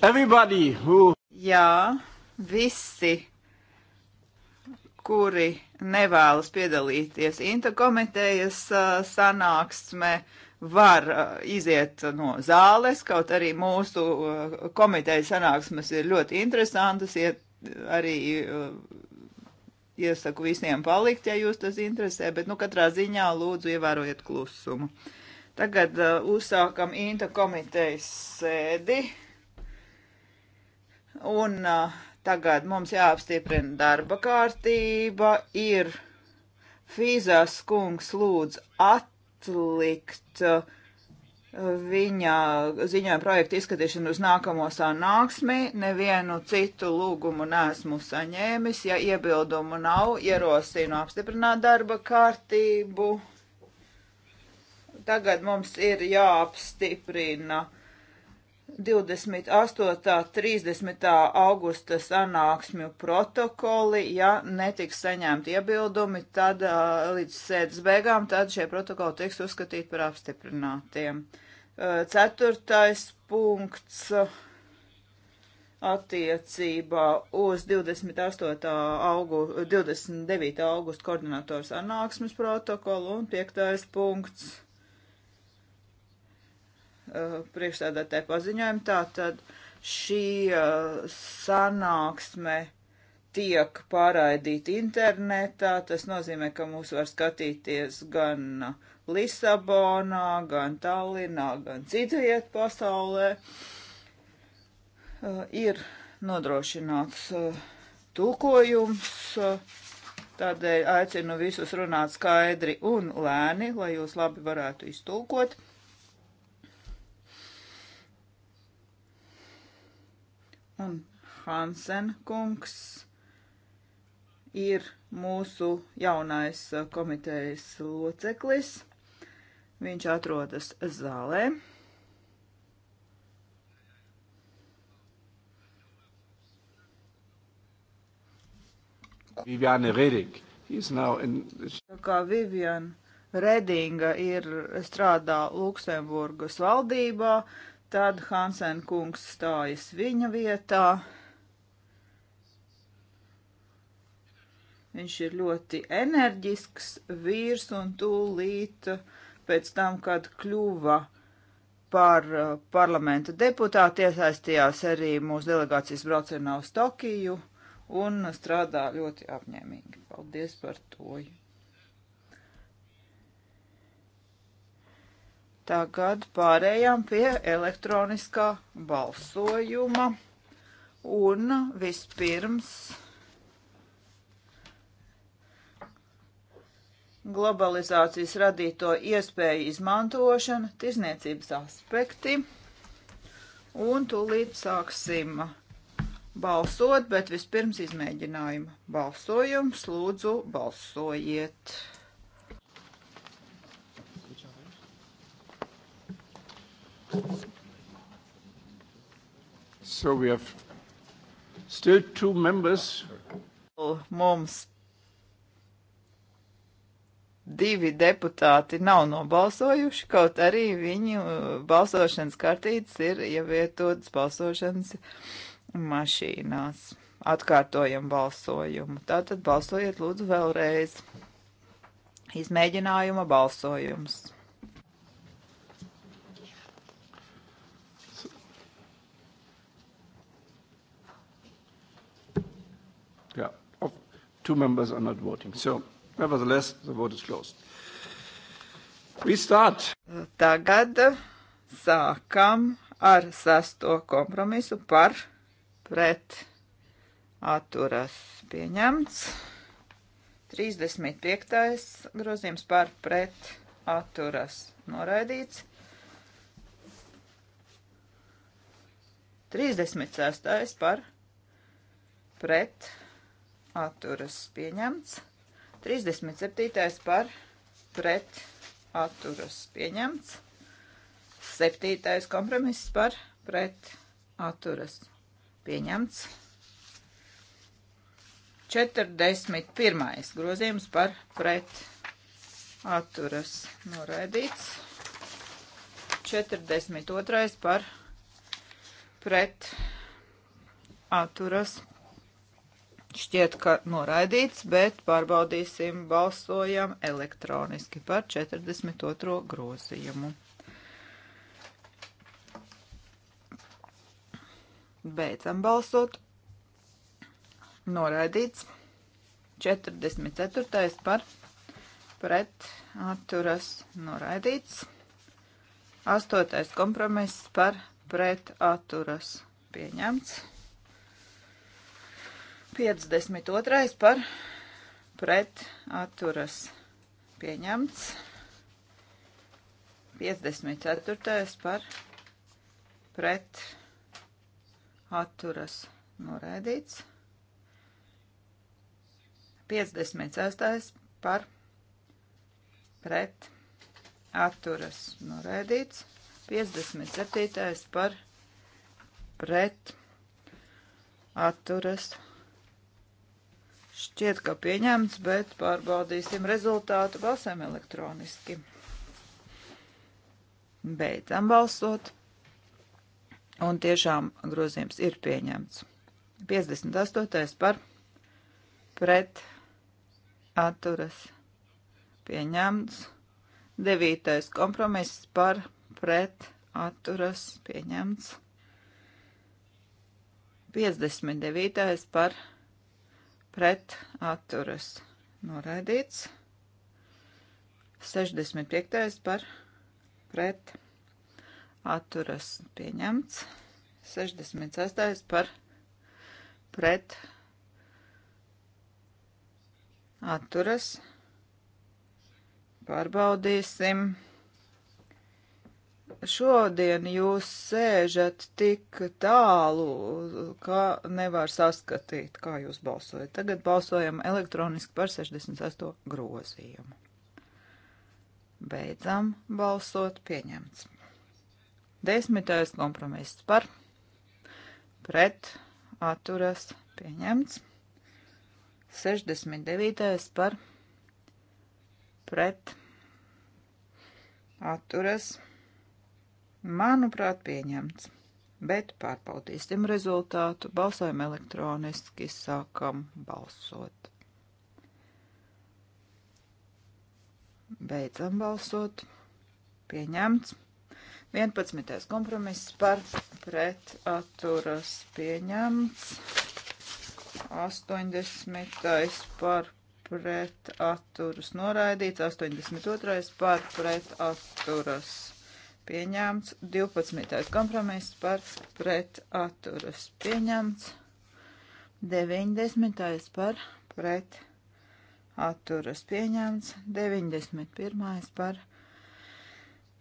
Everybody who... Jā, visi, kuri nevēlas piedalīties interkomitejas sanāksmē, var iziet no zāles, kaut arī mūsu komitejas sanāksmes ir ļoti interesantas, iet arī iesaku visiem palikt, ja jūs tas interesē, bet, nu, katrā ziņā lūdzu ievērojiet klusumu. Tagad uh, uzsākam Inta komitejas sēdi. Un uh, tagad mums jāapstiprina darba kārtība. Ir Fīzās kungs lūdz atlikt uh, viņa ziņojuma projektu izskatīšanu uz nākamo sanāksmi. Nevienu citu lūgumu neesmu saņēmis. Ja iebildumu nav, ierosinu apstiprināt darba kārtību. Tagad mums ir jāapstiprina 28. 30. augusta sanāksmju protokoli, ja netiks saņemti iebildumi, tad līdz sēdes beigām, tad šie protokoli tiks uzskatīti par apstiprinātiem. Ceturtais punkts attiecībā uz 28. Augu, 29. augusta koordinatoru sanāksmes protokolu un piektais punkts Uh, priekšstādātē paziņojumu. Tātad šī uh, sanāksme tiek pārraidīta internetā. Tas nozīmē, ka mūs var skatīties gan Lisabonā, gan Tallinā, gan citviet pasaulē. Uh, ir nodrošināts tulkojums. Tādēļ aicinu visus runāt skaidri un lēni, lai jūs labi varētu iztulkot. un Hansen kungs ir mūsu jaunais komitejas loceklis. Viņš atrodas zālē. Viviane Reding. In... Tā kā Viviane Redinga ir strādā Luksemburgas valdībā, Tad Hansen kungs stājas viņa vietā. Viņš ir ļoti enerģisks vīrs un tūlīt pēc tam, kad kļuva par uh, parlamenta deputātu, iesaistījās arī mūsu delegācijas braucienā uz Tokiju un strādā ļoti apņēmīgi. Paldies par to Tagad pārējām pie elektroniskā balsojuma. Un vispirms globalizācijas radīto iespēju izmantošana, tirzniecības aspekti. Un tūlīt sāksim balsot, bet vispirms izmēģinājuma balsojums. Lūdzu, balsojiet! So we have still two members. Mums divi deputāti nav nobalsojuši, kaut arī viņu uh, balsošanas kartītes ir ievietotas balsošanas mašīnās. Atkārtojam balsojumu. Tātad balsojiet lūdzu vēlreiz. Izmēģinājuma balsojums. Two members are not voting. So, nevertheless, the vote is closed. We start. Tagad sākam ar sesto kompromisu par pret atturas pieņemts. 35. grozījums par pret atturas noraidīts. 36. par pret atturas atturas pieņemts. 37. par pret atturas pieņemts. 7. kompromiss par pret atturas pieņemts. 41. grozījums par pret atturas noraidīts. 42. par pret atturas pieņemts šķiet, ka noraidīts, bet pārbaudīsim, balsojam elektroniski par 42. grozījumu. Beidzam balsot. Noraidīts. 44. par pret atturas noraidīts. 8. kompromiss par pret atturas pieņemts. 52. par pret atturas pieņemts. 54. par pret atturas noraidīts. 56. par pret atturas noraidīts. 57. par pret atturas noraidīts Šķiet, ka pieņemts, bet pārbaudīsim rezultātu. Balsēm elektroniski. Beidzam balsot. Un tiešām grozījums ir pieņemts. 58. par pret atturas pieņemts. 9. kompromiss par pret atturas pieņemts. 59. par pret pret atturas noraidīts. 65. par pret atturas pieņemts. 66. par pret atturas pārbaudīsim šodien jūs sēžat tik tālu, ka nevar saskatīt, kā jūs balsojat. Tagad balsojam elektroniski par 68 grozījumu. Beidzam balsot pieņemts. Desmitais kompromiss par, pret, atturas pieņemts. 69. par, pret, atturas pieņemts Manuprāt, pieņemts. Bet pārbaudīsim rezultātu. Balsojam elektroniski, sākam balsot. Beidzam balsot. Pieņemts. 11. kompromiss par pret atturas pieņemts. 80. par pret atturas noraidīts. 82. par pret atturas pieņemts pieņemts. 12. kompromiss par pret atturas pieņemts. 90. par pret atturas pieņemts. 91. par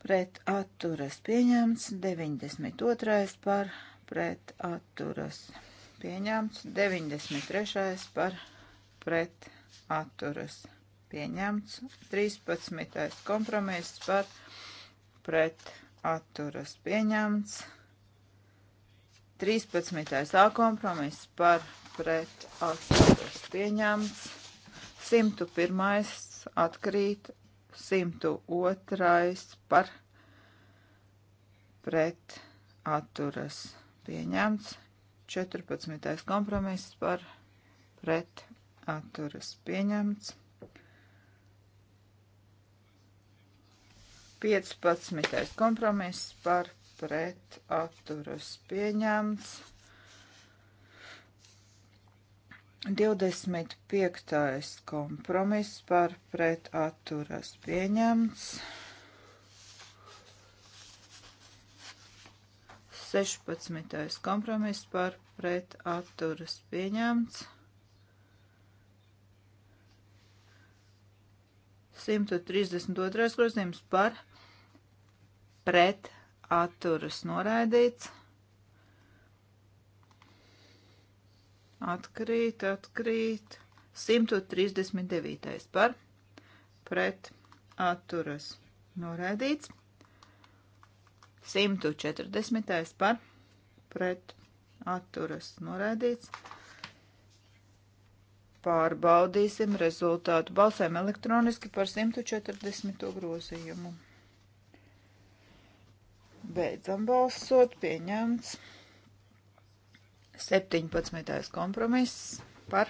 pret atturas pieņemts. 92. par pret atturas pieņemts. 93. par pret atturas pieņemts. 13. kompromiss par pret atturas pieņemts pieņemts. 13. kompromiss par pret atturas pieņemts. 13. A kompromiss par pret atturas pieņemts. 101. atkrīt. 102. par pret atturas pieņemts. 14. kompromiss par pret atturas pieņemts. 15. kompromiss par pret atturas pieņemts. 25. kompromiss par pret atturas pieņemts. 16. kompromiss par pret atturas pieņemts. 132. grozījums par pret atturas noraidīts. Atkrīt, atkrīt. 139. par pret atturas noraidīts. 140. par pret atturas noraidīts. Pārbaudīsim rezultātu. Balsēm elektroniski par 140. grozījumu. Beidzam balsot, pieņemts. 17. kompromiss par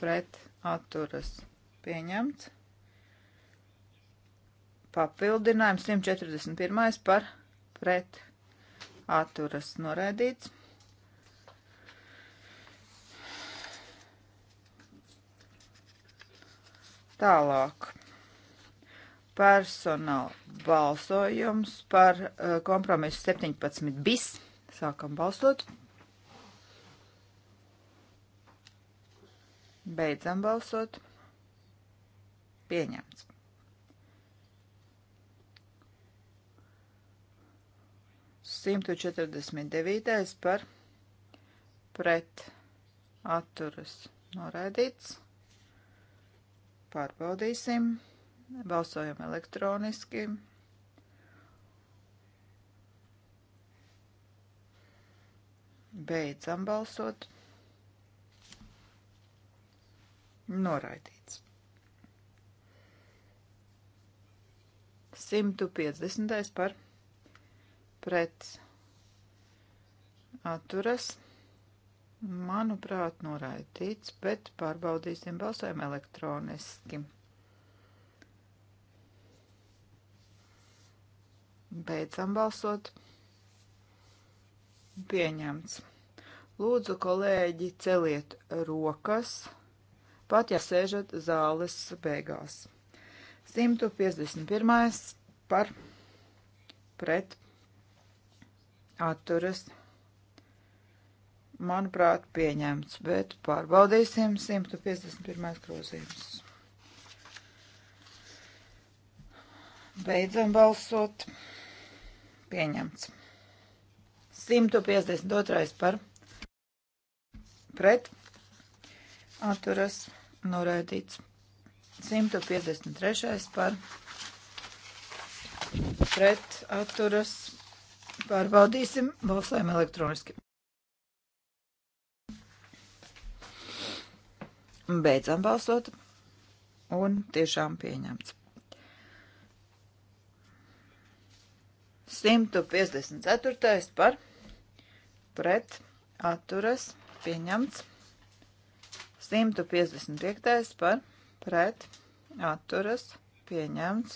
pret atturas pieņemts. Papildinājums 141. par pret atturas noraidīts. Tālāk personāla balsojums par uh, kompromisu 17 bis. Sākam balsot. Beidzam balsot. Pieņemts. Simtu četrdesmit devītais par pret atturas noraidīts. Pārbaudīsim. Balsojam elektroniski. Beidzam balsot. Noraidīts. 150. par pret atturas. Manuprāt, noraidīts, bet pārbaudīsim balsojumu elektroniski. Beidzam balsot. Pieņemts. Lūdzu, kolēģi, celiet rokas, pat ja sēžat zāles beigās. 151. par pret atturas. Manuprāt, pieņemts, bet pārbaudīsim 151. grozījums. Beidzam balsot. Pieņemts. 152. par pret atturas noraidīts. 153. par pret atturas pārbaudīsim, balsojam elektroniski. Beidzam balsot un tiešām pieņemts. 154. par pret atturas pieņemts. 155. par pret atturas pieņemts.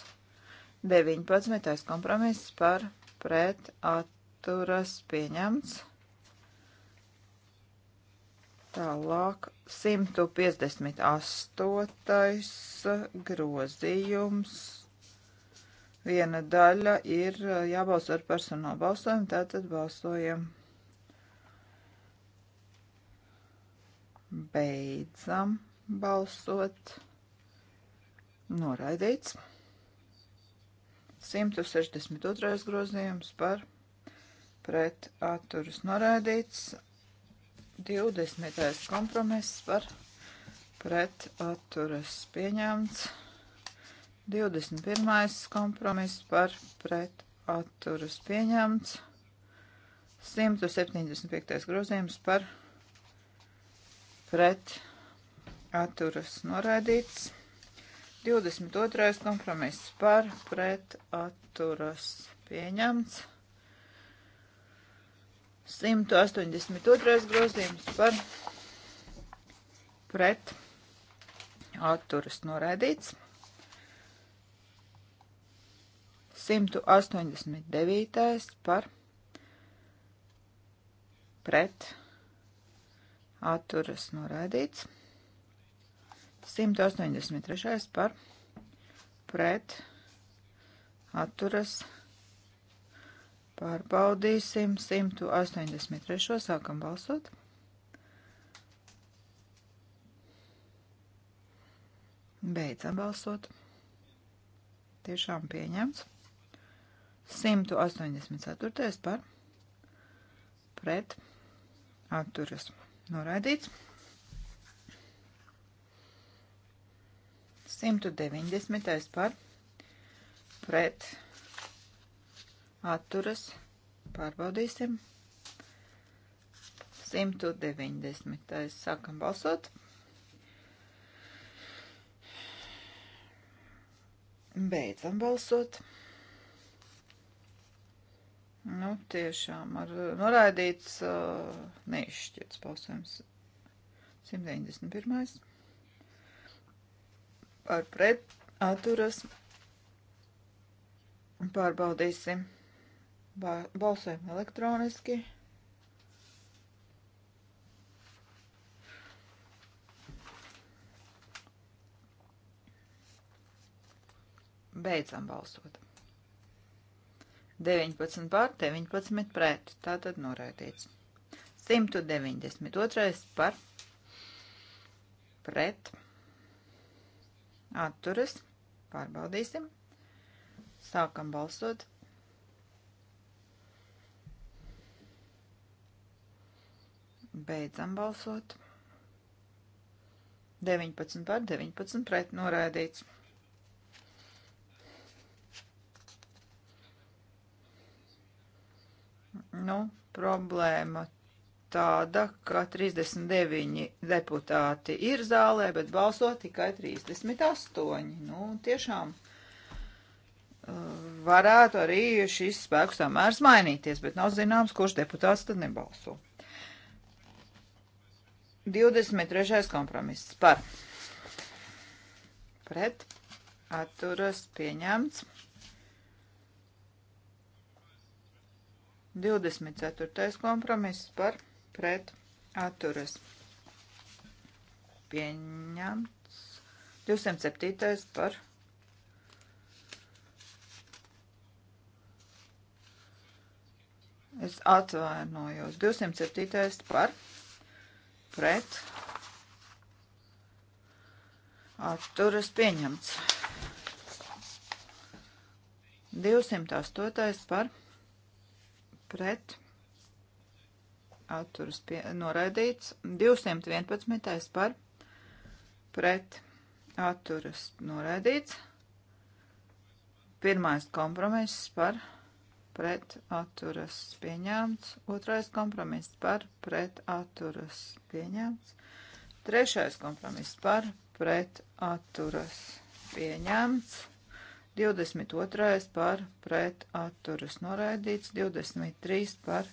19. kompromiss par pret atturas pieņemts. Tālāk 158. grozījums Viena daļa ir eh, jābalso ar personālu balsojumu, tātad balsojam. Beidzam balsot. Noraidīts. 162. grozījums par pret atturus noraidīts. 20. kompromiss par pret atturas pieņemts. 21. kompromiss par pret atturas pieņemts. 175. grozījums par pret atturas noraidīts. 22. kompromiss par pret atturas pieņemts. 182. grozījums par pret atturas noraidīts. 189. par pret atturas noraidīts. 183. par pret atturas pārbaudīsim. 183. sākam balsot. Beidzam balsot. Tiešām pieņemts. 184. par pret atturas noraidīts. 190. par pret atturas pārbaudīsim. 190. sākam balsot. Beidzam balsot. Nu, tiešām ar noraidīts uh, neizšķirts balsojums 191. Par pret atturas pārbaudīsim. Ba balsojam elektroniski. Beidzam balsot. 19 pār 19 pret. Tātad noraidīts. 192 par pret. Atturas. Pārbaudīsim. Sākam balsot. Beidzam balsot. 19 par 19 pret noraidīts. Nu, problēma tāda, ka 39 deputāti ir zālē, bet balso tikai 38. Nu, tiešām uh, varētu arī šis spēku samērs mainīties, bet nav zināms, kurš deputāts tad nebalso. 23. kompromiss par pret atturas pieņemts. 24. kompromiss par pret atturas. Pieņemts. 207. par Es atvainojos. 207. par pret atturas pieņemts. 208. par pret pret atturas pie, noraidīts, 211. par pret atturas noraidīts, pirmais kompromiss par pret atturas pieņemts, otrais kompromiss par pret atturas pieņemts, trešais kompromiss par pret atturas pieņemts. 22. par pret atturas noraidīts, 23. par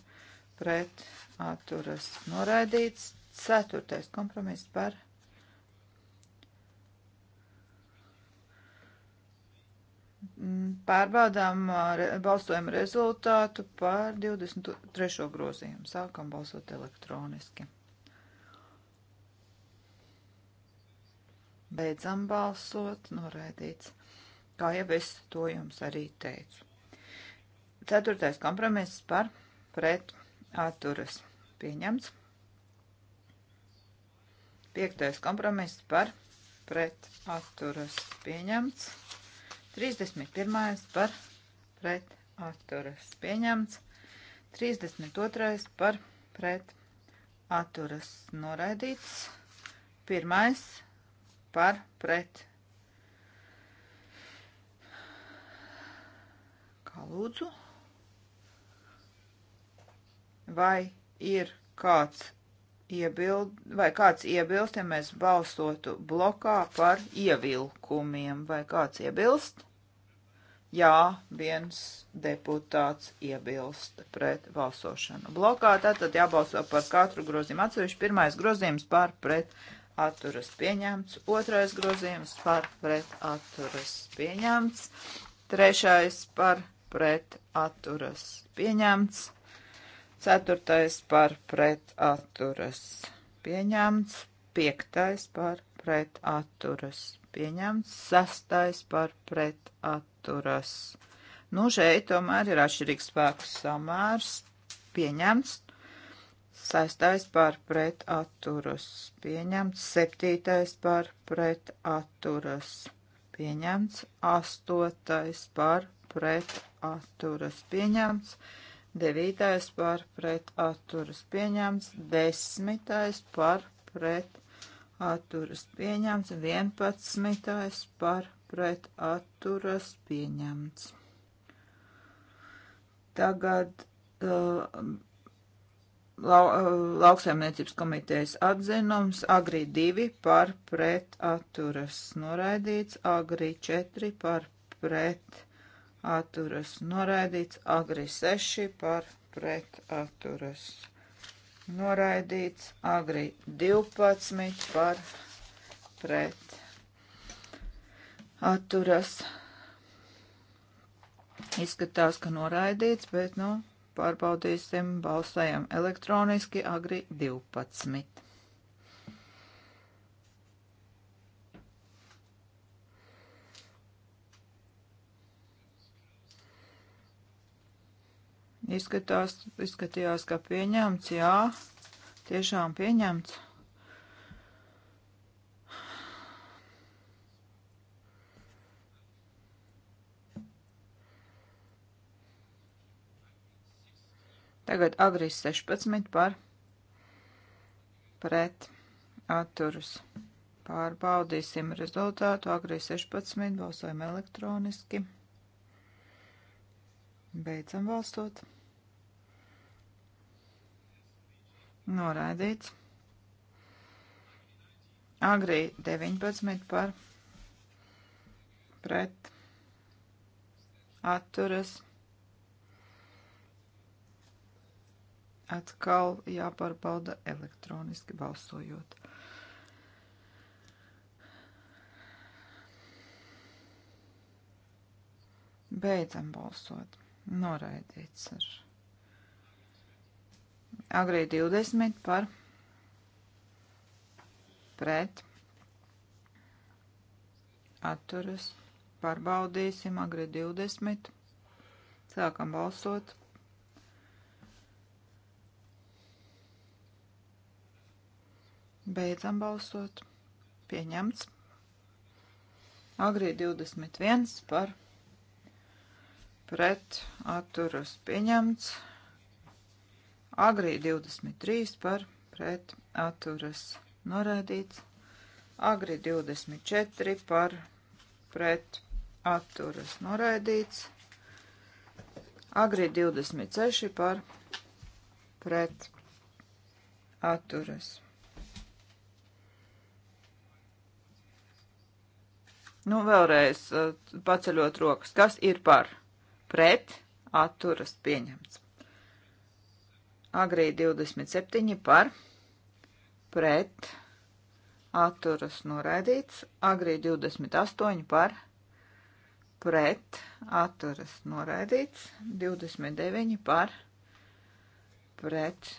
pret atturas noraidīts, 4. kompromiss par pārbaudām balsojumu rezultātu par 23. grozījumu. Sākam balsot elektroniski. Beidzam balsot, noraidīts. Kā jau es to jums arī teicu. Ceturtais kompromiss par pret atturas pieņemts. Piektais kompromiss par pret atturas pieņemts. 31. par pret atturas pieņemts. 32. par pret atturas noraidīts. 1. par pret Lūdzu. Vai ir kāds iebild, vai kāds iebilst, ja mēs balsotu blokā par ievilkumiem, vai kāds iebilst? Jā, viens deputāts iebilst pret balsošanu blokā, tātad jābalso par katru grozījumu atsevišķi. Pirmais grozījums par pret atturas pieņemts, otrais grozījums par pret atturas pieņemts, trešais par pret pret atturas pieņemts. Ceturtais par pret atturas pieņemts. Piektais par pret atturas pieņemts. Sastais par pret atturas. Nu, šeit tomēr ir atšķirīgs spēku samērs pieņemts. Sestais par pret atturas pieņemts, septītais par pret atturas pieņemts, astotais par pret atturas pieņemts, devītais par pret atturas pieņemts, desmitais par pret atturas pieņemts, vienpadsmitais par pret atturas pieņemts. Tagad uh, lau, uh, lauksaimniecības komitejas atzinums, agrī 2 par pret atturas noraidīts, agrī 4 par pret atturas noraidīts, agri 6 par pret atturas noraidīts, agri 12 par pret atturas. Izskatās, ka noraidīts, bet, nu, pārbaudīsim, balsējam elektroniski, agri 12. Izskatās, izskatījās, ka pieņemts, jā, tiešām pieņemts. Tagad agrīs 16 par pret atturus. Pārbaudīsim rezultātu. Agrīs 16 balsojam elektroniski. Beidzam balsot. Noraidīts. Agrī 19 par pret atturas. Atkal jāpārbauda elektroniski balsojot. Beidzam balsot. Noraidīts ar Agrī 20 par pret atturas. Pārbaudīsim agri 20. Sākam balsot. Beidzam balsot. Pieņemts. Agrī 21 par pret atturas pieņemts. Agrī 23 par pret atturas norādīts. Agri 24 par pret atturas norādīts. Agri 26 par pret atturas. Nu, vēlreiz eh, paceļot rokas. Kas ir par pret atturas pieņemts? agrī 27 par pret atturas noraidīts, agrī 28 par pret atturas noraidīts, 29 par pret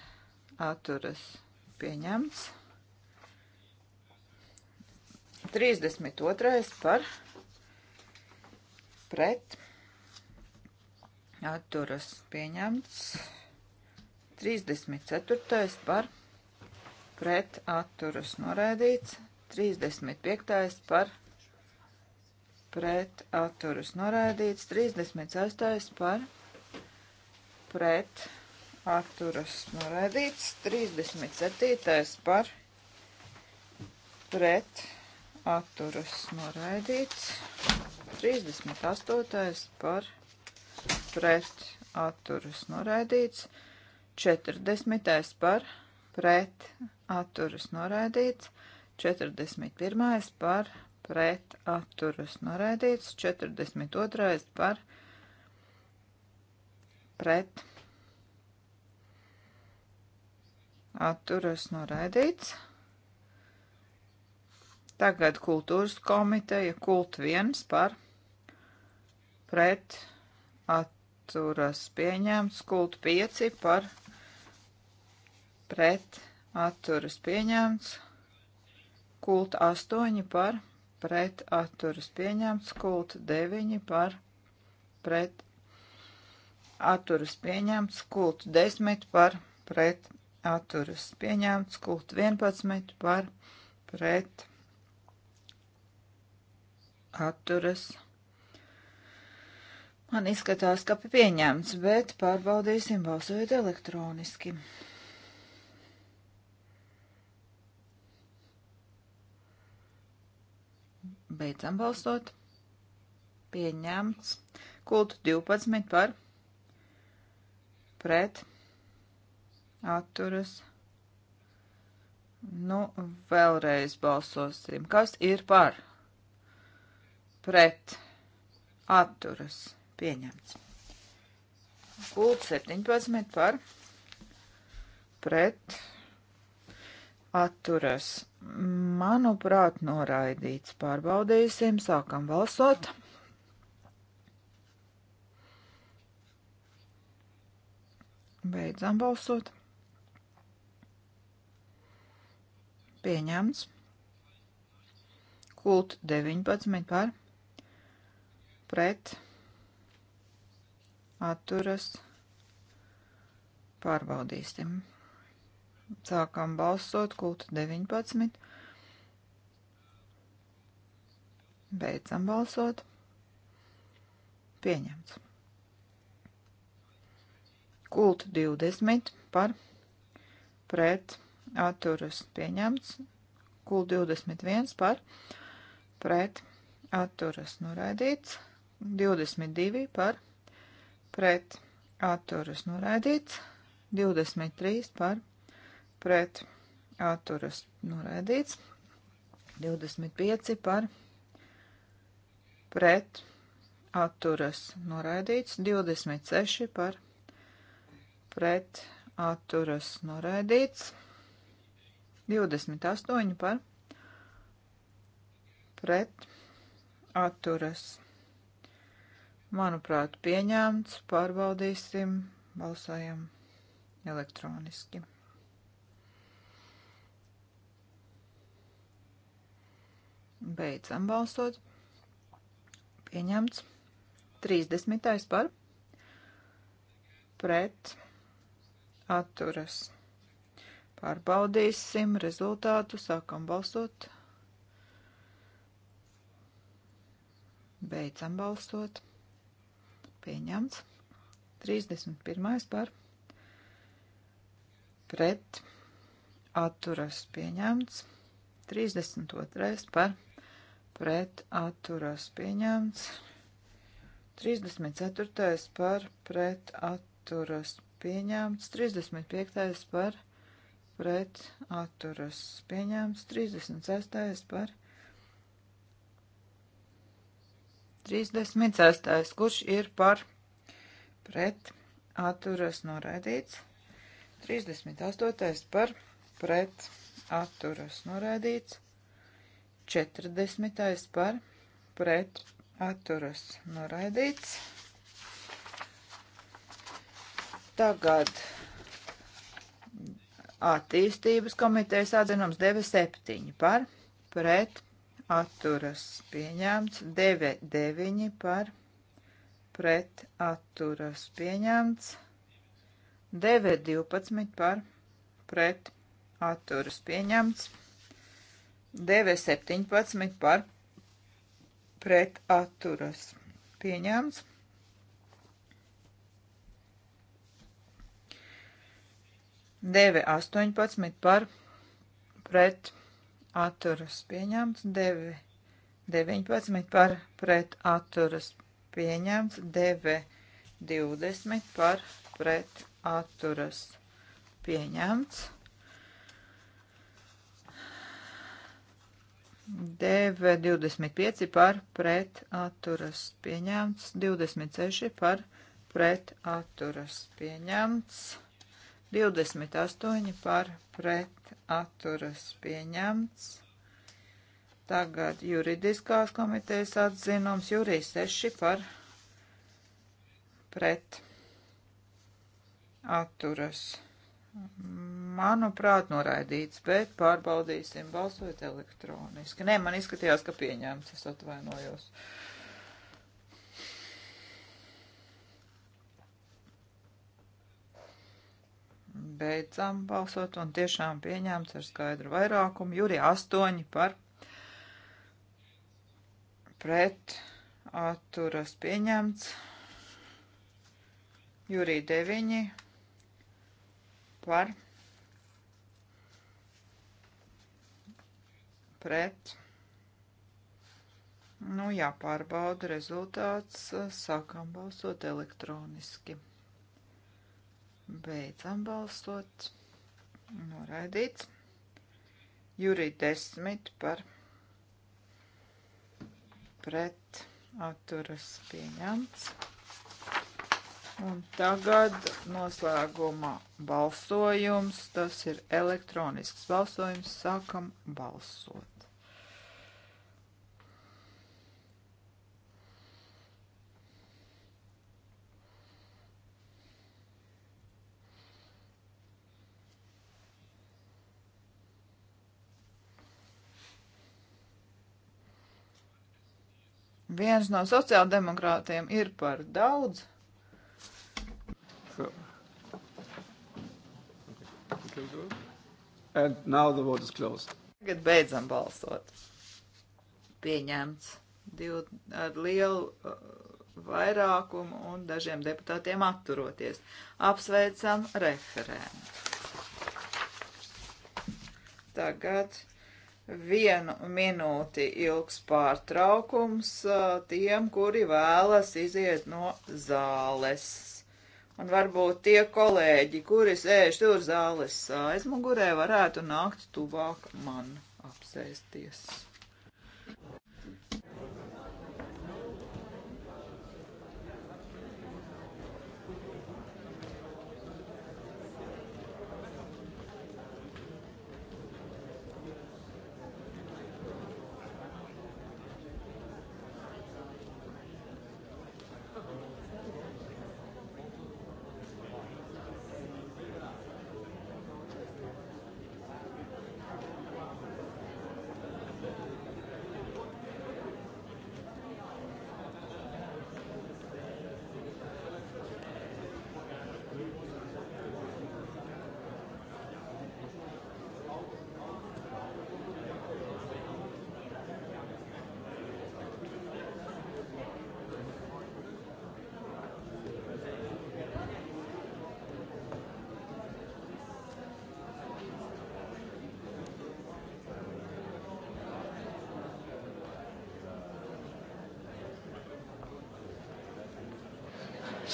atturas pieņemts, 32 par pret atturas pieņemts. 34. par pret atturas noraidīts, 35. par pret atturas noraidīts, 36. par pret atturas noraidīts, 37. par pret atturas noraidīts, 38. par pret atturas noraidīts, 38. 40. par pret atturas noraidīts, 41. par pret atturas noraidīts, 42. par pret atturas noraidīts. Tagad kultūras komiteja kult viens par pret atturas atturas pieņemts, kult 5 par pret atturas pieņemts, kult 8 par pret atturas pieņemts, kult 9 par pret atturas pieņemts, kult 10 par pret atturas pieņemts, kult 11 par pret atturas pieņemts atturas Man izskatās, ka pieņemts, bet pārbaudīsim balsojot elektroniski. Beidzam balsot. Pieņemts. Kultu 12 par. Pret. Atturas. Nu, vēlreiz balsosim. Kas ir par? Pret. Atturas pieņemts. Kult 17 par pret atturas. Manuprāt, noraidīts. Pārbaudīsim, sākam balsot. Beidzam balsot. Pieņemts. Kult 19 par pret atturas atturas. Pārbaudīsim. Sākam balsot kultu 19. Beidzam balsot. Pieņemts. Kultu 20 par pret atturas pieņemts. Kultu 21 par pret atturas noraidīts. 22 par pret pret atturas noraidīts, 23 par pret atturas noraidīts, 25 par pret atturas noraidīts, 26 par pret atturas noraidīts, 28 par pret atturas noraidīts Manuprāt, pieņemts. Pārbaudīsim. Balsojam elektroniski. Beidzam balsot. Pieņemts. 30. par. Pret. Atturas. Pārbaudīsim rezultātu. Sākam balsot. Beidzam balsot pieņemts. 31. par pret atturas pieņemts. 32. par pret atturas pieņemts. 34. par pret atturas pieņemts. 35. par pret atturas pieņemts. 36. par 36. kurš ir par pret atturas noraidīts. 38. par pret atturas noraidīts. 40. par pret atturas noraidīts. Tagad attīstības komitejas atzinums deva 7 par pret atturas pieņemts, 9 par pret atturas pieņemts, 912 par pret atturas pieņemts, 917 par pret atturas pieņemts. Deve 18 par pret atturas pieņemts, 9, 19 par pret atturas pieņemts, 9, 20 par pret atturas pieņemts, 9, 25 par pret atturas pieņemts, 26 par pret atturas pieņemts. 28 par pret atturas pieņemts. Tagad juridiskās komitejas atzinums jūrī 6 par pret atturas. Manuprāt, noraidīts, bet pārbaudīsim balsot elektroniski. Nē, man izskatījās, ka pieņemts, es atvainojos. Uh, Beidzām balsot un tiešām pieņēmts ar skaidru vairākumu. Juri 8 par pret atturas pieņemts. Jurī 9 par pret. Nu, jāpārbauda rezultāts. Sākam balsot elektroniski. Beidzam balsot. Noraidīts. Jurī desmit par pret atturas pieņemts. Un tagad noslēguma balsojums. Tas ir elektronisks balsojums. Sākam balsot. Viens no sociāldemokrātiem ir par daudz. So. Tagad beidzam balsot. Pieņemts div, ar lielu uh, vairākumu un dažiem deputātiem atturoties. Apsveicam referēmu. Tagad vienu minūti ilgs pārtraukums tiem, kuri vēlas iziet no zāles. Un varbūt tie kolēģi, kuri sēž tur zāles aizmugurē, varētu nākt tuvāk man apsēsties.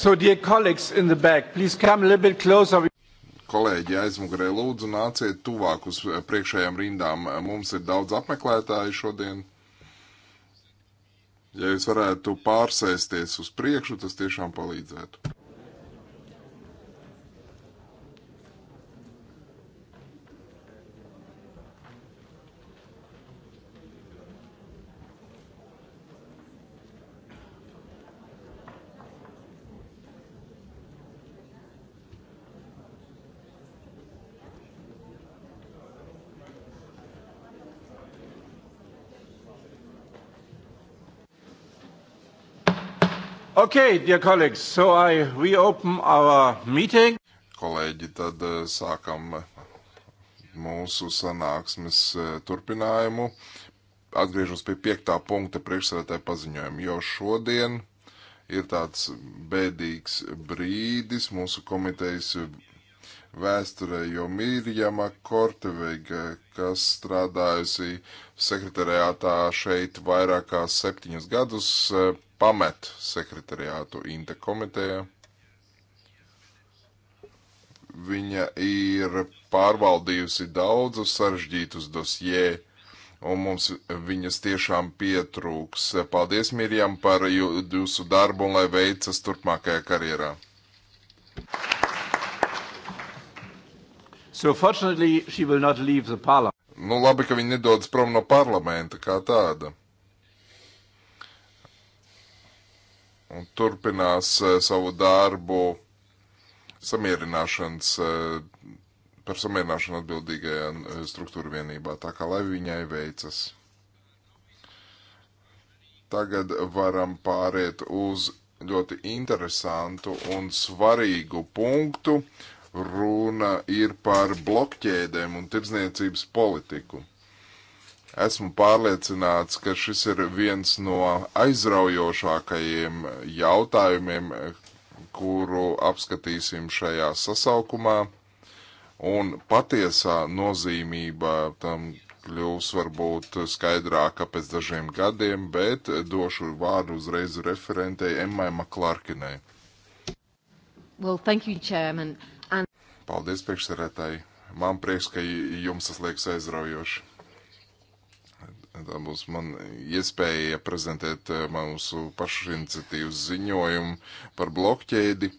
So, dear colleagues in the back, please come a little bit closer. Kolēģi aizmugurē lūdzu nāciet tuvāk uz priekšējām rindām. Mums ir daudz apmeklētāju šodien. Ja jūs varētu pārsēsties uz priekšu, tas tiešām palīdzētu. Okay, dear colleagues, so I reopen our meeting. Kolēģi, tad eh, sākam mūsu sanāksmes eh, turpinājumu. Atgriežos pie piektā punkta priekšsēdētāja paziņojuma, jo šodien ir tāds bēdīgs brīdis mūsu komitejas vēsturē, jo Mirjama Korteveiga, kas strādājusi sekretariātā šeit vairāk kā septiņus gadus, eh, pamet sekretariātu Inte komitejā. Viņa ir pārvaldījusi daudzus sarežģītus dosjē, un mums viņas tiešām pietrūks. Paldies, Mirjam, par jūsu darbu un lai veicas turpmākajā karjerā. So fortunately, she will not leave the parliament. Nu, labi, ka viņa nedodas prom no parlamenta kā tāda. un turpinās eh, savu darbu samierināšanas, eh, par samierināšanu atbildīgajā eh, struktūra vienībā, tā kā lai viņai veicas. Tagad varam pāriet uz ļoti interesantu un svarīgu punktu. Runa ir par blokķēdēm un tirdzniecības politiku. Esmu pārliecināts, ka šis ir viens no aizraujošākajiem jautājumiem, kuru apskatīsim šajā sasaukumā, un patiesā nozīmība tam kļūs varbūt skaidrāka pēc dažiem gadiem, bet došu vārdu uzreiz referentei Emmai Maklārkinai. Well, thank you, Chairman. And... Paldies, priekšsarētāji. Man prieks, ka jums tas liekas aizraujoši. Tā būs man iespēja prezentēt eh, mūsu pašiniciatīvas ziņojumu par blokķēdi,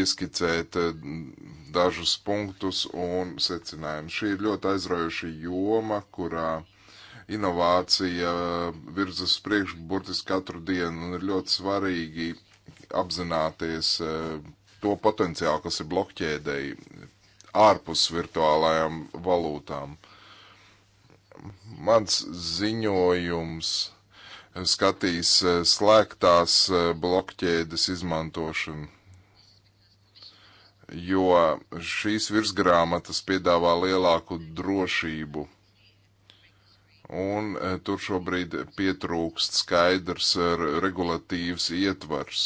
ieskicēt eh, dažus punktus un secinājumus. Šī ir ļoti aizraujoša joma, kurā inovācija eh, virzas priekš burtiski katru dienu un ir ļoti svarīgi apzināties to potenciālu, kas ir blokķēdei ārpus virtuālajām valūtām Mans ziņojums skatīs eh, slēgtās eh, blokķēdes izmantošanu, jo šīs virsgrāmatas piedāvā lielāku drošību. Un eh, tur šobrīd pietrūkst skaidrs regulatīvs ietvars.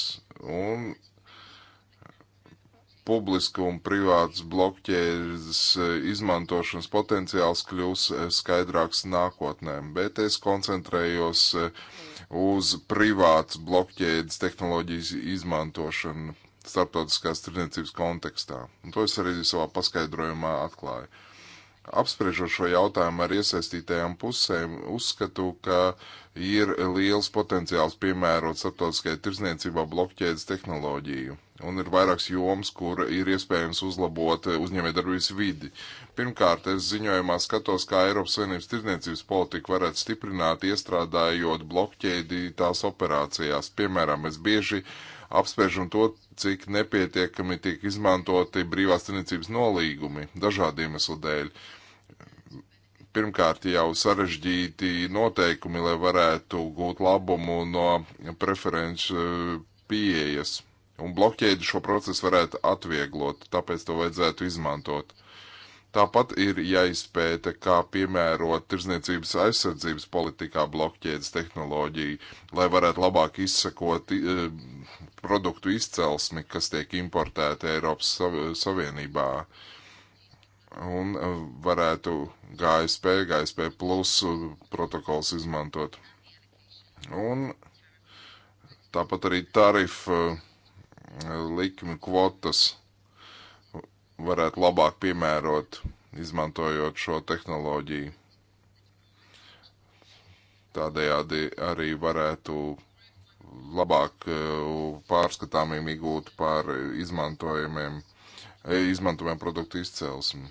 Un publiska un privātas blokķēdes e, izmantošanas potenciāls kļūs e, skaidrāks nākotnē, bet es koncentrējos e, uz privātas blokķēdes tehnoloģijas izmantošanu starptautiskās tirdzniecības kontekstā. Un to es arī savā paskaidrojumā atklāju. Apspriežot šo jautājumu ar iesaistītajām pusēm, uzskatu, ka ir liels potenciāls piemērot starptautiskajai tirzniecībā blokķēdes tehnoloģiju. Un ir vairāks joms, kur ir iespējams uzlabot uzņēmējdarbības vidi. Pirmkārt, es ziņojumā skatos, kā Eiropas Savienības tirzniecības politika varētu stiprināt, iestrādājot blokķēdi tās operācijās. Piemēram, es bieži uh, apspēršam to, cik nepietiekami tiek izmantoti brīvās tirnicības nolīgumi dažādu iemeslu dēļ. Pirmkārt, jau sarežģīti noteikumi, lai varētu gūt labumu no preferenču e, pieejas. Un bloķēdi šo procesu varētu atvieglot, tāpēc to vajadzētu izmantot. Tāpat ir jāizpēta, kā piemērot tirzniecības aizsardzības politikā blokķēdes tehnoloģiju, lai varētu labāk izsekot e, produktu izcelsmi, kas tiek importēta Eiropas Savienībā. Un e, varētu GSP, GSP plus protokols izmantot. Un tāpat arī tarifu e, likmi kvotas varētu labāk piemērot, izmantojot šo tehnoloģiju. Tādējādi arī varētu labāk eh, pārskatāmiem iegūt par izmantojumiem, eh, izmantojumiem produktu izcelsmi.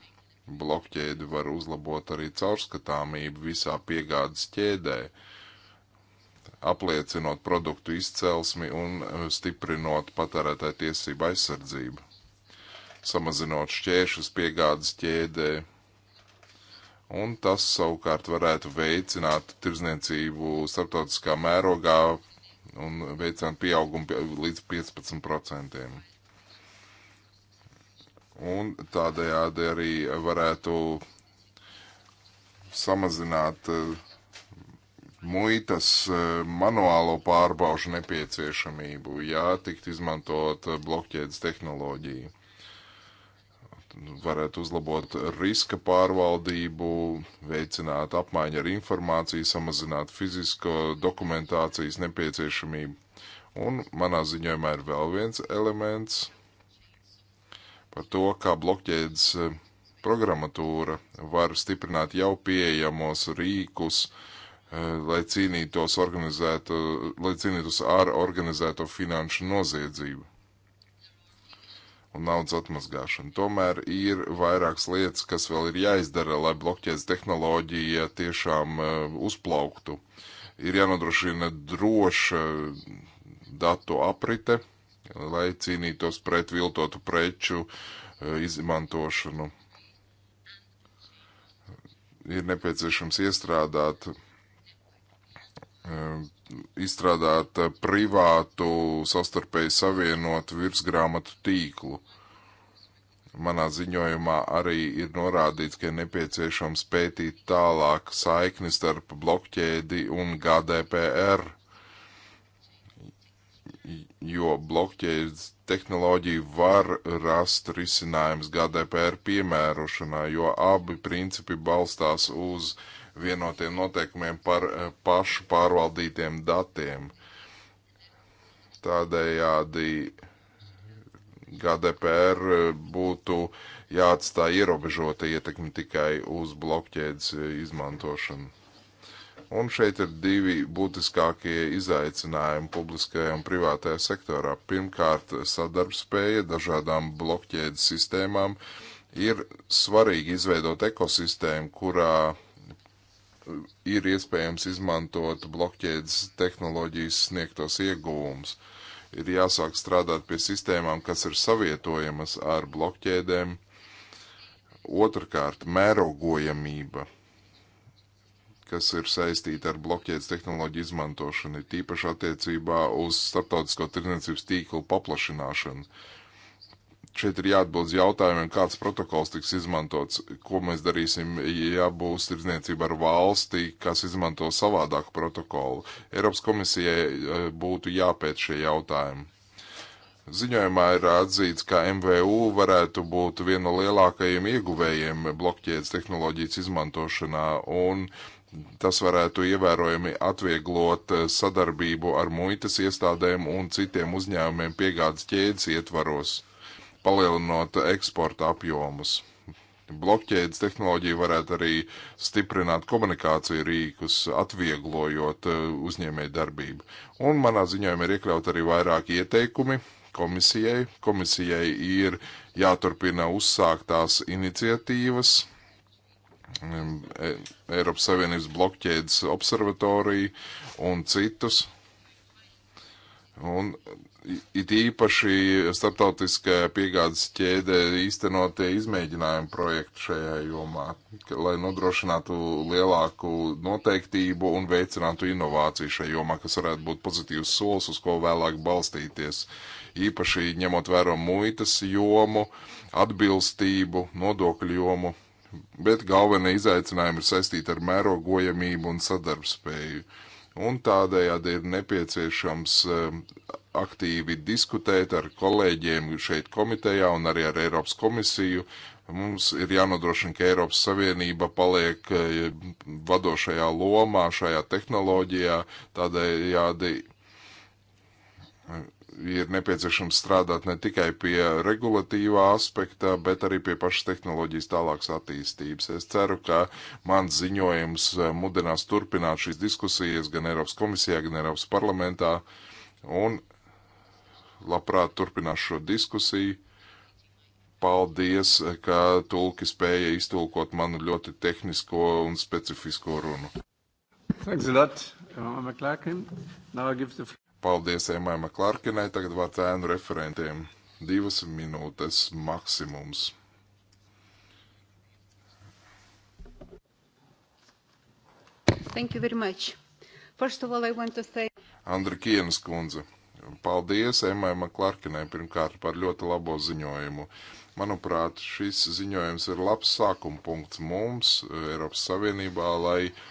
Blokķēdi var uzlabot arī caurskatāmību visā piegādes ķēdē, apliecinot produktu izcelsmi un eh, stiprinot patērētāju tiesību aizsardzību, samazinot šķēršus piegādes ķēdē un tas savukārt varētu veicināt tirzniecību starptautiskā mērogā un veicām pieaugumu līdz 15%. Un tādējādi arī varētu samazināt eh, muitas eh, manuālo pārbaužu nepieciešamību, ja tikt izmantot eh, blokķēdes tehnoloģiju varētu uzlabot riska pārvaldību, veicināt apmaiņu ar informāciju, samazināt fizisko dokumentācijas nepieciešamību. Un manā ziņojumā ir vēl viens elements par to, kā blokķēdes eh, programmatūra var stiprināt jau pieejamos rīkus, eh, lai cīnītos, lai cīnītos ar organizēto finanšu noziedzību un naudas atmazgāšanu. Tomēr ir vairākas lietas, kas vēl ir jāizdara, lai blokķēdes tehnoloģija tiešām uh, uzplauktu. Ir jānodrošina droša eh, datu aprite, lai cīnītos pret viltotu preču uh, izmantošanu. Ir nepieciešams iestrādāt uh, izstrādāt eh, privātu sastarpēji savienotu virsgrāmatu tīklu. Manā ziņojumā arī ir norādīts, ka ir nepieciešams pētīt tālāk saikni starp blokķēdi un GDPR, jo blokķēdes tehnoloģija var rast risinājums GDPR piemērošanā, jo abi principi balstās uz uh, vienotiem noteikumiem par eh, pašu pārvaldītiem datiem. Tādējādi GDPR eh, būtu jāatstāj ierobežota ietekme tikai uz blokķēdes eh, izmantošanu. Un šeit ir divi būtiskākie izaicinājumi publiskajā un privātajā sektorā. Pirmkārt, sadarbspēja dažādām blokķēdes sistēmām. Ir svarīgi izveidot ekosistēmu, kurā ir iespējams izmantot blokķēdes tehnoloģijas sniegtos iegūmus. Ir jāsāk strādāt pie sistēmām, kas ir savietojamas ar blokķēdēm. Otrakārt, mērogojamība, kas ir saistīta ar blokķēdes tehnoloģiju izmantošanu, ir tīpaši attiecībā uz starptautisko tirdzniecības tīklu paplašināšanu šeit ir jāatbild uz jautājumiem, kāds protokols tiks izmantots, ko mēs darīsim, ja būs tirdzniecība ar valsti, kas izmanto savādāku protokolu. Eiropas komisijai e, būtu jāpēt šie jautājumi. Ziņojumā ir atzīts, ka MVU varētu būt viena no lielākajiem ieguvējiem blokķēdes tehnoloģijas izmantošanā, un tas varētu ievērojami atvieglot e, sadarbību ar muitas iestādēm un citiem uzņēmumiem piegādes ķēdes ietvaros palielinot eksporta apjomus. Blokķēdes tehnoloģija varētu arī stiprināt komunikāciju rīkus, atvieglojot eh, uzņēmēju darbību. Un manā ziņojumā ir iekļaut arī vairāki ieteikumi komisijai. Komisijai ir jāturpina uzsāktās iniciatīvas, mm, e, Eiropas Savienības blokķēdes observatoriju un citus. Un it īpaši starptautiskajā piegādes ķēdē īstenotie izmēģinājumi projekti šajā jomā, lai nodrošinātu lielāku noteiktību un veicinātu inovāciju šajā jomā, kas varētu būt pozitīvs solis, uz ko vēlāk balstīties. Īpaši ņemot vērā muitas jomu, atbilstību, nodokļu jomu, bet galvenie izaicinājumi ir saistīti ar mērogojamību un sadarbspēju. spēju un tādējādi ir nepieciešams ehm, aktīvi diskutēt ar kolēģiem šeit komitejā un arī ar Eiropas komisiju. Mums ir jānodrošina, ka Eiropas Savienība paliek ehm, vadošajā lomā šajā tehnoloģijā, tādējādi ir nepieciešams strādāt ne tikai pie regulatīvā aspekta, bet arī pie pašas tehnoloģijas tālākas attīstības. Es ceru, ka mans ziņojums eh, mudinās turpināt šīs diskusijas gan Eiropas komisijā, gan Eiropas parlamentā, un labprāt turpināšu šo diskusiju. Paldies, ka tulki spēja iztulkot manu ļoti tehnisko un specifisko runu. Thanks a lot, uh, Mr. McLaughlin. Now I give the Paldies Emai Maklārkinai, tagad vārds ēnu referentiem. Divas minūtes maksimums. Thank you very much. First of all, I want to say... Andra Kienas kundze. Paldies Emai Maklārkinai pirmkārt par ļoti labo ziņojumu. Manuprāt, šis ziņojums ir labs sākuma punkts mums, Eiropas Savienībā, lai uh,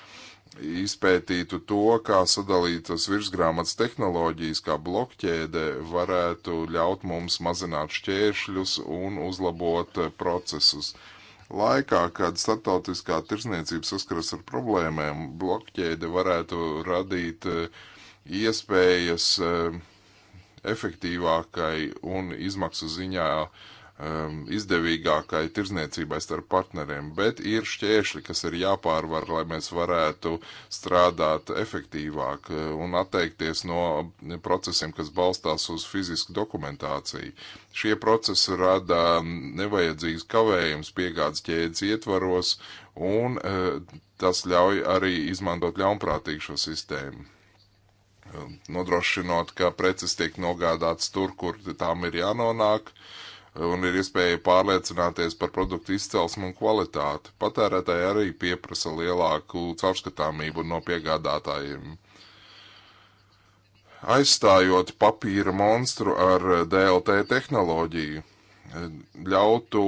izpētītu to, kā sadalītas virsgrāmatas tehnoloģijas, kā blokķēde varētu ļaut mums mazināt šķēršļus un uzlabot eh, procesus. Laikā, kad startautiskā tirzniecība saskaras ar problēmēm, blokķēde varētu radīt eh, iespējas eh, efektīvākai un izmaksu ziņā uh, um, izdevīgākai tirzniecībai starp partneriem, bet ir šķēršļi, kas ir jāpārvar, lai mēs varētu strādāt efektīvāk uh, un atteikties no procesiem, kas balstās uz fizisku dokumentāciju. Šie procesi rada nevajadzīgs kavējums piegādes ķēdes ietvaros, un uh, tas ļauj arī izmantot ļaunprātīgu šo sistēmu um, nodrošinot, ka preces tiek nogādātas tur, kur tām ir jānonāk, un ir iespēja pārliecināties par produktu izcelsmu un kvalitāti. Patērētāji arī pieprasa lielāku caurskatāmību no piegādātājiem. Aizstājot papīra monstru ar DLT tehnoloģiju, ļautu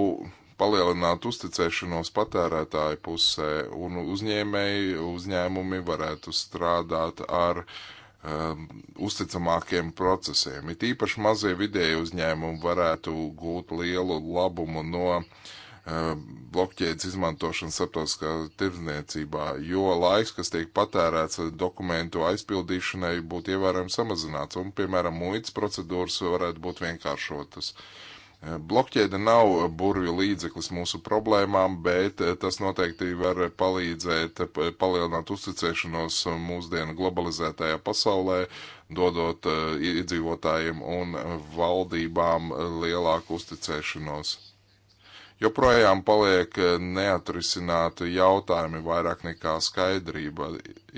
palielināt uzticēšanos patērētāju pusē, un uzņēmēji, uzņēmumi varētu strādāt ar uh, um, uzticamākiem procesiem. It īpaši mazie vidēji uzņēmumi varētu gūt lielu labumu no um, blokķēdes izmantošanas starptautiskā tirdzniecībā, jo laiks, kas tiek patērēts dokumentu aizpildīšanai, būtu ievērojami samazināts, un, piemēram, muitas procedūras varētu būt vienkāršotas. Uh, Eh, Blokķēde nav burvju līdzeklis mūsu problēmām, bet eh, tas noteikti var palīdzēt eh, palielināt uzticēšanos mūsdienu globalizētajā pasaulē, dodot iedzīvotājiem un valdībām lielāku uzticēšanos. Joprojām paliek neatrisināti jautājumi vairāk nekā skaidrība.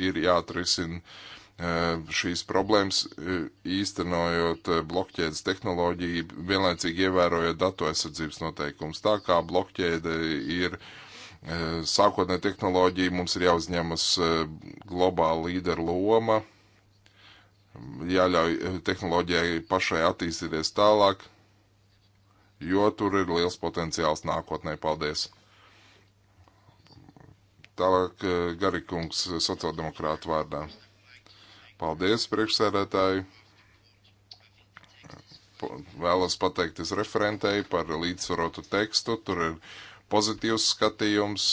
Ir jāatrisina uh, E, šīs problēmas, e, īstenojot e, blokķēdes tehnoloģiju, vienlaicīgi ievērojot datu aizsardzības noteikumus. Tā kā blokķēde ir sākotnē tehnoloģija, mums ir jāuzņemas globāla līdera loma, jāļauj tehnoloģijai pašai attīstīties tālāk, jo tur ir liels potenciāls nākotnē. Paldies! Tālāk Garikungs sociāldemokrātu vārdā. Paldies, priekšsēdētāji. Vēlos pateikties referentei par līdzsvarotu tekstu. Tur ir pozitīvs skatījums,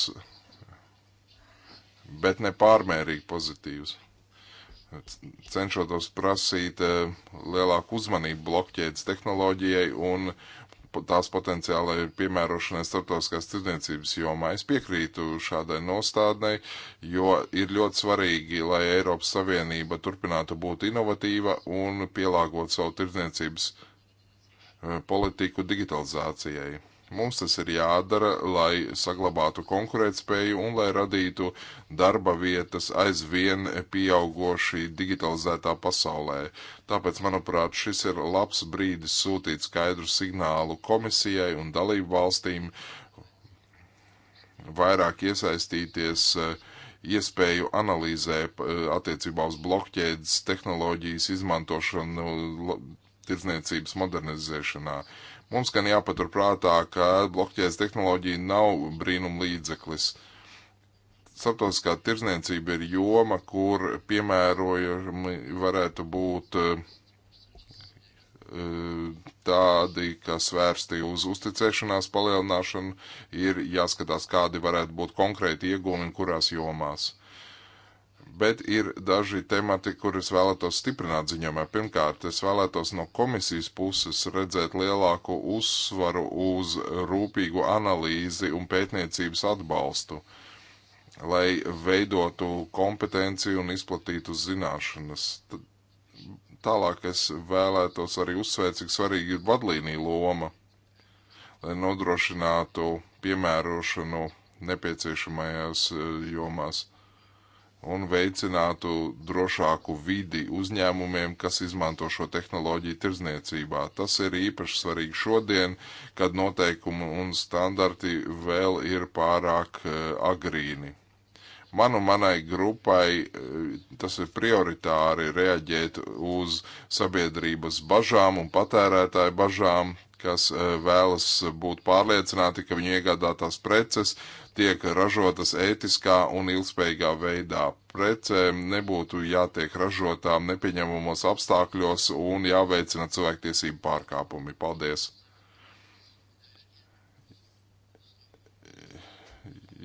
bet ne pārmērīgi pozitīvs. Cenšotos prasīt eh, lielāku uzmanību blokķēdes tehnoloģijai un uh, tās potenciālai piemērošanai starptautiskās tirdzniecības jomā. Es piekrītu šādai nostādnei, jo ir ļoti svarīgi, lai Eiropas Savienība turpinātu būt inovatīva un pielāgot savu tirdzniecības eh, politiku digitalizācijai. Mums tas ir jādara, lai saglabātu konkurētspēju un lai radītu darba vietas aizvien pieaugoši digitalizētā pasaulē. Tāpēc, manuprāt, šis ir labs brīdis sūtīt skaidru signālu komisijai un dalību valstīm vairāk iesaistīties uh, iespēju analīzē eh, attiecībā uz blokķēdes tehnoloģijas izmantošanu tirdzniecības modernizēšanā. Uh, Mums gan jāpaturprātā, ka blokķēdes tehnoloģija nav brīnum līdzeklis. Startautiskā tirzniecība ir joma, kur piemērojami varētu būt eh, tādi, kas vērsti uz uzticēšanās palielināšanu, ir jāskatās, kādi varētu būt konkrēti iegūmi un kurās jomās bet ir daži temati, kurus vēlētos stiprināt ziņojumā. Pirmkārt, es vēlētos no komisijas puses redzēt lielāku uzsvaru uz rūpīgu analīzi un pētniecības atbalstu, lai veidotu kompetenci un izplatītu zināšanas. Tālāk es vēlētos arī uzsvērt, cik svarīgi ir vadlīnija loma, lai nodrošinātu piemērošanu nepieciešamajās eh, jomās un veicinātu drošāku vidi uzņēmumiem, kas izmanto šo tehnoloģiju tirzniecībā. Tas ir īpaši svarīgi šodien, kad noteikumi un standarti vēl ir pārāk eh, agrīni. Man un manai grupai eh, tas ir prioritāri reaģēt uz sabiedrības bažām un patērētāju bažām, kas eh, vēlas būt pārliecināti, ka viņu iegādātās preces uh, tiek ražotas ētiskā un ilgspējīgā veidā. Precēm nebūtu jātiek ražotām nepieņemamos apstākļos un jāveicina cilvēktiesību pārkāpumi. Paldies!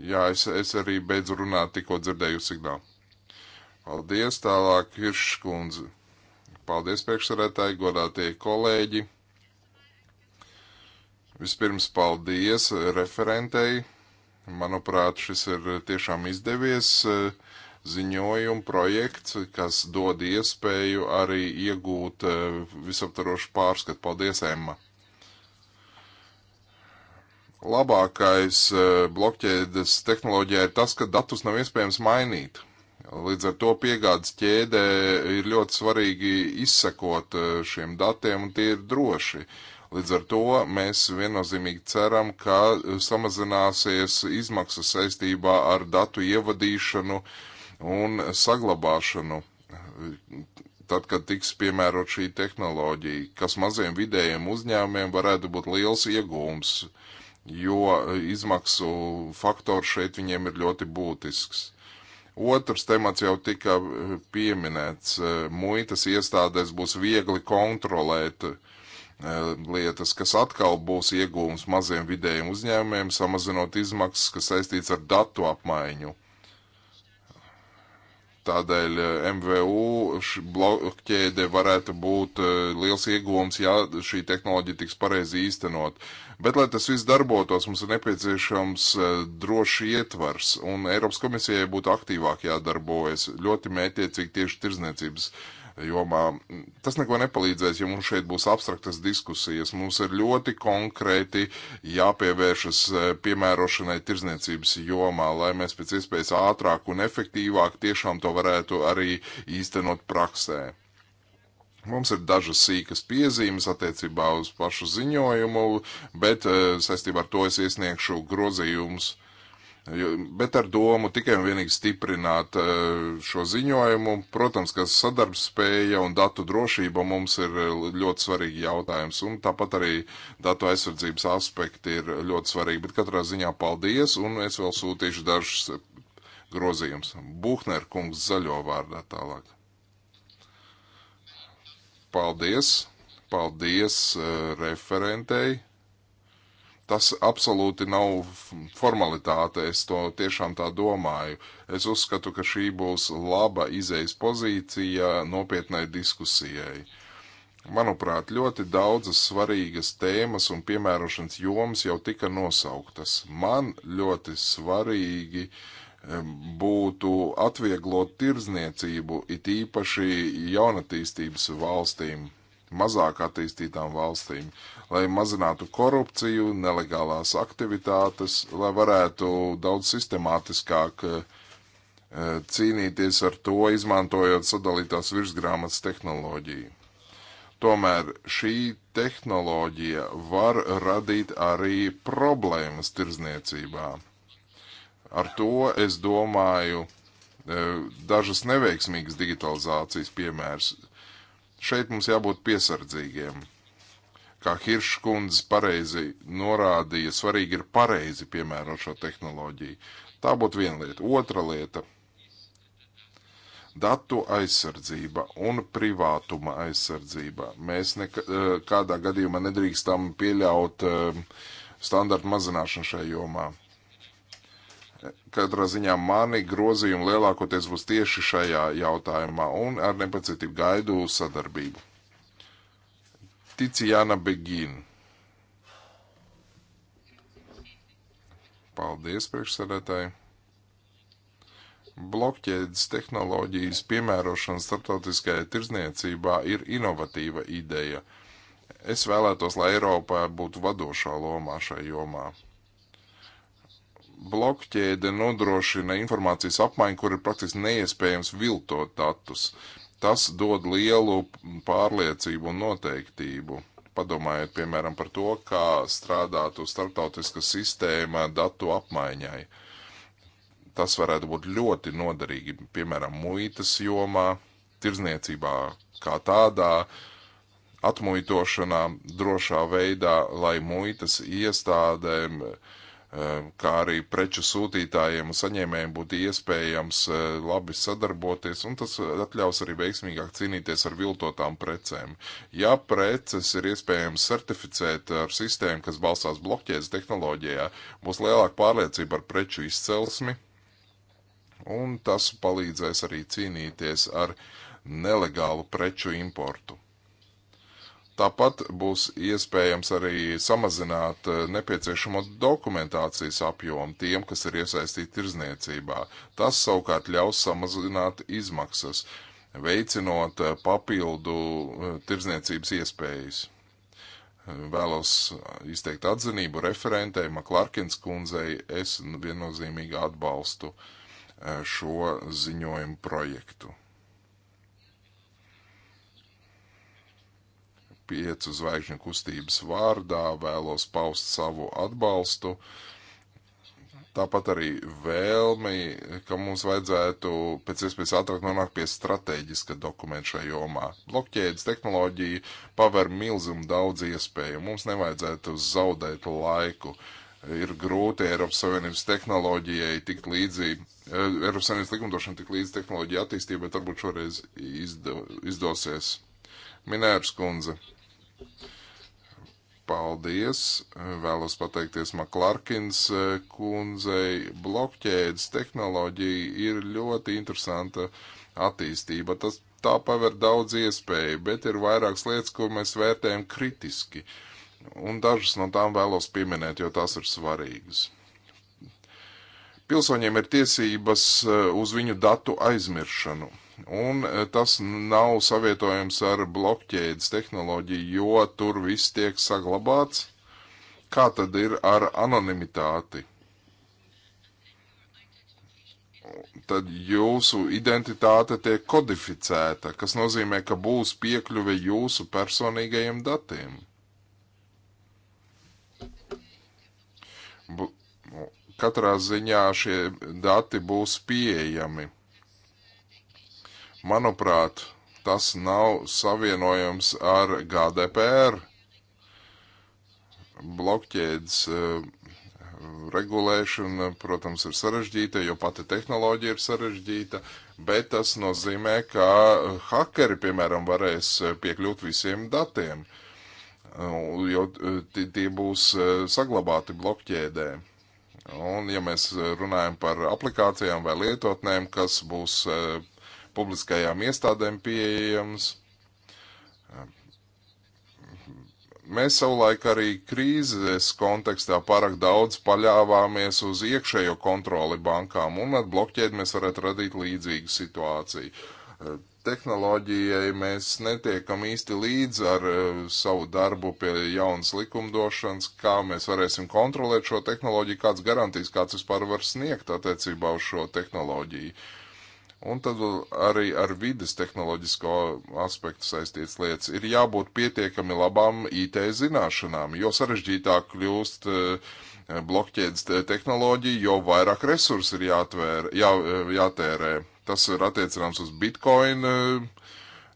Jā, es, es arī beidzu runāt, tikko dzirdēju signālu. Paldies, tālāk Hirškundze. Paldies, priekšsarētāji, godātie kolēģi. Vispirms paldies referentei Manuprāt, šis ir tiešām izdevies e, ziņojuma projekts, kas dod iespēju arī iegūt e, visaptarošu pārskatu. Paldies, Emma! Labākais e, blokķēdes tehnoloģijā ir tas, ka datus nav iespējams mainīt. Līdz ar to piegādes ķēdē ir ļoti svarīgi izsekot šiem datiem, un tie ir droši. Uh, Līdz ar to mēs viennozīmīgi ceram, ka e, samazināsies izmaksas saistībā ar datu ievadīšanu un saglabāšanu, e, tad, kad tiks piemērot šī tehnoloģija, kas maziem vidējiem uzņēmumiem varētu būt liels iegūms, jo e, izmaksu faktors šeit viņiem ir ļoti būtisks. Otrs temats jau tika pieminēts. Muitas iestādēs būs viegli kontrolēt uh, Eh, lietas, kas atkal būs iegūms maziem vidējiem uzņēmumiem, samazinot izmaksas, kas saistīts ar datu apmaiņu. Tādēļ eh, MVU blokķēde varētu būt eh, liels iegūms, ja šī tehnoloģija tiks pareizi īstenot. Bet, lai tas viss darbotos, mums ir nepieciešams drošs ietvars, un Eiropas komisijai būtu aktīvāk jādarbojas ļoti mētiecīgi tieši tirzniecības uh, jomā. Tas neko nepalīdzēs, ja mums šeit būs abstraktas diskusijas. Mums ir ļoti konkrēti jāpievēršas e, piemērošanai tirzniecības jomā, lai mēs pēc iespējas ātrāk un efektīvāk tiešām to varētu arī īstenot praksē. Mums ir dažas sīkas piezīmes attiecībā uz pašu ziņojumu, bet e, saistībā ar to es iesniegšu grozījumus bet ar domu tikai un vienīgi stiprināt e, šo ziņojumu. Protams, ka sadarbspēja un datu drošība mums ir ļoti svarīgi jautājums, un tāpat arī datu aizsardzības aspekti ir ļoti svarīgi, bet katrā ziņā paldies, un es vēl sūtīšu dažus grozījums. Buhner kungs zaļo vārdā tālāk. Paldies, paldies uh, referentei Tas absolūti nav formalitāte, es to tiešām tā domāju. Es uzskatu, ka šī būs laba izejas pozīcija nopietnai diskusijai. Manuprāt, ļoti daudzas svarīgas tēmas un piemērošanas jomas jau tika nosauktas. Man ļoti svarīgi būtu atvieglot tirdzniecību, it īpaši jaunatīstības valstīm, mazāk attīstītām valstīm, lai mazinātu korupciju, nelegālās aktivitātes, lai varētu daudz sistemātiskāk eh, eh, cīnīties ar to, izmantojot sadalītās virsgrāmatas tehnoloģiju. Tomēr šī tehnoloģija var radīt arī problēmas tirzniecībā. Ar to es domāju eh, dažas neveiksmīgas digitalizācijas piemērs. Šeit mums jābūt piesardzīgiem. Kā Hirškundze pareizi norādīja, svarīgi ir pareizi piemērot šo tehnoloģiju. Tā būtu viena lieta. Otra lieta - datu aizsardzība un privātuma aizsardzība. Mēs nekādā eh, gadījumā nedrīkstam pieļaut eh, standartu mazināšanu šajā jomā katrā ziņā mani grozījumi lielākoties būs tieši šajā jautājumā un ar nepacietību gaidu sadarbību. Ticijāna Begīna. Paldies, priekšsēdētāji. Blokķēdes tehnoloģijas piemērošana starptautiskajā tirzniecībā ir inovatīva ideja. Es vēlētos, lai Eiropā būtu vadošā lomā šai jomā blokķēde nodrošina informācijas apmaiņu, kur ir praktiski neiespējams viltot datus. Tas dod lielu pārliecību un noteiktību. Padomājiet, piemēram, par to, kā strādātu starptautiska sistēma datu apmaiņai. Tas varētu būt ļoti noderīgi, piemēram, muitas jomā, tirzniecībā kā tādā, atmuitošanā drošā veidā, lai muitas iestādēm uh, Ehm, kā arī preču sūtītājiem un saņēmējiem būtu iespējams ehm, labi sadarboties, un tas atļaus arī veiksmīgāk cīnīties ar viltotām precēm. Ja preces ir iespējams certificēt ar sistēmu, kas balstās blokķēdes tehnoloģijā, būs lielāka pārliecība par preču izcelsmi, un tas palīdzēs arī cīnīties ar nelegālu preču importu. Tāpat būs iespējams arī samazināt eh, nepieciešamo dokumentācijas apjomu tiem, kas ir iesaistīti tirzniecībā. Tas savukārt ļaus samazināt izmaksas, veicinot eh, papildu eh, tirzniecības iespējas. Vēlos izteikt atzinību referentei Maklārkins kundzei. Es viennozīmīgi atbalstu šo ziņojumu projektu. piecu zvaigžņu kustības vārdā vēlos paust savu atbalstu. Tāpat arī vēlmi, ka mums vajadzētu pēc iespējas ātrāk nonākt pie strateģiska dokumenta šajā jomā. Blokķēdes tehnoloģija paver milzumu daudz iespēju. Mums nevajadzētu zaudēt laiku. Ir grūti Eiropas Savienības tehnoloģijai tikt līdzi, Eiropas Savienības likumdošana tik līdz tehnoloģija attīstībai, bet varbūt šoreiz izdo, izdosies. Minērs kundze. Paldies! Vēlos pateikties Maklārkins eh, kundzei. Blokķēdes tehnoloģija ir ļoti interesanta attīstība. Tas tā paver daudz iespēju, bet ir vairākas lietas, ko mēs vērtējam kritiski. Un dažas no tām vēlos pieminēt, jo tās ir svarīgas. Pilsoņiem ir tiesības eh, uz viņu datu aizmiršanu Un eh, tas nav savietojams ar blokķēdes tehnoloģiju, jo tur viss tiek saglabāts. Kā tad ir ar anonimitāti? Tad jūsu identitāte tiek kodificēta, kas nozīmē, ka būs piekļuve jūsu personīgajiem datiem. B katrā ziņā šie dati būs pieejami Manuprāt, tas nav savienojams ar GDPR blokķēdes eh, regulēšana, protams, ir sarežģīta, jo pati tehnoloģija ir sarežģīta, bet tas nozīmē, ka hakeri, piemēram, varēs piekļūt visiem datiem, jo eh, tie būs eh, saglabāti blokķēdē. Un, ja mēs runājam par aplikācijām vai lietotnēm, kas būs publiskajām iestādēm pieejams. Mēs savulaik arī krīzes kontekstā pārāk daudz paļāvāmies uz iekšējo kontroli bankām, un ar blokķēdi mēs varētu radīt līdzīgu situāciju. Tehnoloģijai mēs netiekam īsti līdz ar eh, savu darbu pie jaunas likumdošanas, kā mēs varēsim kontrolēt šo tehnoloģiju, kāds garantijas, kāds vispār var sniegt attiecībā uz šo tehnoloģiju. Uh, Un tad arī ar vidas tehnoloģisko aspektu saistīts lietas. Ir jābūt pietiekami labām IT zināšanām, jo sarežģītāk kļūst eh, blokķēdes tehnoloģija, jo vairāk resursu ir jātvēr, jā, eh, jātērē. Tas ir attiecināms uz bitcoin eh,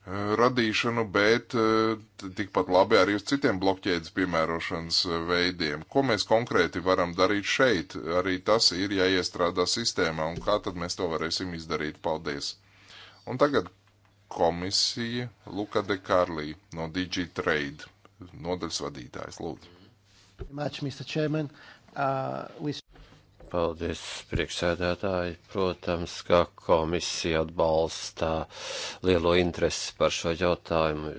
Eh, radīšanu, bet eh, tikpat labi arī uz citiem blokķēdes piemērošanas eh, veidiem. Ko mēs konkrēti varam darīt šeit? Arī tas ir jāiestrādā sistēmā, un kā tad mēs to varēsim izdarīt? Paldies! Un tagad komisija Luka de Karlī no DigiTrade, nodaļas vadītājs, lūdzu. Much, Mr. Chairman. Uh, we... Paldies, priekšsēdētāji. Protams, ka komisija atbalsta lielo interesi par šo jautājumu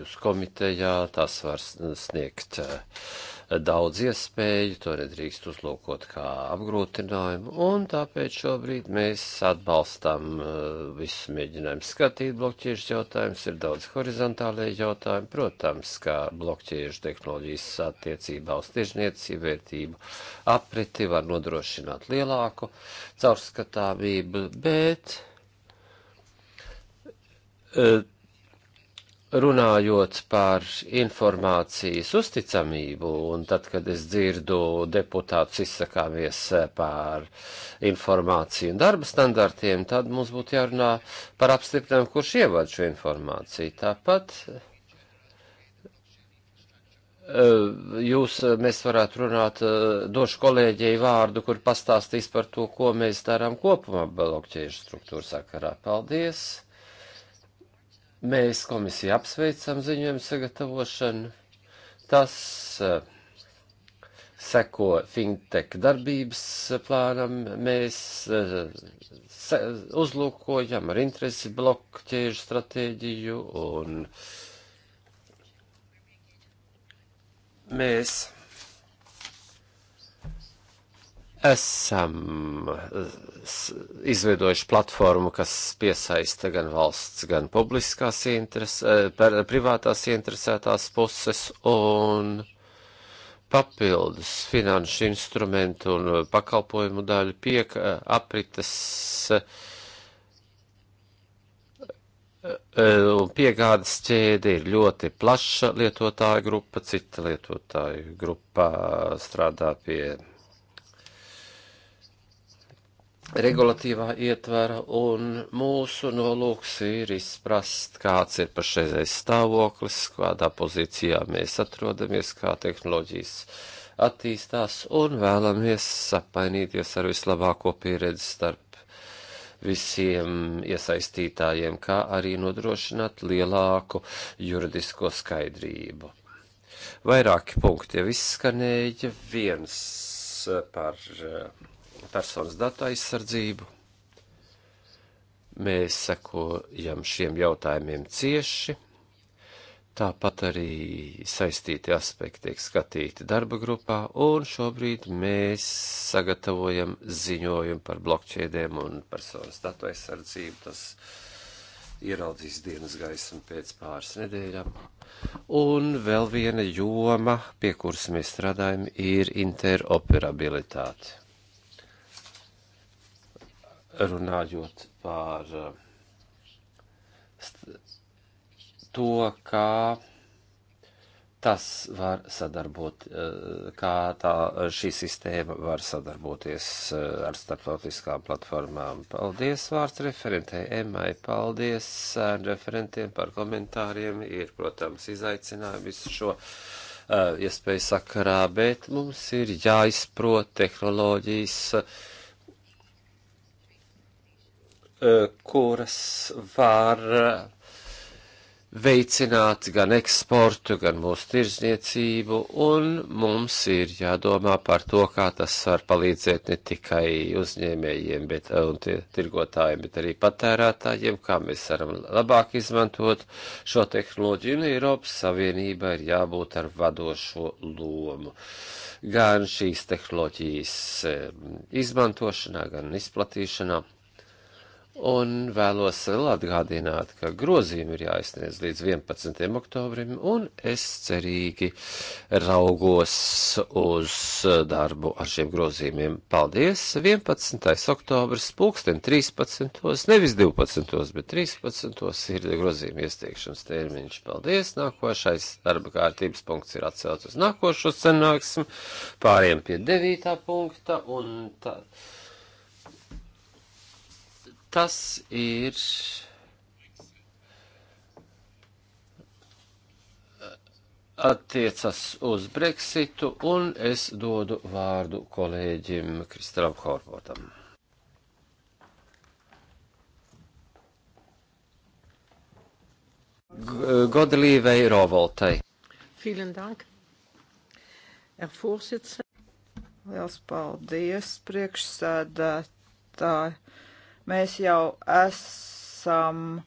jūs komitejā. Tas var sniegt eh, daudz iespēju, to nedrīkst uzlūkot kā apgrūtinājumu, un tāpēc šobrīd mēs atbalstam uh, visus mēģinājumus skatīt blokķiešu jautājumus, ir daudz horizontālajie jautājumi, protams, kā blokķiešu tehnoloģijas attiecībā uz tiežniecību, vērtību apriti var nodrošināt lielāku caurskatāmību, bet. Uh, runājot par informācijas uzticamību, un tad, kad es dzirdu deputātus izsakāmies par informāciju un darba standartiem, tad mums būtu jārunā par apstiprinājumu, kurš ievad šo informāciju. Tāpat e, jūs, mēs varētu runāt, e, došu kolēģei vārdu, kur pastāstīs par to, ko mēs darām kopumā blokķēžu struktūru sakarā. Paldies! Mēs komisiju apsveicam ziņojumu sagatavošanu. Tas eh, seko fintech darbības plānam. Mēs eh, uzlūkojam ar interesi blokķēžu stratēģiju un mēs esam eh, izveidojuši platformu, kas piesaista gan valsts, gan publiskās interes, eh, privātās interesētās puses un papildus finanšu instrumentu un pakalpojumu daļu piek eh, aprites un piegādes ķēde ir ļoti plaša lietotāja grupa, cita lietotāja grupa strādā pie regulatīvā ietvara, un mūsu nolūks ir izprast, kāds ir pašreizais stāvoklis, kādā pozīcijā mēs atrodamies, kā tehnoloģijas attīstās, un vēlamies sapainīties ar vislabāko pieredzi starp visiem iesaistītājiem, kā arī nodrošināt lielāku juridisko skaidrību. Vairāki punkti jau izskanēja, viens par uh, personas datu aizsardzību. Mēs sekojam šiem jautājumiem cieši. Tāpat arī saistīti aspekti tiek skatīti darba grupā, un šobrīd mēs sagatavojam ziņojumu par blokķēdēm un personas datu aizsardzību. Tas ieraudzīs dienas gaismu pēc pāris nedēļām. Un vēl viena joma, pie kuras mēs strādājam, ir interoperabilitāte runājot par eh, to, kā tas var sadarbot, eh, kā tā šī sistēma var sadarboties eh, ar starptautiskām platformām. Paldies vārds referentei Emai, paldies referentiem par komentāriem. Ir, protams, izaicinājumi visu šo uh, iespēju sakarā, bet mums ir jāizprot tehnoloģijas. Uh, Eh, kuras var eh, veicināt gan eksportu, gan mūsu tirzniecību, un mums ir jādomā par to, kā tas var palīdzēt ne tikai uzņēmējiem bet, eh, un tirgotājiem, bet arī patērētājiem, kā mēs varam labāk izmantot šo tehnoloģiju, un Eiropas Savienība ir jābūt ar vadošo lomu. Gan šīs tehnoloģijas izmantošanā, gan izplatīšanā. Un vēlos vēl atgādināt, ka grozījumi ir jāizsniedz līdz 11. oktobrim, un es cerīgi raugos uz darbu ar šiem grozījumiem. Paldies! 11. oktobris, pulksten 13. nevis 12. bet 13. ir grozījuma iestiekšanas termiņš. Paldies! Nākošais darba kārtības punkts ir atcelts uz nākošo sanāksmu, pāriem pie 9. punkta, un tā. Tas ir uh, attiecas uz Brexitu, un es dodu vārdu kolēģim Kristaram Horvotam. Uh, Godlīvei Rovoltai. Vielen Dank, Herr Vorsitzender. Liels paldies, priekšsēdētāji. Mēs jau esam e,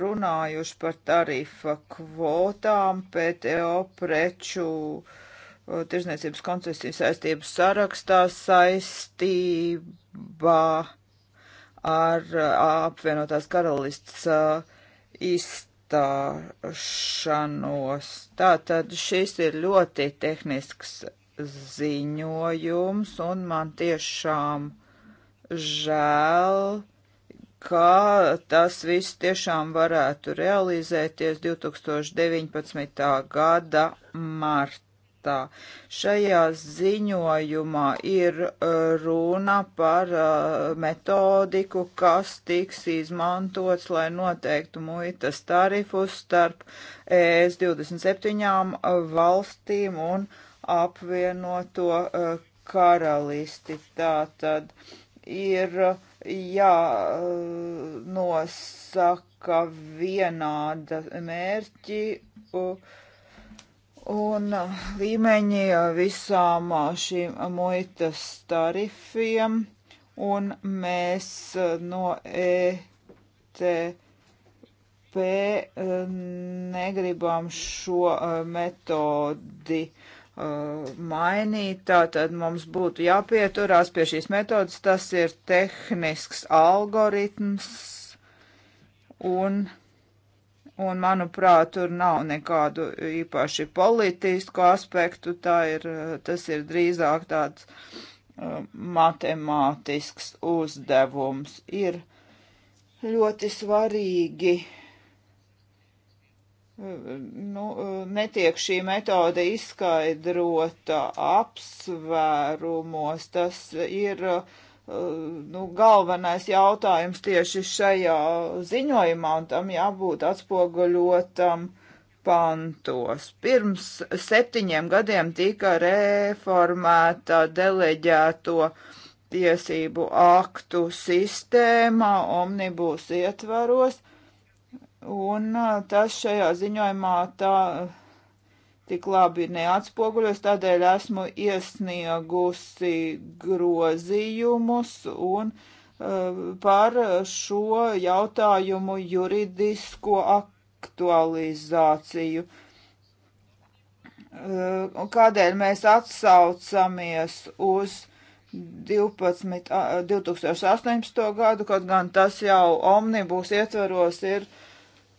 runājuši par tarifa kvotām, PTO preču e, tirzniecības koncesijas saistības sarakstā saistībā ar e, apvienotās karalists izstāšanos. Tātad šis ir ļoti tehnisks ziņojums, un man tiešām uh, žēl, kā tas viss tiešām varētu realizēties 2019. gada martā. Šajā ziņojumā ir uh, runa par uh, metodiku, kas tiks izmantots, lai noteiktu muitas tarifus starp e ES 27 valstīm un apvienoto uh, karalisti. Tātad. tad ir uh, jānosaka uh, vienāda mērķi uh, un līmeņi visām šīm muitas tarifiem, un mēs no ETP negribam šo metodi uh, Uh, mainīt, tātad mums būtu jāpieturās pie šīs metodas. Tas ir tehnisks algoritms un, un manuprāt, tur nav nekādu īpaši politisku aspektu. Tā ir, uh, tas ir drīzāk tāds um, matemātisks uzdevums. Ir ļoti svarīgi nu, netiek šī metode izskaidrota apsvērumos. Tas ir nu, galvenais jautājums tieši šajā ziņojumā, un tam jābūt atspoguļotam pantos. Pirms septiņiem gadiem tika reformēta deleģēto tiesību aktu sistēma omnibūs ietvaros. Uh, Un tas šajā ziņojumā tā tik labi neatspoguļos, tādēļ esmu iesniegusi grozījumus un uh, par šo jautājumu juridisko aktualizāciju. Uh, kādēļ mēs atsaucamies uz 12, 2018. gadu, kaut gan tas jau omnibūs ietvaros ir uh,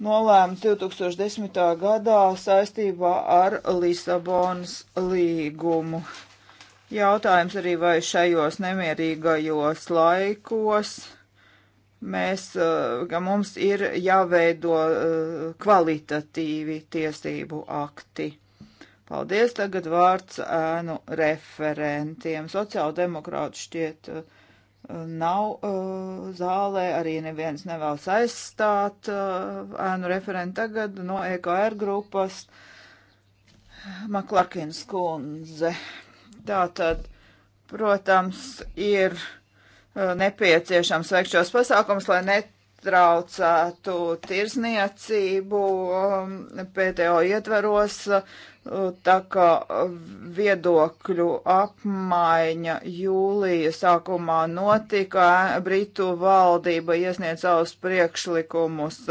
nolēmts 2010. gadā saistībā ar Lisabonas līgumu. Jautājums arī, vai šajos nemierīgajos laikos mēs, eh, ka mums ir jāveido eh, kvalitatīvi tiesību akti. Paldies, tagad vārds ēnu referentiem. Sociāldemokrāti šķiet uh, nav uh, zālē, arī neviens nevēlas aizstāt uh, ēnu referentu tagad no EKR grupas Maklakins kundze. Tātad, protams, ir uh, nepieciešams veikt šos pasākums, lai netraucētu tirzniecību um, PTO ietveros. Uh, tā kā viedokļu apmaiņa jūlija sākumā notika, Britu valdība iesniedz savus priekšlikumus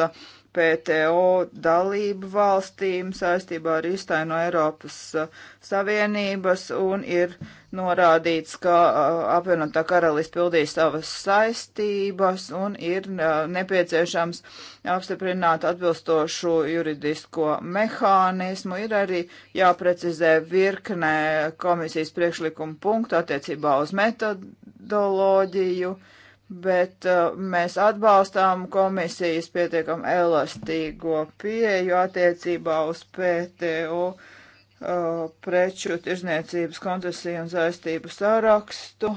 PTO dalību valstīm saistībā ar izstāju no Eiropas uh, Savienības un ir norādīts, ka uh, apvienotā karalīs pildīs savas saistības un ir uh, nepieciešams apstiprināt atbilstošu juridisko mehānismu. Ir arī jāprecizē virknē komisijas priekšlikuma punktu attiecībā uz metodoloģiju. Uh, bet uh, mēs atbalstām komisijas pietiekam elastīgo pieeju attiecībā uz PTU uh, preču tirzniecības koncesiju un saistību sarakstu.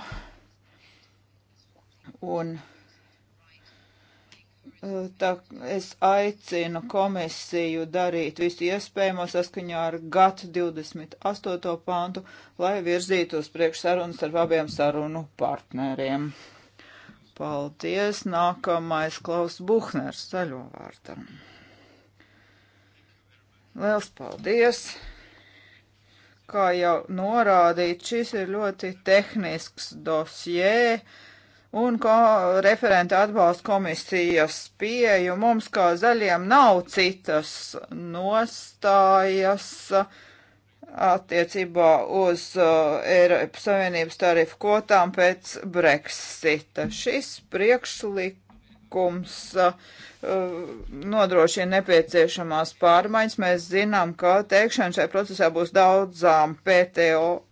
Un uh, tā es aicinu komisiju darīt visu iespējamo saskaņā ar GAT 28. pantu, lai virzītos priekš sarunas ar abiem sarunu partneriem. Paldies. Nākamais Klaus Buhners zaļo vārtam. Liels paldies! Kā jau norādīt, šis ir ļoti tehnisks dosjē, un kā referenta atbalsta komisijas pieju mums kā zaļiem nav citas nostājas. Uh, attiecībā uz uh, Eiropas Savienības tarifu kvotām pēc Brexita. Šis priekšlikums uh, nodrošina nepieciešamās pārmaiņas. Mēs zinām, ka teikšana šajā procesā būs daudzām PTO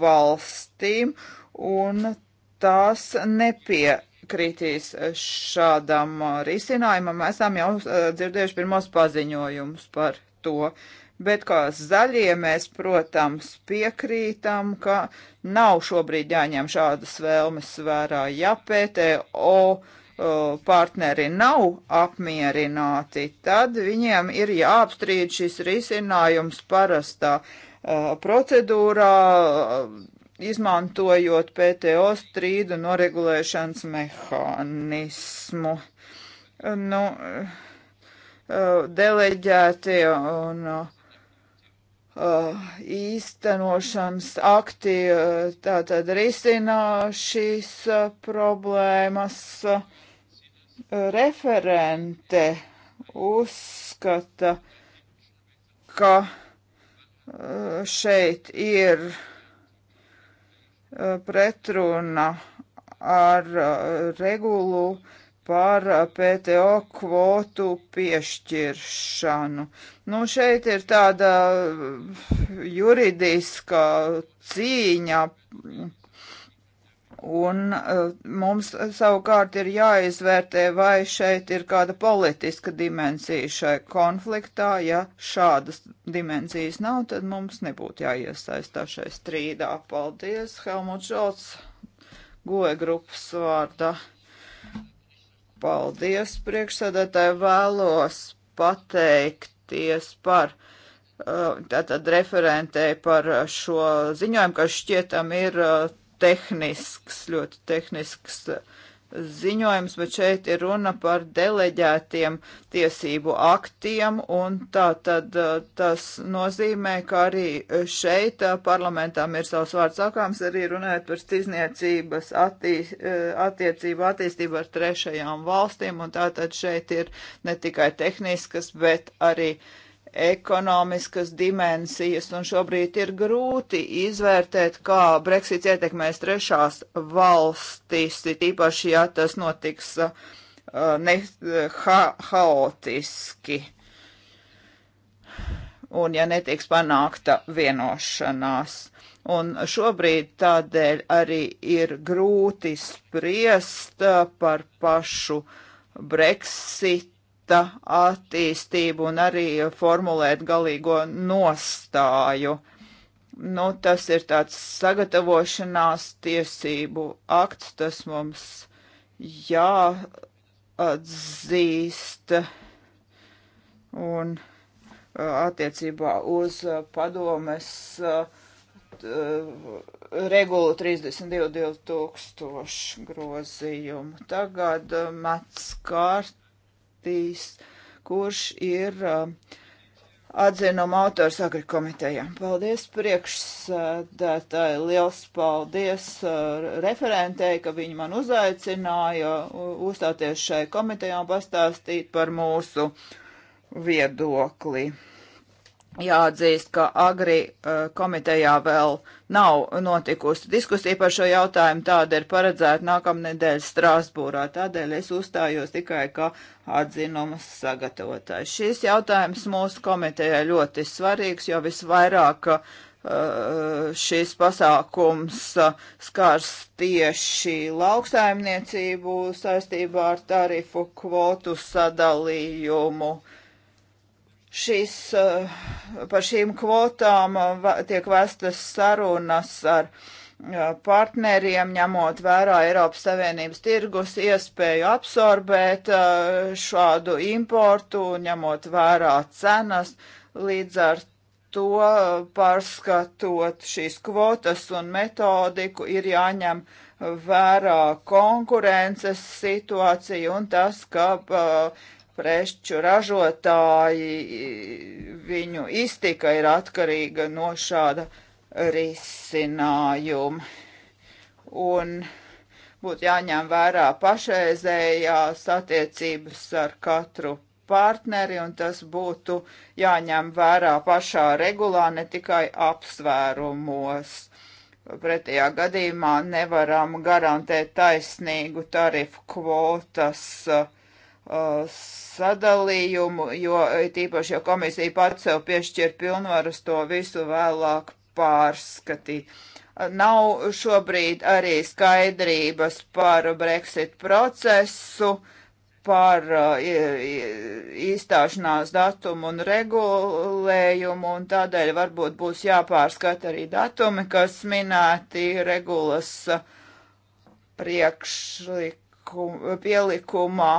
valstīm, un tās nepiekritīs šādam uh, risinājumam. Mēs esam jau uh, dzirdējuši pirmos paziņojumus par to. Uh, bet kā zaļie mēs, protams, piekrītam, ka nav šobrīd jāņem šādas vēlmes vērā, ja PTO uh, partneri nav apmierināti, tad viņiem ir jāapstrīd šis risinājums parastā uh, procedūrā, uh, izmantojot PTO strīdu noregulēšanas mehānismu. Nu, uh, uh deleģēti un uh, Uh, īstenošanas akti uh, tātad risina šīs uh, problēmas referente uzskata, ka šeit ir pretruna ar regulu par uh, PTO kvotu piešķiršanu. Nu, šeit ir tāda uh, juridiska cīņa, un uh, mums savukārt ir jāizvērtē, vai šeit ir kāda politiska dimensija šai konfliktā. Ja šādas dimensijas nav, tad mums nebūtu jāiesaistās šai strīdā. Paldies, Helmut Šolts, goja grupas vārdā. Paldies, priekšsēdētāji, vēlos pateikties par uh, tātad referentei par šo ziņojumu, kas šķietam ir uh, tehnisks, ļoti tehnisks uh, ziņojums, bet šeit ir runa par deleģētiem tiesību aktiem, un tā tad uh, tas nozīmē, ka arī šeit uh, parlamentām ir savs vārds sakāms, arī runājot par tirzniecības attī, uh, attiecību attīstību ar trešajām valstīm, un tā tad šeit ir ne tikai tehniskas, bet arī uh, ekonomiskas dimensijas, un šobrīd ir grūti izvērtēt, kā Brexits ietekmēs trešās valstis, tīpaši, ja tas notiks uh, ne, ha, haotiski, un ja netiks panākta vienošanās. Un šobrīd tādēļ arī ir grūti spriest uh, par pašu Brexit projekta attīstību un arī formulēt galīgo nostāju. Nu, tas ir tāds sagatavošanās tiesību akts, tas mums jāatzīst. Un attiecībā uz padomes regulu 32 tūkstošu grozījumu. Tagad mats kārt Raptīs, kurš ir uh, atzinuma autors agri komitejā. Paldies priekšsēdētāji, liels paldies uh, referentei, ka viņi man uzaicināja uzstāties šai komitejā un pastāstīt par mūsu viedokli. Jāatzīst, ka agri uh, komitejā vēl nav notikusi diskusija par šo jautājumu, tāda ir paredzēta nākamnedēļ Strāsbūrā. Tādēļ es uzstājos tikai kā atzinumas sagatavotājs. Šis jautājums mūsu komitejā ļoti svarīgs, jo visvairāk uh, šis pasākums uh, skars tieši lauksaimniecību saistībā ar tarifu kvotu sadalījumu. Uh, šis, eh, par šīm kvotām eh, tiek vestas sarunas ar eh, partneriem, ņemot vērā Eiropas Savienības tirgus iespēju absorbēt šādu importu, ņemot vērā cenas. Līdz ar to pārskatot šīs kvotas un metodiku ir jāņem vērā konkurences situācija un tas, ka uh, preču ražotāji, viņu iztika ir atkarīga no šāda risinājuma. Un būtu jāņem vērā pašreizējās attiecības ar katru partneri, un tas būtu jāņem vērā pašā regulā, ne tikai apsvērumos. Pretējā gadījumā nevaram garantēt taisnīgu tarifu kvotas uh, sadalījumu, jo tīpaši jau komisija pats sev piešķir pilnvarus to visu vēlāk pārskatīt. Nav šobrīd arī skaidrības par Brexit procesu, par izstāšanās datumu un regulējumu, un tādēļ varbūt būs jāpārskata arī datumi, kas minēti regulas priekšlikumā, pielikumā.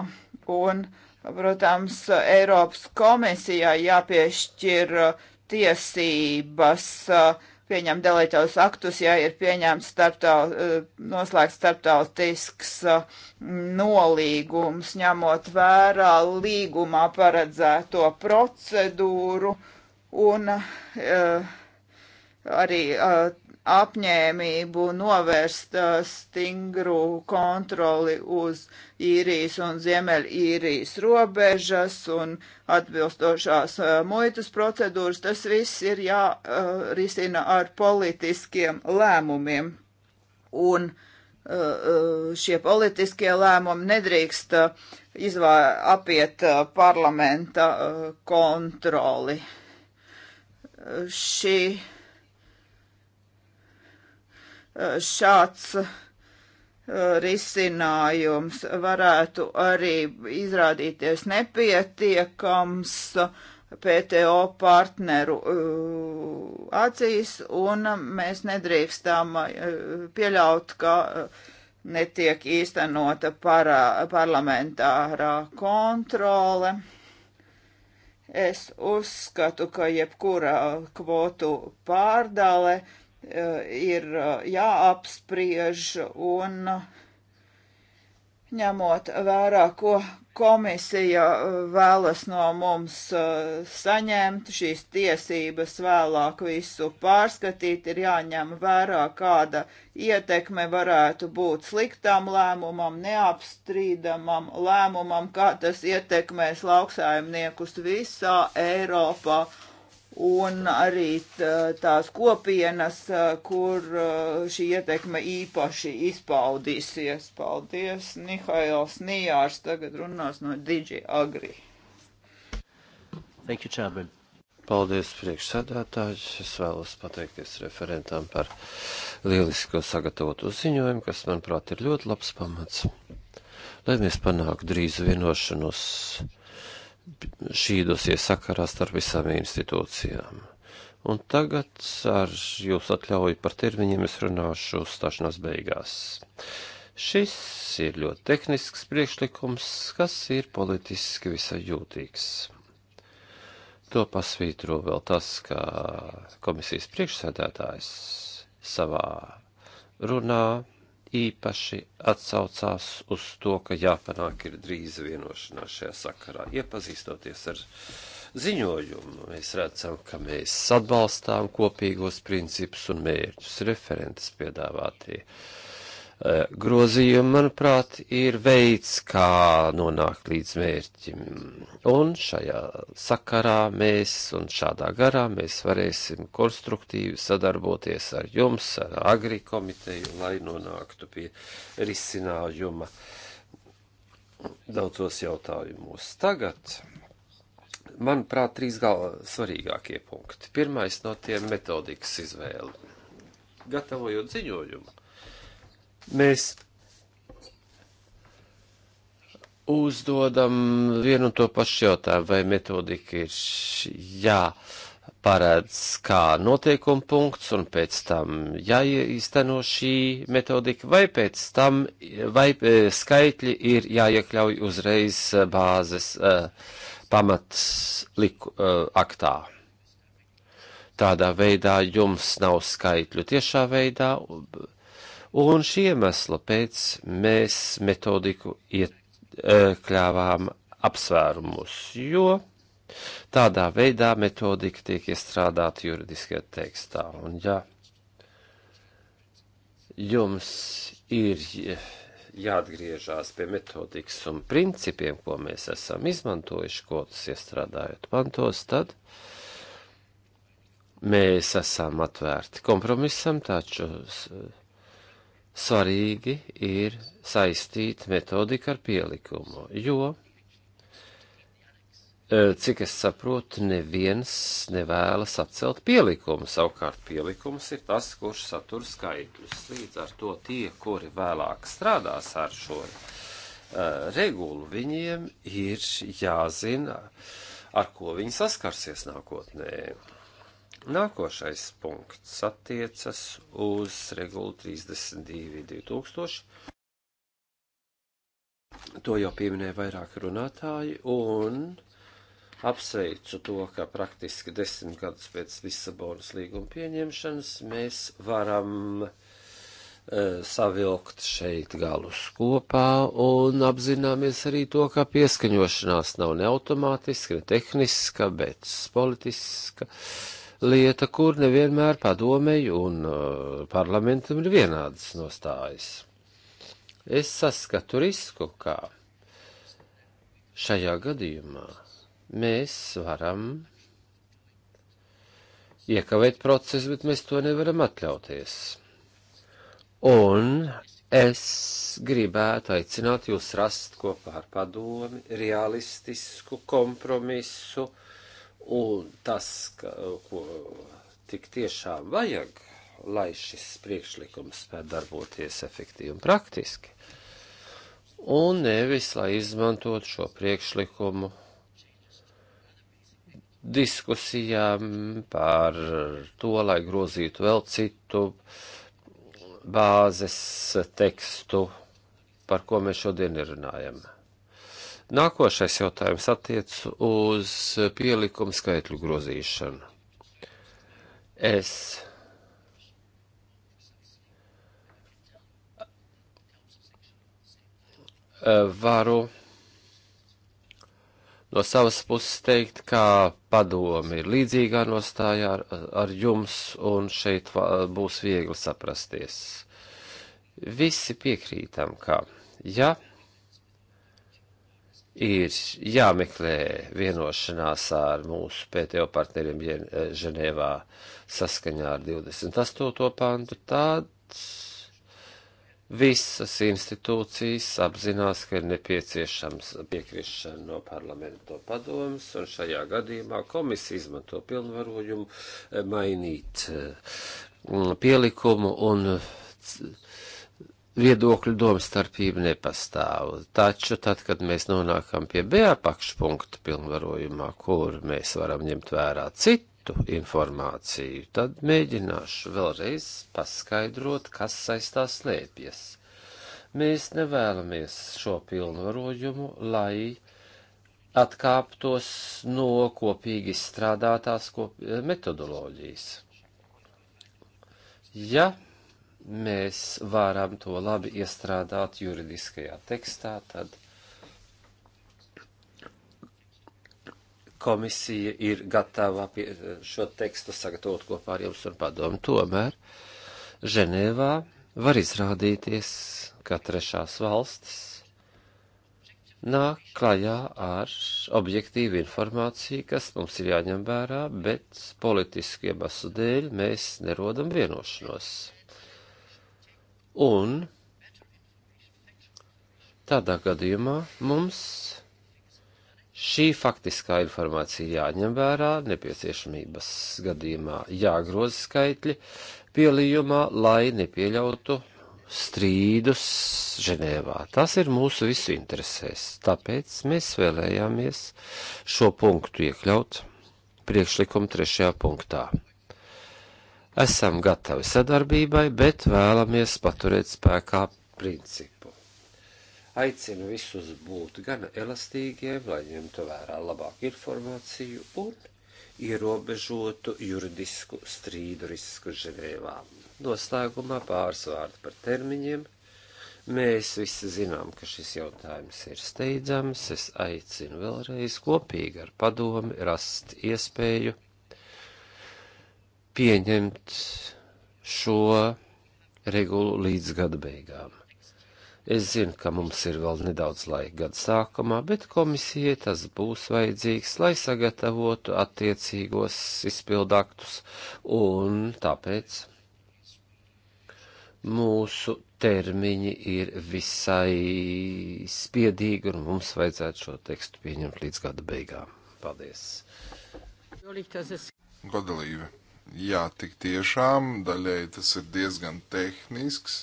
Un, protams, Eiropas komisijai jāpiešķir uh, tiesības uh, pieņemt delētos aktus, ja ir pieņemts starptaut, uh, noslēgts starptautisks nolīgums, ņemot vērā līgumā paredzēto procedūru un uh, arī uh, apņēmību novērst uh, stingru kontroli uz īrijas un ziemeļīrijas robežas un atbilstošās uh, muitas procedūras, tas viss ir jārisina uh, ar politiskiem lēmumiem. Un uh, uh, šie politiskie lēmumi nedrīkst uh, izvā, apiet parlamenta kontroli. Šī šāds uh, risinājums varētu arī izrādīties nepietiekams PTO partneru uh, acīs, un mēs nedrīkstam uh, pieļaut, ka netiek īstenota parā, parlamentārā kontrole. Es uzskatu, ka jebkura kvotu pārdale uh, Eh, ir eh, jāapspriež un eh, ņemot vērā, ko komisija vēlas no mums saņemt, šīs tiesības vēlāk visu pārskatīt, ir jāņem vērā, kāda ietekme varētu būt sliktam lēmumam, neapstrīdamam lēmumam, kā tas ietekmēs lauksaimniekus visā Eiropā un arī tās kopienas, kur šī ietekme īpaši izpaudīsies. Paldies, Mihails Nijārs tagad runās no Digi Agri. Thank you, Chairman. Paldies, priekšsēdētāji. Es vēlos pateikties referentam par lielisko sagatavotu ziņojumu, kas, manuprāt, ir ļoti labs pamats, lai mēs panāktu drīzu vienošanos. No šī dosie sakarā starp visām institūcijām. Un tagad ar jūsu atļauju par termiņiem es runāšu uzstāšanās beigās. Šis ir ļoti tehnisks priekšlikums, kas ir politiski visai jūtīgs. To pasvītro vēl tas, ka komisijas priekšsēdētājs savā runā īpaši atsaucās uz to, ka jāpanāk ir drīz vienošanās šajā sakarā. Iepazīstoties ar ziņojumu, mēs redzam, ka mēs atbalstām kopīgos principus un mērķus referentes piedāvātie. Uh, Eh, grozījumi, manuprāt, ir veids, kā nonākt līdz mērķim. Un šajā sakarā mēs un šādā garā mēs varēsim konstruktīvi sadarboties ar jums, ar agri komiteju, lai nonāktu pie risinājuma daudzos jautājumos. Tagad, manuprāt, trīs galva svarīgākie punkti. Pirmais no tiem metodikas izvēle. Gatavojot ziņojumu Mēs uzdodam vienu un to pašu jautājumu, vai metodika ir jā paredz kā noteikuma punkts un pēc tam jāizteno šī metodika, vai pēc tam, vai e, skaitļi ir jāiekļauj uzreiz e, bāzes e, pamats liku aktā. Tādā veidā jums nav skaitļu tiešā veidā, Un šī iemesla pēc mēs metodiku iekļāvām e, apsvērumus, jo tādā veidā metodika tiek iestrādāta juridiskajā tekstā. Un ja jums ir jāatgriežās pie metodikas un principiem, ko mēs esam izmantojuši, ko tas iestrādājot pantos, tad mēs esam atvērti kompromisam, taču svarīgi ir saistīt metodiku ar pielikumu, jo, e, cik es saprotu, neviens nevēlas atcelt pielikumu. Savukārt pielikums ir tas, kurš satur skaitļus. Līdz ar to tie, kuri vēlāk strādās ar šo uh, regulu, viņiem ir jāzina, ar ko viņi saskarsies nākotnē. Nākošais punkts attiecas uz regulu 32 2000. To jau pieminēja vairāk runātāji, un apsveicu to, ka praktiski desmit gadus pēc Lisabonas līguma pieņemšanas mēs varam e, savilkt šeit galus kopā un apzināmies arī to, ka pieskaņošanās nav ne automātiska, ne tehniska, bet politiska. E, lieta, kur nevienmēr padomēju un uh, parlamentam ir vienādas nostājas. Es saskatu risku, kā šajā gadījumā mēs varam iekavēt procesu, bet mēs to nevaram atļauties. Un es gribētu aicināt jūs rast kopā ar padomi realistisku kompromisu, uh, Un tas, ka, ko tik tiešām vajag, lai šis priekšlikums spētu darboties efektīvi un praktiski, un nevis, lai izmantot šo priekšlikumu diskusijām par to, lai grozītu vēl citu bāzes tekstu, par ko mēs šodien runājam. Nākošais jautājums attiec uz pielikumu skaitļu grozīšanu. Es varu no savas puses teikt, kā padomi ir līdzīgā nostājā ar, ar jums, un šeit būs viegli saprasties. Visi piekrītam, ka, ja ir jāmeklē vienošanās ar mūsu PTO partneriem eh, Ženēvā saskaņā ar 28. pantu, tad visas institūcijas apzinās, ka ir nepieciešams piekrišana no parlamento padomas, un šajā gadījumā komisija izmanto pilnvarojumu eh, mainīt eh, pielikumu un viedokļu domstarpība nepastāv. Taču tad, kad mēs nonākam pie B apakšpunkta pilnvarojumā, kur mēs varam ņemt vērā citu informāciju, tad mēģināšu vēlreiz paskaidrot, kas saistās slēpjas. Mēs nevēlamies šo pilnvarojumu, lai atkāptos no kopīgi strādātās kop metodoloģijas. Ja mēs varam to labi iestrādāt juridiskajā tekstā, tad komisija ir gatava šo tekstu sagatavot kopā ar jums un padomu. Tomēr Ženēvā var izrādīties, ka trešās valstis nāk klajā ar objektīvu informāciju, kas mums ir jāņem vērā, bet politisku iemeslu dēļ mēs nerodam vienošanos. Un tādā gadījumā mums šī faktiskā informācija jāņem vērā, nepieciešamības gadījumā jāgroza skaitļi pielījumā, lai nepieļautu strīdus Ženēvā. Tas ir mūsu visu interesēs, tāpēc mēs vēlējāmies šo punktu iekļaut priekšlikumu trešajā punktā. Esam gatavi sadarbībai, bet vēlamies paturēt spēkā principu. Aicinu visus būt gan elastīgiem, lai ņemtu vērā labāku informāciju un ierobežotu juridisku strīdu risku Ženēvā. Noslēgumā pāris vārdi par termiņiem. Mēs visi zinām, ka šis jautājums ir steidzams. Es aicinu vēlreiz kopīgi ar padomi rast iespēju pieņemt šo regulu līdz gada beigām. Es zinu, ka mums ir vēl nedaudz laika gada sākumā, bet komisijai tas būs vajadzīgs, lai sagatavotu attiecīgos izpildaktus, un tāpēc mūsu termiņi ir visai spiedīgi, un mums vajadzētu šo tekstu pieņemt līdz gada beigām. Paldies! Godalība! Jā, tik tiešām, daļai tas ir diezgan tehnisks,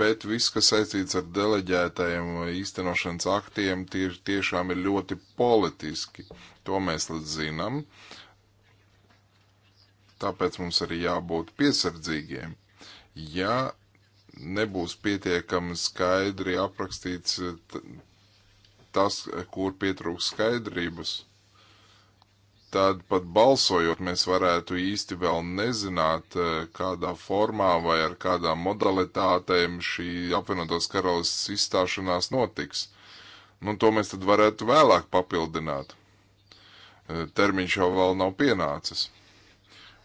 bet viss, kas saistīts ar deleģētajiem īstenošanas aktiem, tie tiešām ir ļoti politiski. To mēs līdz zinām. Tāpēc mums arī jābūt piesardzīgiem. Ja nebūs pietiekami skaidri aprakstīts tas, kur pietrūks skaidrības, tad pat balsojot mēs varētu īsti vēl nezināt, eh, kādā formā vai ar kādām modalitātēm šī apvienotās karalists izstāšanās notiks. Nu, to mēs tad varētu vēlāk papildināt. Eh, termiņš jau vēl nav pienācis.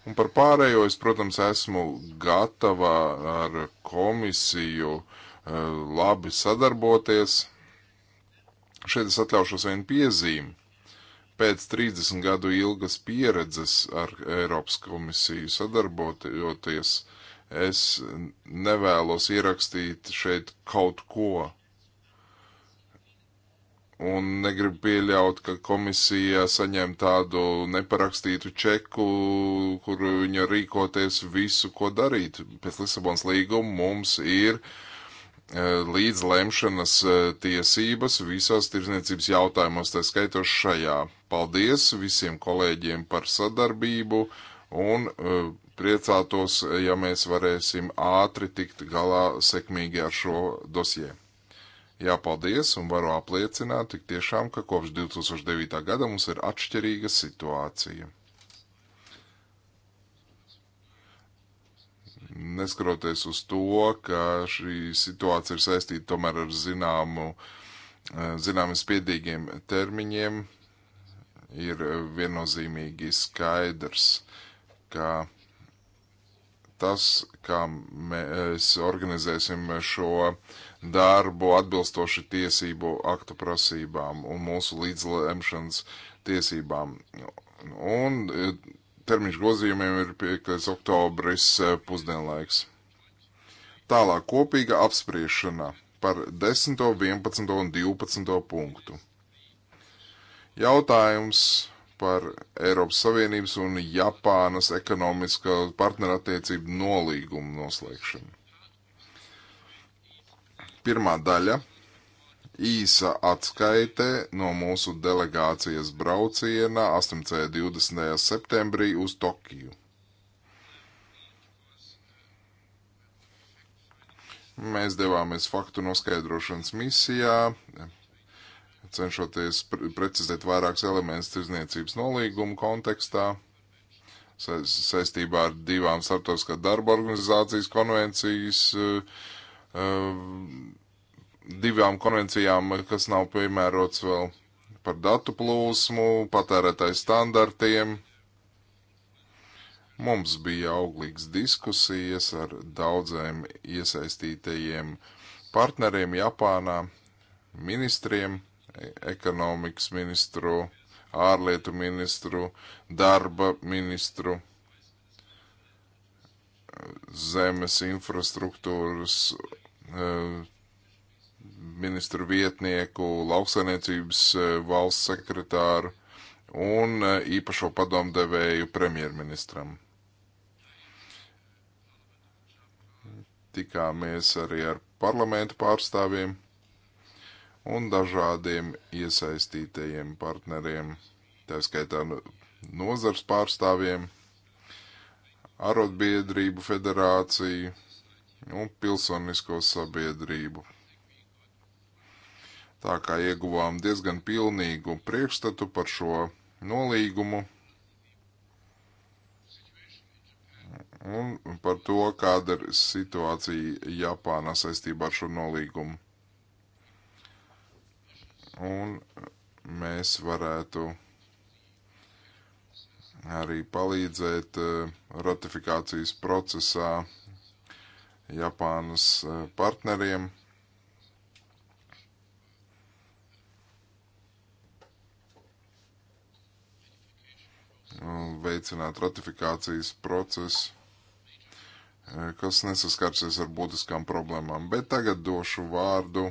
Un par pārējo es, protams, esmu gatava ar komisiju eh, labi sadarboties. Šeit es atļaušos vienu piezīmi pēc 30 gadu ilgas pieredzes ar Eiropas komisiju sadarbojoties, es nevēlos ierakstīt šeit kaut ko. Un negribu pieļaut, ka komisija saņem tādu neparakstītu čeku, kur viņa rīkoties visu, ko darīt. Pēc Lisabonas līguma mums ir uh, Eh, līdzlemšanas eh, tiesības visās tirzniecības jautājumos, tā skaitos šajā. Paldies visiem kolēģiem par sadarbību un eh, priecātos, ja mēs varēsim ātri tikt galā sekmīgi ar šo dosie. Jā, paldies un varu apliecināt tik tiešām, ka kopš 2009. gada mums ir atšķirīga situācija. neskaroties uz to, ka šī situācija ir saistīta tomēr ar zināmu, eh, zināmi spiedīgiem termiņiem, ir eh, viennozīmīgi skaidrs, ka tas, kā mēs organizēsim šo darbu atbilstoši tiesību aktu prasībām un mūsu līdzlemšanas tiesībām. Un eh, termiņš grozījumiem ir 5. oktobris eh, pusdienlaiks. Tālāk kopīga apspriešana par 10, 11 un 12 punktu. Jautājums par Eiropas Savienības un Japānas ekonomiskā partnerattiecību nolīgumu noslēgšanu. Pirmā daļa īsa atskaite no mūsu delegācijas brauciena 18. 20. septembrī uz Tokiju. Mēs devāmies faktu noskaidrošanas misijā, cenšoties pre precizēt vairākus elementus tirzniecības nolīgumu kontekstā sa saistībā ar divām starptautiskā darba organizācijas konvencijas uh, uh, divām konvencijām, kas nav piemērots vēl par datu plūsmu, patērētāju standartiem. Mums bija auglīgs diskusijas ar daudziem iesaistītajiem partneriem Japānā, ministriem, ekonomikas ministru, ārlietu ministru, darba ministru, zemes infrastruktūras eh, ministru vietnieku, lauksainiecības e, valsts sekretāru un e, īpašo padomdevēju premjerministram. Tikāmies arī ar parlamentu pārstāvjiem un dažādiem iesaistītajiem partneriem, tā skaitā nozars pārstāvjiem, arotbiedrību federāciju un pilsonisko sabiedrību Tā kā ieguvām diezgan pilnīgu priekšstatu par šo nolīgumu un par to, kāda ir situācija Japānā saistībā ar šo nolīgumu. Un mēs varētu arī palīdzēt eh, ratifikācijas procesā Japānas eh, partneriem Nu, veicināt ratifikācijas procesu, e, kas nesaskarsies ar būtiskām problēmām. Bet tagad došu vārdu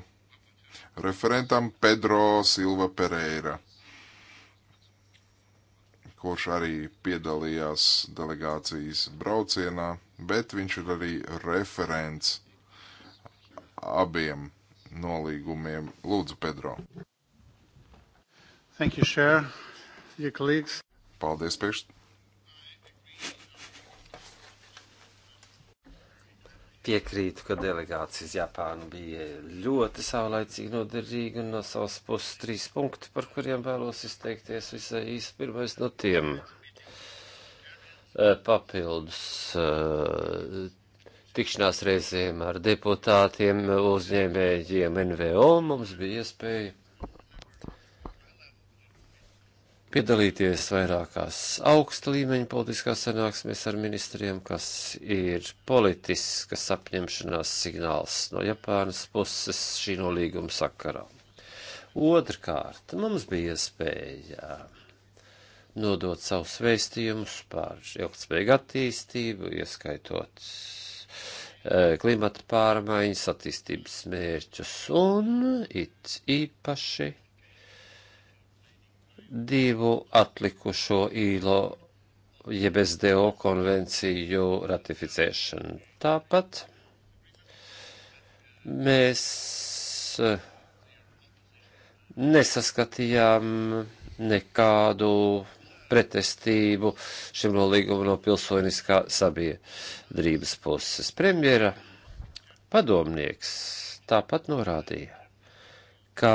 referentam Pedro Silva Pereira, kurš arī piedalījās delegācijas braucienā, bet viņš ir arī referents abiem nolīgumiem. Lūdzu, Pedro. Thank you, Chair. Your colleagues. Paldies, priekšsēdētāji. piekrītu, ka delegācijas Japāna bija ļoti saulaicīgi noderīga un no savas puses trīs punkti, par kuriem vēlos izteikties visai īsi pirmais no tiem. E, papildus e, tikšanās reizēm ar deputātiem, uzņēmējiem NVO mums bija iespēja piedalīties vairākās augsta līmeņa politiskās sanāksmēs ar ministriem, kas ir politiskas apņemšanās signāls no Japānas puses šī nolīguma sakarā. Otrkārt, mums bija iespēja nodot savus vēstījumus par ilgspējīgu attīstību, ieskaitot e, klimata pārmaiņas, attīstības mērķus un it īpaši divu atlikušo īlo jeb SDO konvenciju ratificēšanu. Tāpat mēs eh, nesaskatījām nekādu pretestību šim nolīgumam no pilsoniskā sabiedrības puses. Premjera padomnieks tāpat norādīja, ka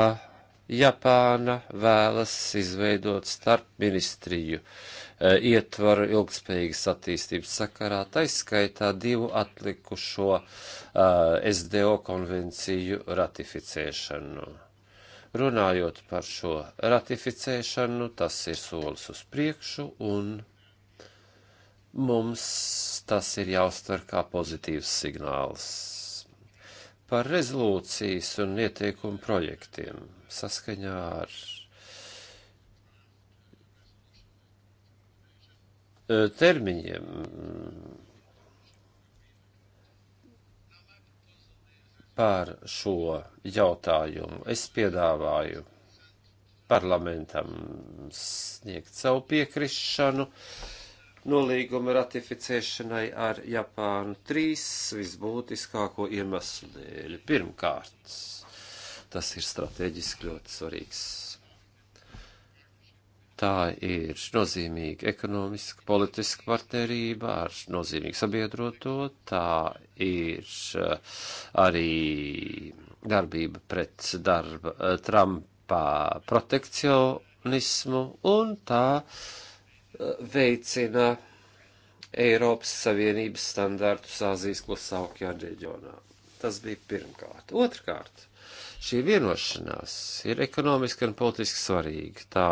Japāna vēlas izveidot starp ministriju e, ietvaru ilgspējīgas attīstības sakarā, taiskaitā divu atlikušo uh, e, SDO konvenciju ratificēšanu. Runājot par šo ratificēšanu, tas ir solis uz priekšu un mums tas ir jāuztver kā pozitīvs signāls par rezolūcijas un ieteikumu projektiem saskaņā ar e, termiņiem. Par šo jautājumu es piedāvāju parlamentam sniegt savu piekrišanu. Uh, nolīguma ratificēšanai ar Japānu trīs visbūtiskāko iemeslu dēļ. Pirmkārt, tas ir strateģiski ļoti svarīgs. Tā ir nozīmīga ekonomiska, politiska partnerība ar nozīmīgu sabiedroto, tā ir eh, arī darbība pret darba eh, Trumpa protekcionismu un tā uh, veicina Eiropas Savienības standartus Āzijas klusā okeāna reģionā. Tas bija pirmkārt. Otrkārt, šī vienošanās ir ekonomiski un politiski svarīga. Tā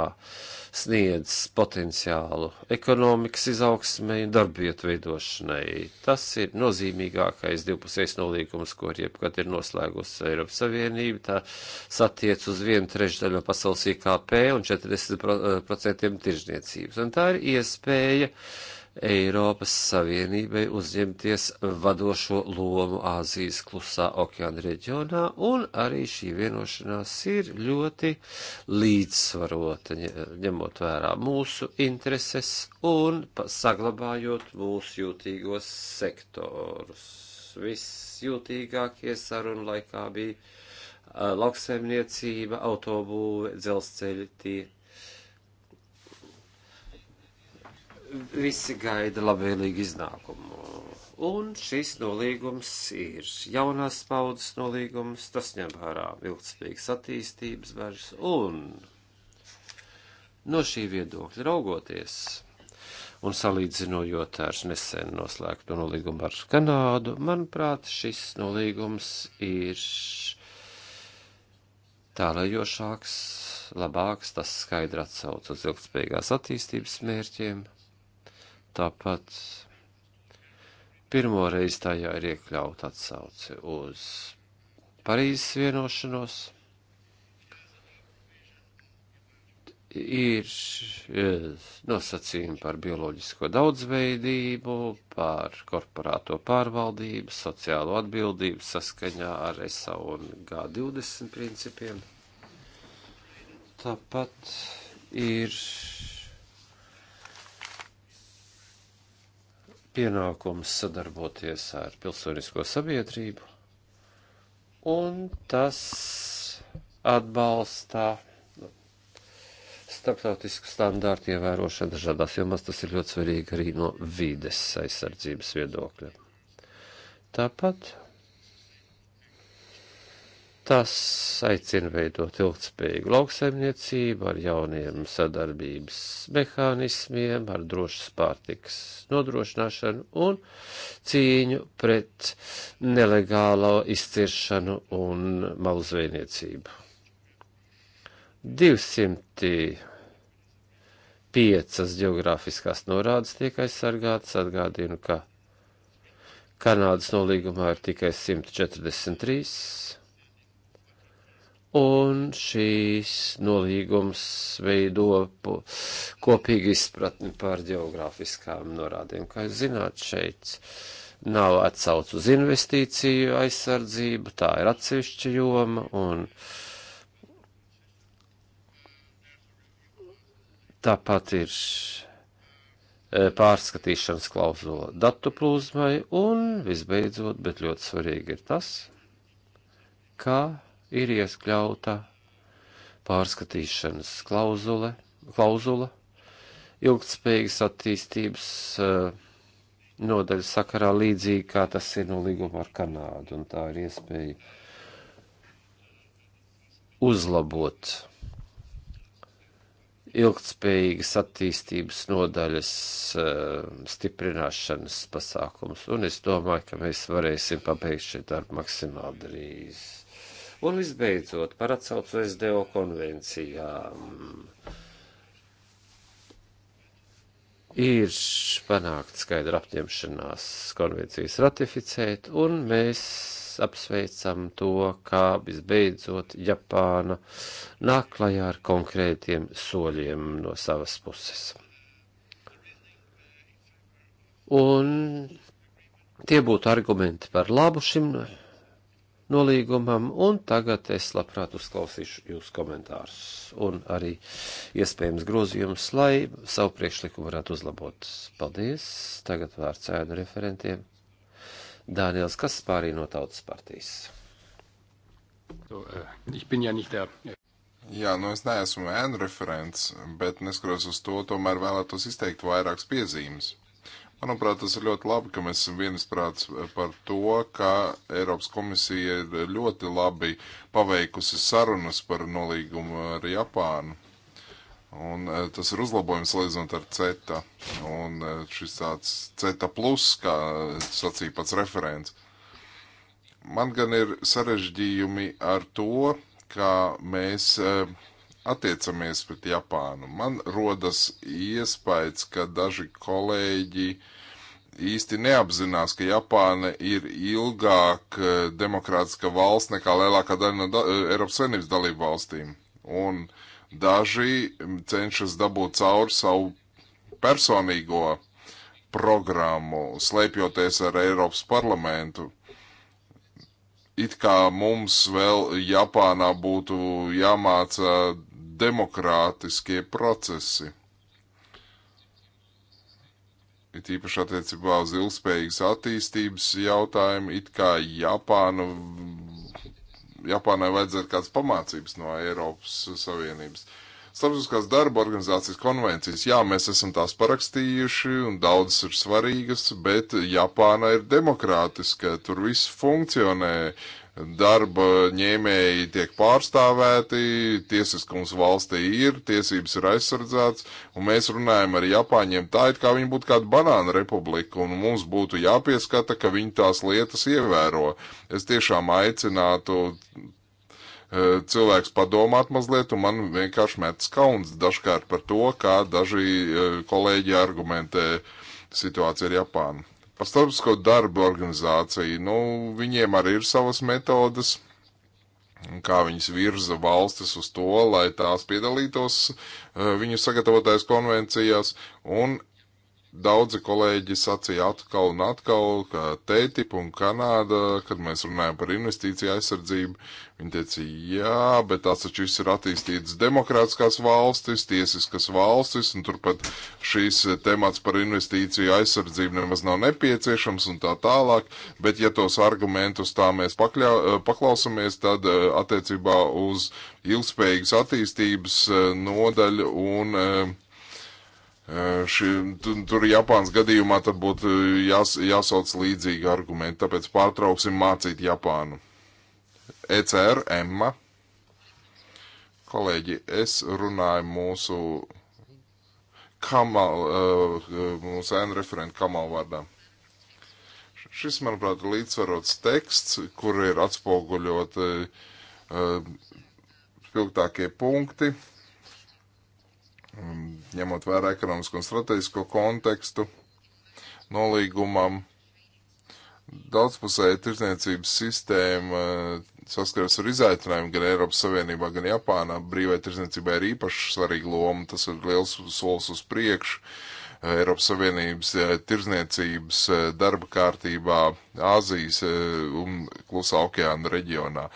sniedz potenciālu ekonomikas izaugsmai un darbvietu veidošanai. Tas ir nozīmīgākais divpusējs nolīgums, ko jebkad ir noslēgusi Eiropas Savienība. Tā satiec uz vienu trešdaļu no pasaules IKP un 40% tirzniecības. Un tā ir iespēja Eiropas Savienībai uzņemties vadošo lomu Āzijas klusā okeāna reģionā, un arī šī vienošanās ir ļoti līdzsvarota, ņemot vērā mūsu intereses un saglabājot mūsu jūtīgos sektorus. Visjūtīgākie sarunu laikā bija lauksaimniecība, autobūve, dzelzceļi tie visi gaida labvēlīgu iznākumu. Un šis nolīgums ir jaunās paudzes nolīgums, tas ņem vērā ilgspējīgas attīstības bažas, un no šī viedokļa raugoties un salīdzinojot ar nesen noslēgto nolīgumu ar Kanādu, manuprāt, šis nolīgums ir tālajošāks, labāks, tas skaidri atsauc uz ilgspējīgās attīstības mērķiem Tāpat pirmo reizi tajā ir iekļauta atsauce uz Parīzes vienošanos. Ir e, nosacījumi par bioloģisko daudzveidību, par korporāto pārvaldību, sociālo atbildību saskaņā ar ESA un G20 principiem. Tāpat ir pienākums sadarboties ar pilsonisko sabiedrību, un tas atbalsta starptautisku standārtu ievērošanu dažādās jomās. Tas ir ļoti svarīgi arī no vides aizsardzības viedokļa. Tāpat Tas aicina veidot ilgspējīgu lauksaimniecību ar jauniem sadarbības mehānismiem, ar drošas pārtikas nodrošināšanu un cīņu pret nelegālo izciršanu un malzveiniecību. 205 geogrāfiskās norādes tiek aizsargātas, atgādinu, ka Kanādas nolīgumā ir tikai 143 un šīs nolīgums veido kopīgi izpratni par geogrāfiskām norādēm. Kā jūs zināt, šeit nav atsauc uz investīciju aizsardzību, tā ir atsevišķa joma, un tāpat ir e, pārskatīšanas klauzula datu plūsmai, un visbeidzot, bet ļoti svarīgi ir tas, kā ir ieskļauta pārskatīšanas klauzule, klauzula ilgtspējīgas attīstības uh, eh, nodaļa sakarā līdzīgi kā tas ir no līguma ar Kanādu, un tā ir iespēja uzlabot ilgtspējīgas attīstības nodaļas uh, stiprināšanas pasākums, un es domāju, ka mēs varēsim pabeigt šī darbu maksimāli drīz. Un visbeidzot, par atsaucu SDO konvencijām. Ir panākt skaidra apņemšanās konvencijas ratificēt, un mēs apsveicam to, kā visbeidzot Japāna nāk klajā ar konkrētiem soļiem no savas puses. Un tie būtu argumenti par labu šim nolīgumam, un tagad es labprāt uzklausīšu jūsu komentārus un arī iespējams grozījumus, lai savu priekšlikumu varētu uzlabot. Paldies! Tagad vārds ēnu referentiem. Dāniels Kaspārī no Tautas partijas. So, uh, Jā, nu es neesmu ēnu referents, bet neskatoties uz to, tomēr vēlētos izteikt vairākas piezīmes. Manuprāt, tas ir ļoti labi, ka mēs esam vienisprāts eh, par to, ka Eiropas komisija ir ļoti labi paveikusi sarunas par nolīgumu ar Japānu. Un eh, tas ir uzlabojums salīdzinot ar CETA. Un eh, šis tāds CETA plus, kā sacīja pats referents. Man gan ir sarežģījumi ar to, ka mēs uh, attiecamies pret Japānu. Man rodas iespējas, ka daži kolēģi īsti neapzinās, ka Japāna ir ilgāk eh, demokrātiska valsts nekā lielākā daļa no da eh, Eiropas Savienības dalību valstīm. Un daži mm, cenšas dabūt cauri savu personīgo programmu, slēpjoties ar Eiropas parlamentu it kā mums vēl Japānā būtu jāmāca demokrātiskie procesi. It īpaši attiecībā uz ilgspējīgas attīstības jautājumu, it kā Japāna, Japānai vajadzētu kāds pamācības no Eiropas Savienības. Starptautiskās darba organizācijas konvencijas, jā, mēs esam tās parakstījuši un daudzas ir svarīgas, bet Japāna ir demokrātiska, tur viss funkcionē, uh, darba ņēmēji tiek pārstāvēti, tiesiskums valstī ir, tiesības ir aizsardzētas, un mēs runājam ar Japāņiem tā, it kā viņi būtu kāda banāna republika, un mums būtu jāpieskata, ka viņi tās lietas ievēro. Es tiešām aicinātu eh, cilvēks padomāt mazliet, un man vienkārši met skauns dažkārt par to, kā daži eh, kolēģi argumentē situāciju ar Japānu. Par starptautisko darbu organizāciju, nu, viņiem arī ir savas metodas, kā viņas virza valstis uz to, lai tās piedalītos eh, viņu sagatavotais konvencijās, un Daudzi kolēģi sacīja atkal un atkal, ka TTIP un Kanāda, kad mēs runājam par investīciju aizsardzību, viņi teica, jā, bet tās taču viss ir attīstītas demokrātiskās valstis, tiesiskas valstis, un turpat šīs temats par investīciju aizsardzību nemaz nav nepieciešams un tā tālāk, bet ja tos argumentus tā mēs pakļau, paklausamies, tad eh, attiecībā uz ilgspējīgas attīstības eh, nodaļu un eh, Ši, tur Japānas gadījumā tad būtu jās, jāsauc līdzīgi argumenti, tāpēc pārtrauksim mācīt Japānu. ECR, Emma. Kolēģi, es runāju mūsu Kamal, mūsu ēnu referentu Kamal vārdā. Šis, manuprāt, ir līdzsvarots teksts, kur ir atspoguļot uh, spilgtākie punkti Mm, ņemot vērā ekonomisko un strateģisko kontekstu nolīgumam. Daudzpusēja tirsniecības sistēma eh, saskaras ar izaicinājumu gan Eiropas Savienībā, gan Japānā. Brīvai tirsniecībai ir īpaši svarīga loma, tas ir liels solis uz priekšu Eiropas Savienības eh, tirzniecības eh, darba kārtībā Āzijas eh, un Klusā okeāna reģionā.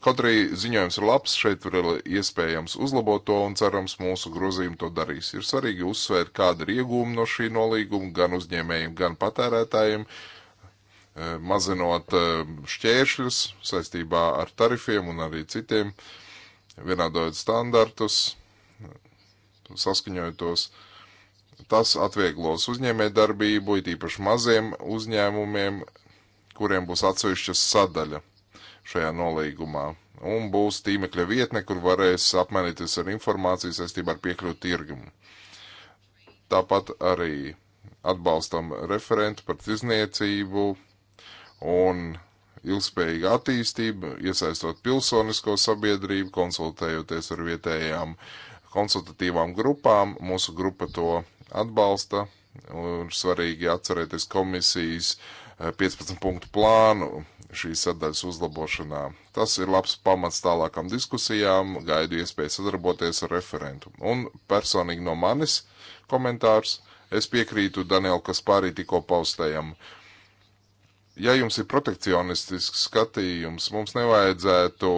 Kaut arī ziņojums ir labs, šeit ir iespējams uzlabot to un cerams mūsu grozījumi to darīs. Ir svarīgi uzsvērt, kāda ir iegūma no šī nolīguma gan uzņēmējiem, gan patērētājiem, mazinot šķēršļus saistībā ar tarifiem un arī citiem, vienādojot standartus, saskaņojot tos. Uh, Tas atvieglos uzņēmē darbību, it īpaši maziem uzņēmumiem, kuriem būs atsevišķas sadaļa šajā nolīgumā. Un būs tīmekļa vietne, kur varēs apmainīties ar informāciju saistībā ar piekļuvu tirgumu. Tāpat arī atbalstam referentu par tirzniecību un ilgspējīgu attīstību, iesaistot pilsonisko sabiedrību, konsultējoties ar vietējām konsultatīvām grupām. Mūsu grupa to atbalsta. Ir svarīgi atcerēties komisijas 15 eh, punktu plānu šīs sadaļas uzlabošanā. Tas ir labs pamats tālākām diskusijām, gaidu iespēju sadarboties ar referentu. Un personīgi no manis komentārs, es piekrītu Danielu Kaspārī tikko paustajam. Ja jums ir protekcionistisks skatījums, mums nevajadzētu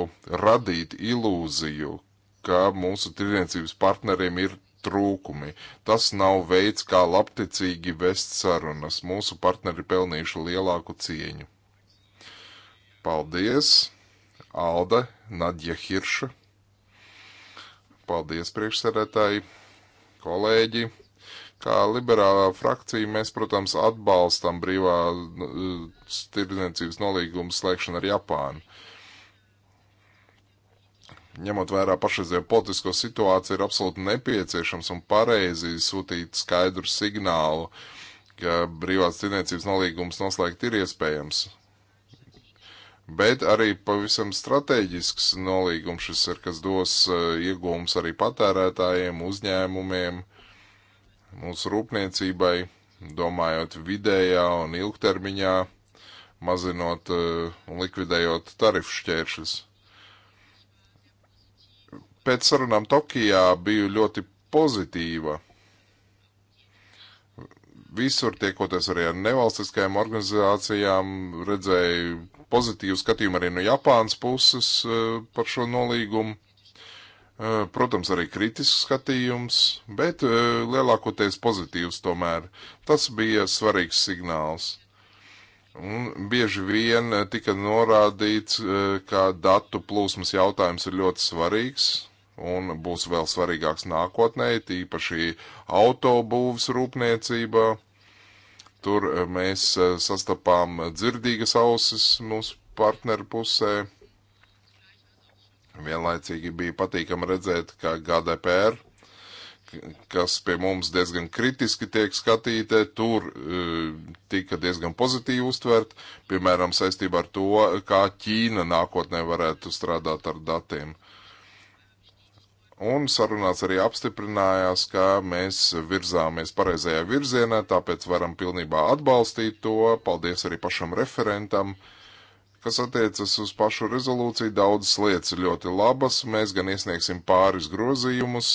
radīt ilūziju, ka mūsu tirdzniecības partneriem ir trūkumi. Tas nav veids, kā labticīgi vest sarunas. Mūsu partneri pelnījuši lielāku cieņu. Paldies, Alde, Nadja Hirša. Paldies, priekšsēdētāji, kolēģi. Kā liberālā frakcija mēs, protams, atbalstam brīvā uh, tirdzniecības nolīgumu slēgšanu ar Japānu ņemot vērā pašreizējo politisko situāciju, ir absolūti nepieciešams un pareizi sūtīt skaidru signālu, ka brīvās tirniecības nolīgums noslēgt ir iespējams. Bet arī pavisam strateģisks nolīgums šis ir, kas dos eh, iegūmus arī patērētājiem, uzņēmumiem, mūsu rūpniecībai, domājot vidējā un ilgtermiņā, mazinot eh, un likvidējot tarifu šķēršļus pēc sarunām Tokijā biju ļoti pozitīva. Visur tiekoties arī ar nevalstiskajām organizācijām, redzēju pozitīvu skatījumu arī no Japānas puses e, par šo nolīgumu. E, protams, arī kritisks skatījums, bet e, lielākoties pozitīvs tomēr. Tas bija svarīgs signāls. Un bieži vien tika norādīts, ka datu plūsmas jautājums ir ļoti svarīgs, un būs vēl svarīgāks nākotnē, tīpaši autobūvs rūpniecībā. Tur eh, mēs eh, sastapām dzirdīgas ausis mūsu partneru pusē. Vienlaicīgi bija patīkami redzēt, ka GDPR, kas pie mums diezgan kritiski tiek skatīta, tur eh, tika diezgan pozitīvi uztvert, piemēram, saistībā ar to, kā Ķīna nākotnē varētu strādāt ar datiem. Uh, un sarunās arī apstiprinājās, ka mēs virzāmies pareizajā virzienā, tāpēc varam pilnībā atbalstīt to. Paldies arī pašam referentam. Kas attiecas uz pašu rezolūciju, daudzas lietas ir ļoti labas. Mēs gan iesniegsim pāris grozījumus,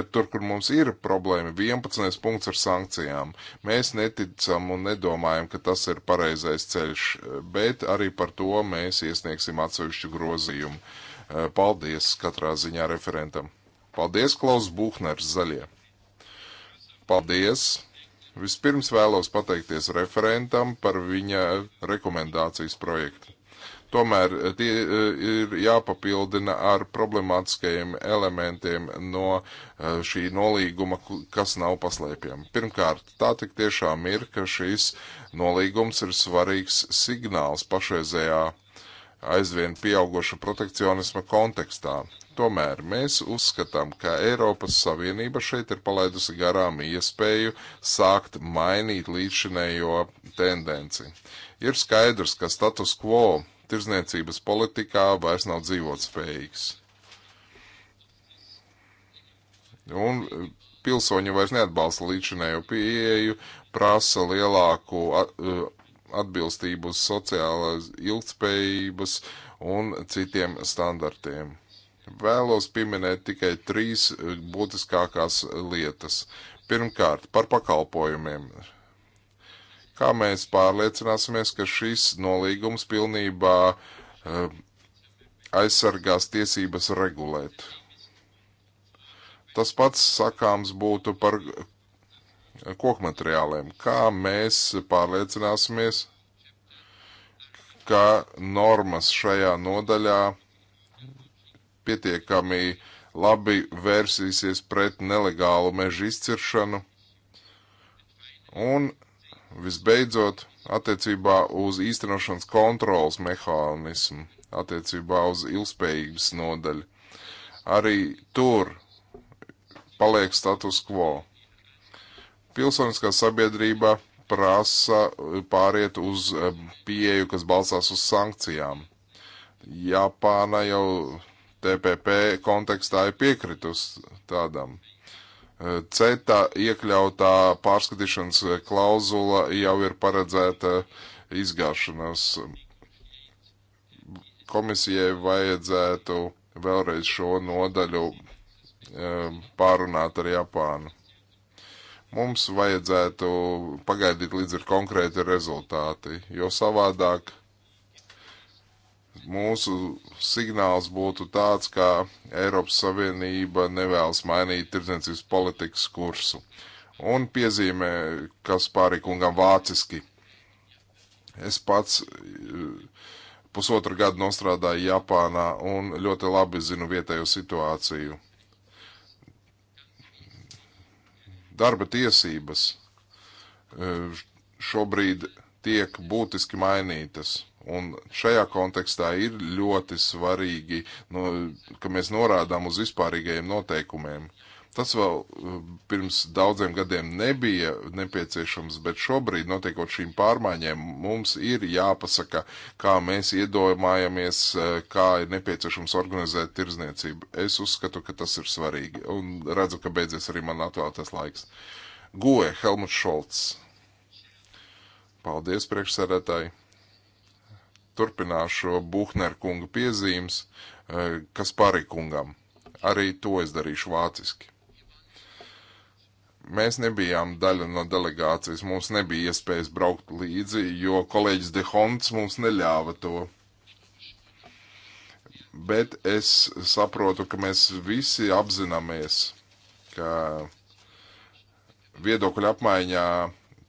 bet tur, kur mums ir problēma, 11. punkts ar sankcijām. Mēs neticam un nedomājam, ka tas ir pareizais ceļš, bet arī par to mēs iesniegsim atsevišķu grozījumu. Eh, paldies katrā ziņā referentam. Paldies, Klaus Buhners, zaļie. Paldies! Vispirms vēlos pateikties referentam par viņa rekomendācijas projektu. Tomēr eh, tie eh, ir jāpapildina ar problemātiskajiem elementiem no šī nolīguma, kas nav paslēpjama. Pirmkārt, tā tik tiešām ir, ka šis nolīgums ir svarīgs signāls pašreizējā aizvien pieauguša protekcionisma kontekstā. Tomēr mēs uzskatām, ka Eiropas Savienība šeit ir palaidusi garām iespēju sākt mainīt līdzinējo tendenci. Ir skaidrs, ka status quo tirzniecības politikā vairs nav dzīvotspējīgs. Un pilsoņi vairs neatbalsta līdzinējo pieeju, prasa lielāku atbilstību sociālās ilgspējības un citiem standartiem. Vēlos pieminēt tikai trīs būtiskākās lietas. Pirmkārt, par pakalpojumiem. Kā mēs pārliecināsimies, ka šis nolīgums pilnībā uh, aizsargās tiesības regulēt? Tas pats sakāms būtu par kokmateriāliem. Kā mēs pārliecināsimies, ka normas šajā nodaļā pietiekami labi vērsīsies pret nelegālu mežu izciršanu? Un visbeidzot, attiecībā uz īstenošanas kontrolas mehānismu, attiecībā uz ilgspējības nodaļu. Arī tur paliek status quo pilsoniskā sabiedrība prasa eh, pāriet uz eh, pieeju, kas balstās uz sankcijām. Japāna jau TPP kontekstā ir piekritus tādam. Eh, CETA iekļautā pārskatīšanas klauzula jau ir paredzēta izgāšanās komisijai vajadzētu vēlreiz šo nodaļu pārunāt ar Japānu. Mums vajadzētu pagaidīt līdz ir konkrēti rezultāti, jo savādāk mūsu signāls būtu tāds, ka Eiropas Savienība nevēlas mainīt tirdzniecības politikas kursu. Un piezīmē, kas pārīkungam vāciski. Es pats eh, pusotru gadu nostrādāju Japānā un ļoti labi zinu vietējo situāciju. darba tiesības e, šobrīd tiek būtiski mainītas. Un šajā kontekstā ir ļoti svarīgi, no, ka mēs norādām uz vispārīgajiem noteikumiem, Tas vēl um, pirms daudziem gadiem nebija nepieciešams, bet šobrīd, notiekot šīm pārmaiņām, mums ir jāpasaka, kā mēs iedomājamies, uh, kā ir nepieciešams organizēt tirzniecību. Es uzskatu, ka tas ir svarīgi un redzu, ka beidzies arī man atvēlētais laiks. Goe, Helmuts Šolts. Paldies, priekšsēdētāji. Turpināšu Buhner kunga piezīmes, uh, kas parī kungam. Arī to es darīšu vāciski. Mēs nebijām daļa no delegācijas, mums nebija iespējas braukt līdzi, jo kolēģis Dehonts mums neļāva to. Bet es saprotu, ka mēs visi apzināmies, ka viedokļu apmaiņā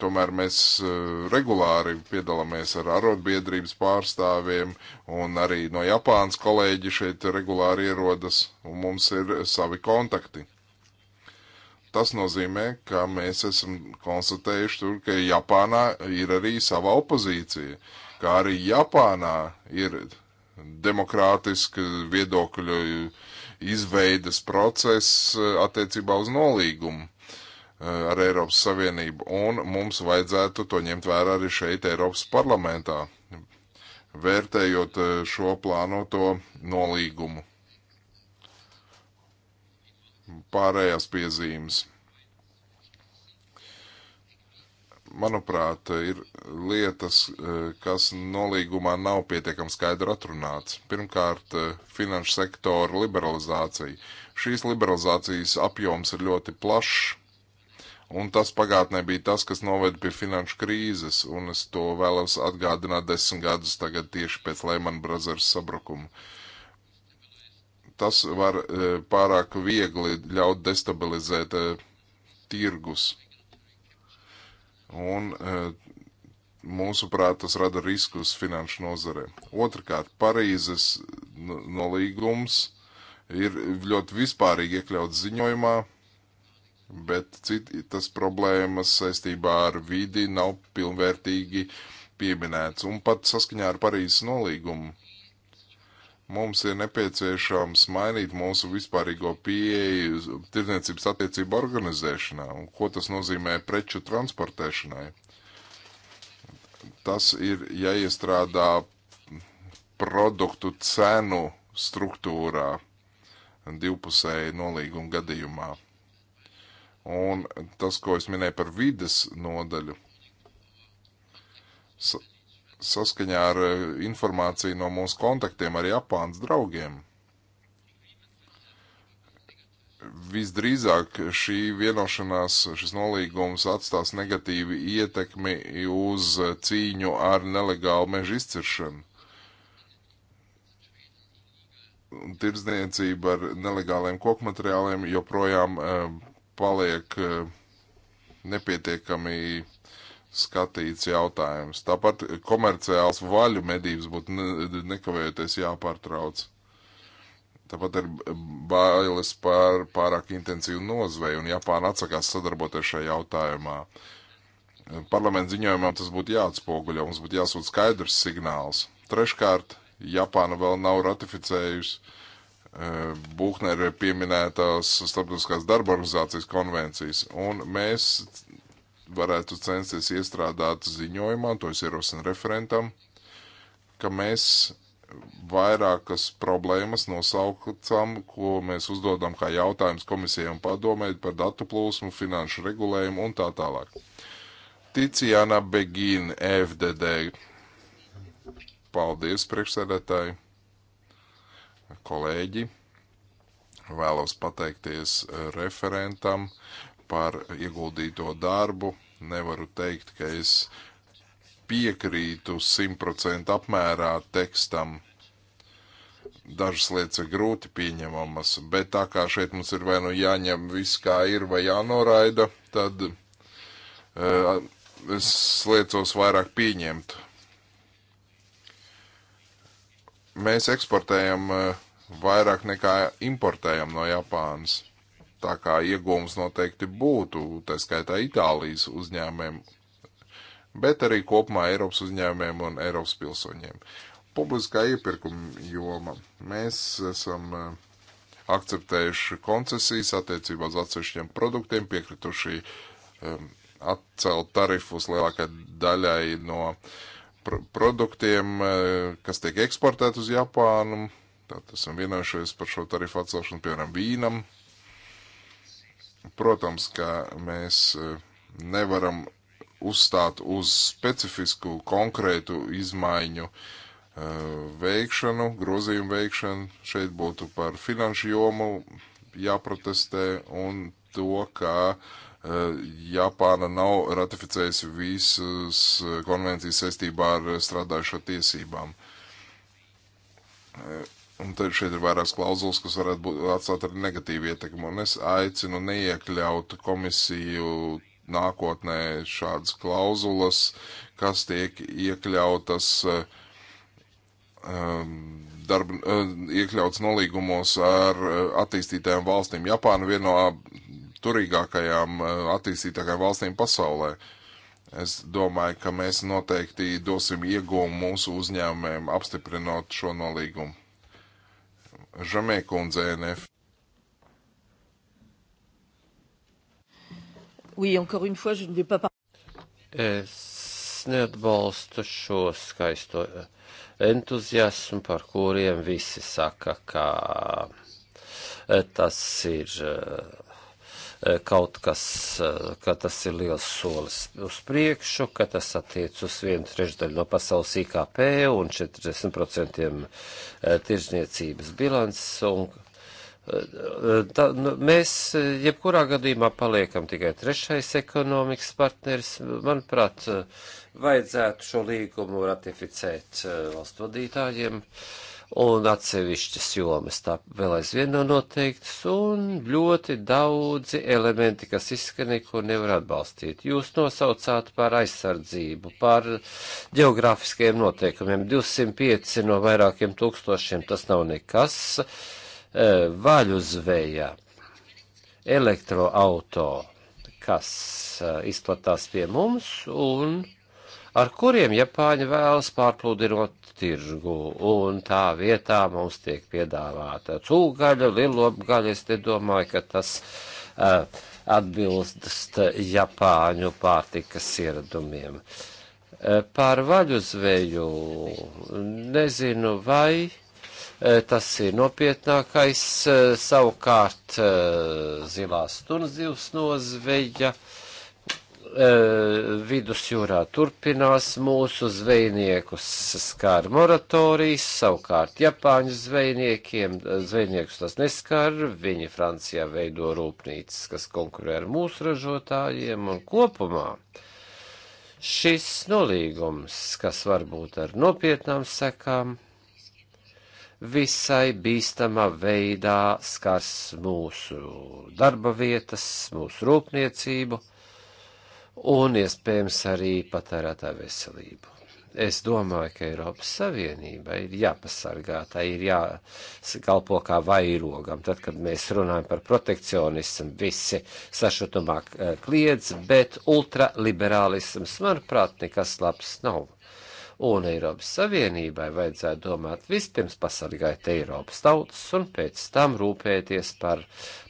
tomēr mēs eh, regulāri piedalāmies ar arotbiedrības pārstāvjiem, un arī no Japānas kolēģi šeit regulāri ierodas, un mums ir savi kontakti. Tas nozīmē, ka mēs esam konstatējuši, tur, ka Japānā ir arī sava opozīcija, kā arī Japānā ir demokrātiska viedokļu izveidas process e, attiecībā uz nolīgumu e, ar Eiropas Savienību, un mums vajadzētu to ņemt vērā arī šeit Eiropas parlamentā, vērtējot e, šo plānoto nolīgumu pārējās piezīmes. Manuprāt, ir lietas, eh, kas nolīgumā nav pietiekami skaidri atrunāts. Pirmkārt, eh, finanšu sektora liberalizācija. Šīs liberalizācijas apjoms ir ļoti plašs, un tas pagātnē bija tas, kas noveda pie finanšu krīzes, un es to vēlos atgādināt desmit gadus tagad tieši pēc Lehman Brothers sabrukuma. Uh, tas var e, pārāk viegli ļaut destabilizēt e, tirgus. Un e, mūsuprāt, tas rada riskus finanšu nozarē. Otrakārt, Parīzes nolīgums ir ļoti vispārīgi iekļauts ziņojumā, bet citas problēmas saistībā ar vidi nav pilnvērtīgi pieminēts. Un pat saskaņā ar Parīzes nolīgumu Mums ir nepieciešams mainīt mūsu vispārīgo pieeju tirdzniecības attiecību organizēšanā un ko tas nozīmē preču transportēšanai. Tas ir jāiestrādā ja produktu cenu struktūrā divpusēji nolīguma gadījumā. Un tas, ko es minēju par vides nodaļu, saskaņā ar eh, informāciju no mūsu kontaktiem ar Japānas draugiem. Visdrīzāk šī vienošanās, šis nolīgums atstās negatīvi ietekmi uz cīņu ar nelegālu mežu izciršanu. Tirzniecība ar nelegāliem kokmateriāliem joprojām eh, paliek eh, nepietiekami uh, skatīts jautājums. Tāpat komerciāls vaļu medības būtu nekavējoties jāpārtrauc. Tāpat ir bailes par pārāk intensīvu nozveju, un Japāna atsakās sadarboties šajā jautājumā. Parlamenta ziņojumā tas būtu jāatspoguļo, mums būtu jāsūt skaidrs signāls. Treškārt, Japāna vēl nav ratificējusi uh, e, Buhneru pieminētās starptautiskās darba organizācijas konvencijas, un mēs varētu censties iestrādāt ziņojumā, to es ierosinu referentam, ka mēs vairākas problēmas nosaukam, ko mēs uzdodam kā jautājums komisijai un padomēt par datu plūsmu, finanšu regulējumu un tā tālāk. Ticijana Begīna, FDD. Paldies, priekšsēdētāji, kolēģi. Vēlos pateikties referentam par ieguldīto darbu. Nevaru teikt, ka es piekrītu simtprocentu apmērā tekstam. Dažas lietas ir grūti pieņemamas, bet tā kā šeit mums ir vai nu jāņem viss kā ir vai jānoraida, tad uh, es liecos vairāk pieņemt. Mēs eksportējam uh, vairāk nekā importējam no Japānas. Tā kā iegūms noteikti būtu, tā skaitā Itālijas uzņēmumiem, bet arī kopumā Eiropas uzņēmumiem un Eiropas pilsoņiem. Publiskā iepirkuma joma. Mēs esam e, akceptējuši koncesijas attiecībā uz atsevišķiem produktiem, piekrituši um, atcelt tarifus lielākai daļai no pr produktiem, e, kas tiek eksportēt uz Japānu. Tātad esam vienojušies par šo tarifu atcelšanu, piemēram, vīnam, Protams, ka mēs eh, nevaram uzstāt uz specifisku konkrētu izmaiņu eh, veikšanu, grozījumu veikšanu. Šeit būtu par finanšu jomu jāprotestē un to, ka eh, Japāna nav ratificējusi visas konvencijas saistībā ar strādājušo tiesībām. Un tad šeit ir vairākas klauzulas, kas varētu būt atstāt ar negatīvu ietekmu. Un es aicinu neiekļaut komisiju nākotnē šādas klauzulas, kas tiek iekļautas um, darba, uh, iekļauts nolīgumos ar uh, attīstītajām valstīm. Japāna viena no uh, turīgākajām uh, attīstītākajām valstīm pasaulē. Es domāju, ka mēs noteikti dosim iegūmu mūsu uzņēmumiem apstiprinot šo nolīgumu. Žamē kundze NF. Oui, encore une fois, je ne vais pas parler. Es neatbalstu šo skaisto eh, entuziasmu, par kuriem visi saka, ka eh, tas ir uh, Eh, kaut kas, eh, ka tas ir liels solis uz priekšu, ka tas attiec uz vienu trešdaļu no pasaules IKP un 40% eh, tirzniecības bilances. Un, Tā, nu, mēs jebkurā gadījumā paliekam tikai trešais ekonomikas partneris. Manuprāt, vajadzētu šo līgumu ratificēt valstu vadītājiem. Uh, un atsevišķas jomas tā vēl aizvien nav noteiktas, un ļoti daudzi elementi, kas izskanīja, ko nevar atbalstīt. Jūs nosaucāt par aizsardzību, par geogrāfiskajiem noteikumiem, 205 no vairākiem tūkstošiem, tas nav nekas, e, vaļu zvejā, elektroauto, kas e, izplatās pie mums, un ar kuriem Japāņi vēlas pārplūdinot tirgu, un tā vietā mums tiek piedāvāta cūgaļa, lilopgaļa. Es nedomāju, ka tas uh, atbilst Japāņu pārtikas ieradumiem. Uh, par vaļu zveju nezinu vai tas ir nopietnākais. Savukārt zilās tunzīvs nozveja E, vidusjūrā turpinās, mūsu zvejniekus skār moratorijas, savukārt Japāņu zvejniekiem, zvejniekus tas neskār, viņi Francijā veido rūpnīcas, kas konkurē ar mūsu ražotājiem un kopumā. Šis nolīgums, kas varbūt ar nopietnām sekām, visai bīstamā veidā skars mūsu darba vietas, mūsu rūpniecību un iespējams arī patērētā veselību. Es domāju, ka Eiropas Savienība ir jāpasargā, tā ir jākalpo kā vairogam. Tad, kad mēs runājam par protekcionismu, visi sašutumā kliedz, bet ultraliberālisms, manuprāt, nekas labs nav un Eiropas Savienībai vajadzētu domāt vispirms pasargāt Eiropas tautas un pēc tam rūpēties par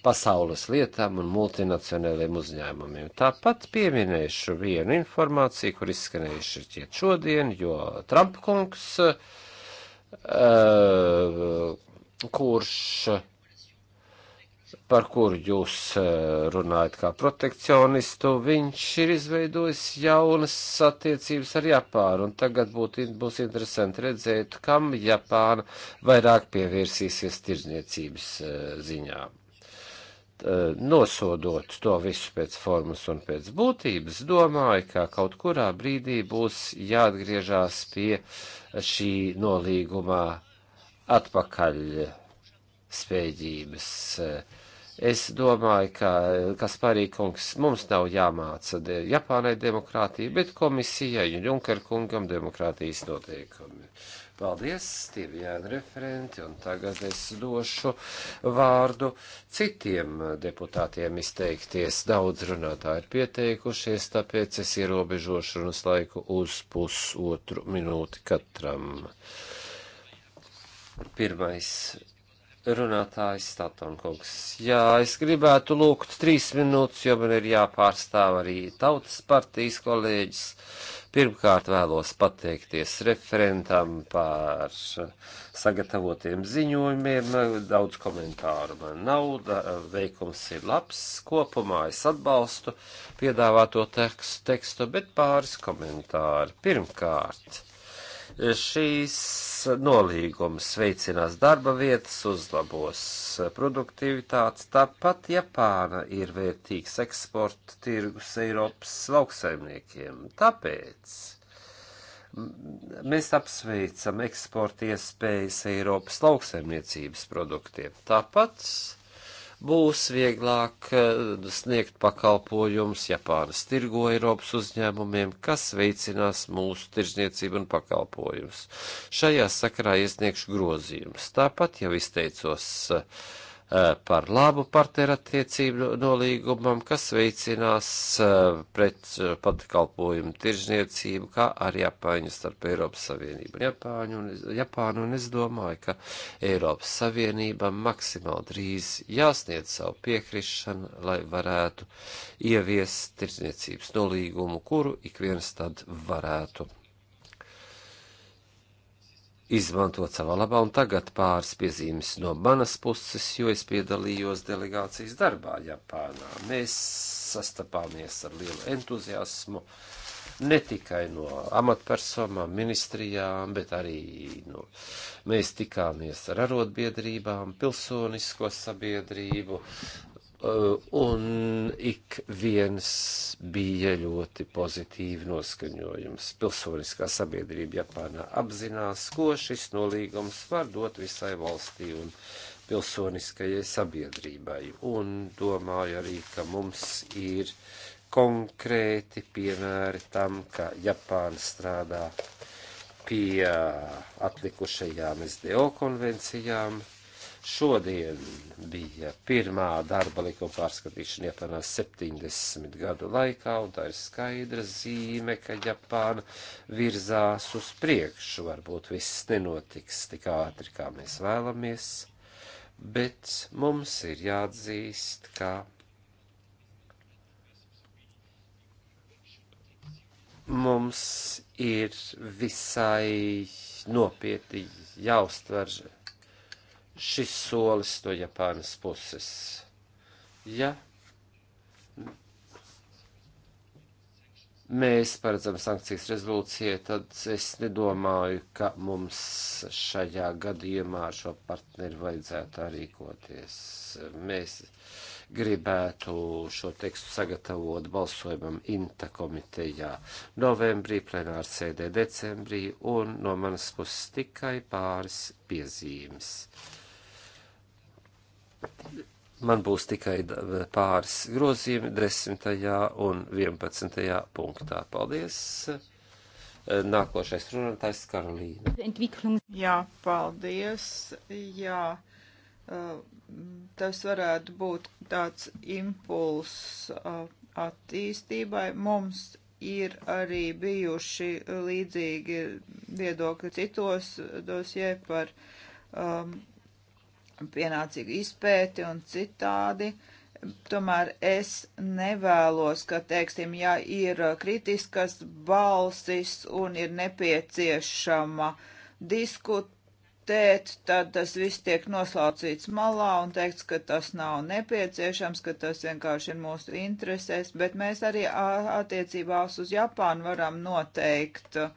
pasaules lietām un multinacionāliem uzņēmumiem. Tāpat pieminēšu vienu informāciju, kur izskanējuši šķiet šodien, jo Trump kungs, uh, kurš par kuru jūs eh, runājat kā protekcionistu, viņš ir izveidojis jaunas attiecības ar Japānu, un tagad būtu, būs interesanti redzēt, kam Japāna vairāk pievērsīsies tirzniecības eh, ziņā. Eh, nosodot to visu pēc formas un pēc būtības, domāju, ka kaut kurā brīdī būs jāatgriežās pie šī nolīgumā atpakaļ spējības. Uh, Es domāju, ka Kasparīkungs mums nav jāmāca de, Japānai demokrātija, bet komisijai un Junker kungam demokrātijas noteikumi. Paldies, Stīvijāna referenti, un tagad es došu vārdu citiem deputātiem izteikties. Daudz runātāji ir pieteikušies, tāpēc es ierobežošu runas laiku uz pusotru minūti katram. Pirmais runātājs Statonkungs. Jā, es gribētu lūgt trīs minūtes, jo man ir jāpārstāv arī tautas partijas kolēģis. Pirmkārt vēlos pateikties referentam par sagatavotiem ziņojumiem. Daudz komentāru man nav, veikums ir labs. Kopumā es atbalstu piedāvāto tekstu, tekstu bet pāris komentāru. Pirmkārt Šīs nolīgums veicinās darba vietas, uzlabos produktivitātes, tāpat Japāna ir vērtīgs eksporta tirgus Eiropas lauksaimniekiem. Tāpēc mēs apsveicam eksporta iespējas Eiropas lauksaimniecības produktiem. Tāpat būs vieglāk eh, sniegt pakalpojumus Japānas tirgo Eiropas uzņēmumiem, kas veicinās mūsu tirzniecību un pakalpojumus. Šajā sakarā iesniegšu grozījumus. Tāpat jau izteicos uh, Eh, par labu partnerattiecību nolīgumam, kas veicinās eh, pret eh, patkalpojumu tiržniecību, kā arī apmaiņu starp Eiropas Savienību un Japāņu. Un, Japānu, un es domāju, ka Eiropas Savienība maksimāli drīz jāsniedz savu piekrišanu, lai varētu ieviest tiržniecības nolīgumu, kuru ik viens tad varētu izmantot savā labā, un tagad pāris piezīmes no manas puses, jo es piedalījos delegācijas darbā Japānā. Mēs sastapāmies ar lielu entuziasmu ne tikai no amatpersonām, ministrijām, bet arī no. Mēs tikāmies ar arotbiedrībām, pilsonisko sabiedrību, Eh, un ik viens bija ļoti pozitīvi noskaņojums. Pilsoniskā sabiedrība Japānā apzinās, ko šis nolīgums var dot visai valstī un pilsoniskajai sabiedrībai, un domāju arī, ka mums ir konkrēti piemēri tam, ka Japāna strādā pie atlikušajām SDO konvencijām Šodien bija pirmā darba likuma pārskatīšana Japānā 70 gadu laikā, un tā ir skaidra zīme, ka Japāna virzās uz priekšu. Varbūt viss nenotiks tik ātri, kā mēs vēlamies, bet mums ir jāatzīst, ka mums ir visai nopietni jāuztver šis solis no Japānas puses. Ja mēs paredzam sankcijas rezolūcijai, tad es nedomāju, ka mums šajā gadījumā ar šo partneri vajadzētu rīkoties. Mēs gribētu šo tekstu sagatavot balsojumam INTA komitejā novembrī, plenāra sēdē decembrī, un no manas puses tikai pāris piezīmes man būs tikai pāris grozījumi 10. un 11. punktā. Paldies! Eh, nākošais runātājs Karolīna. Jā, paldies! Jā, eh, tas varētu būt tāds impulss eh, attīstībai. Mums ir arī bijuši līdzīgi viedokļi citos dosjē par um, pienācīgu izpēti un citādi. Tomēr es nevēlos, ka, teiksim, ja ir kritiskas balsis un ir nepieciešama diskutēt, tad tas viss tiek noslaucīts malā un teikts, ka tas nav nepieciešams, ka tas vienkārši ir mūsu interesēs, bet mēs arī attiecībās uz Japānu varam noteikt uh,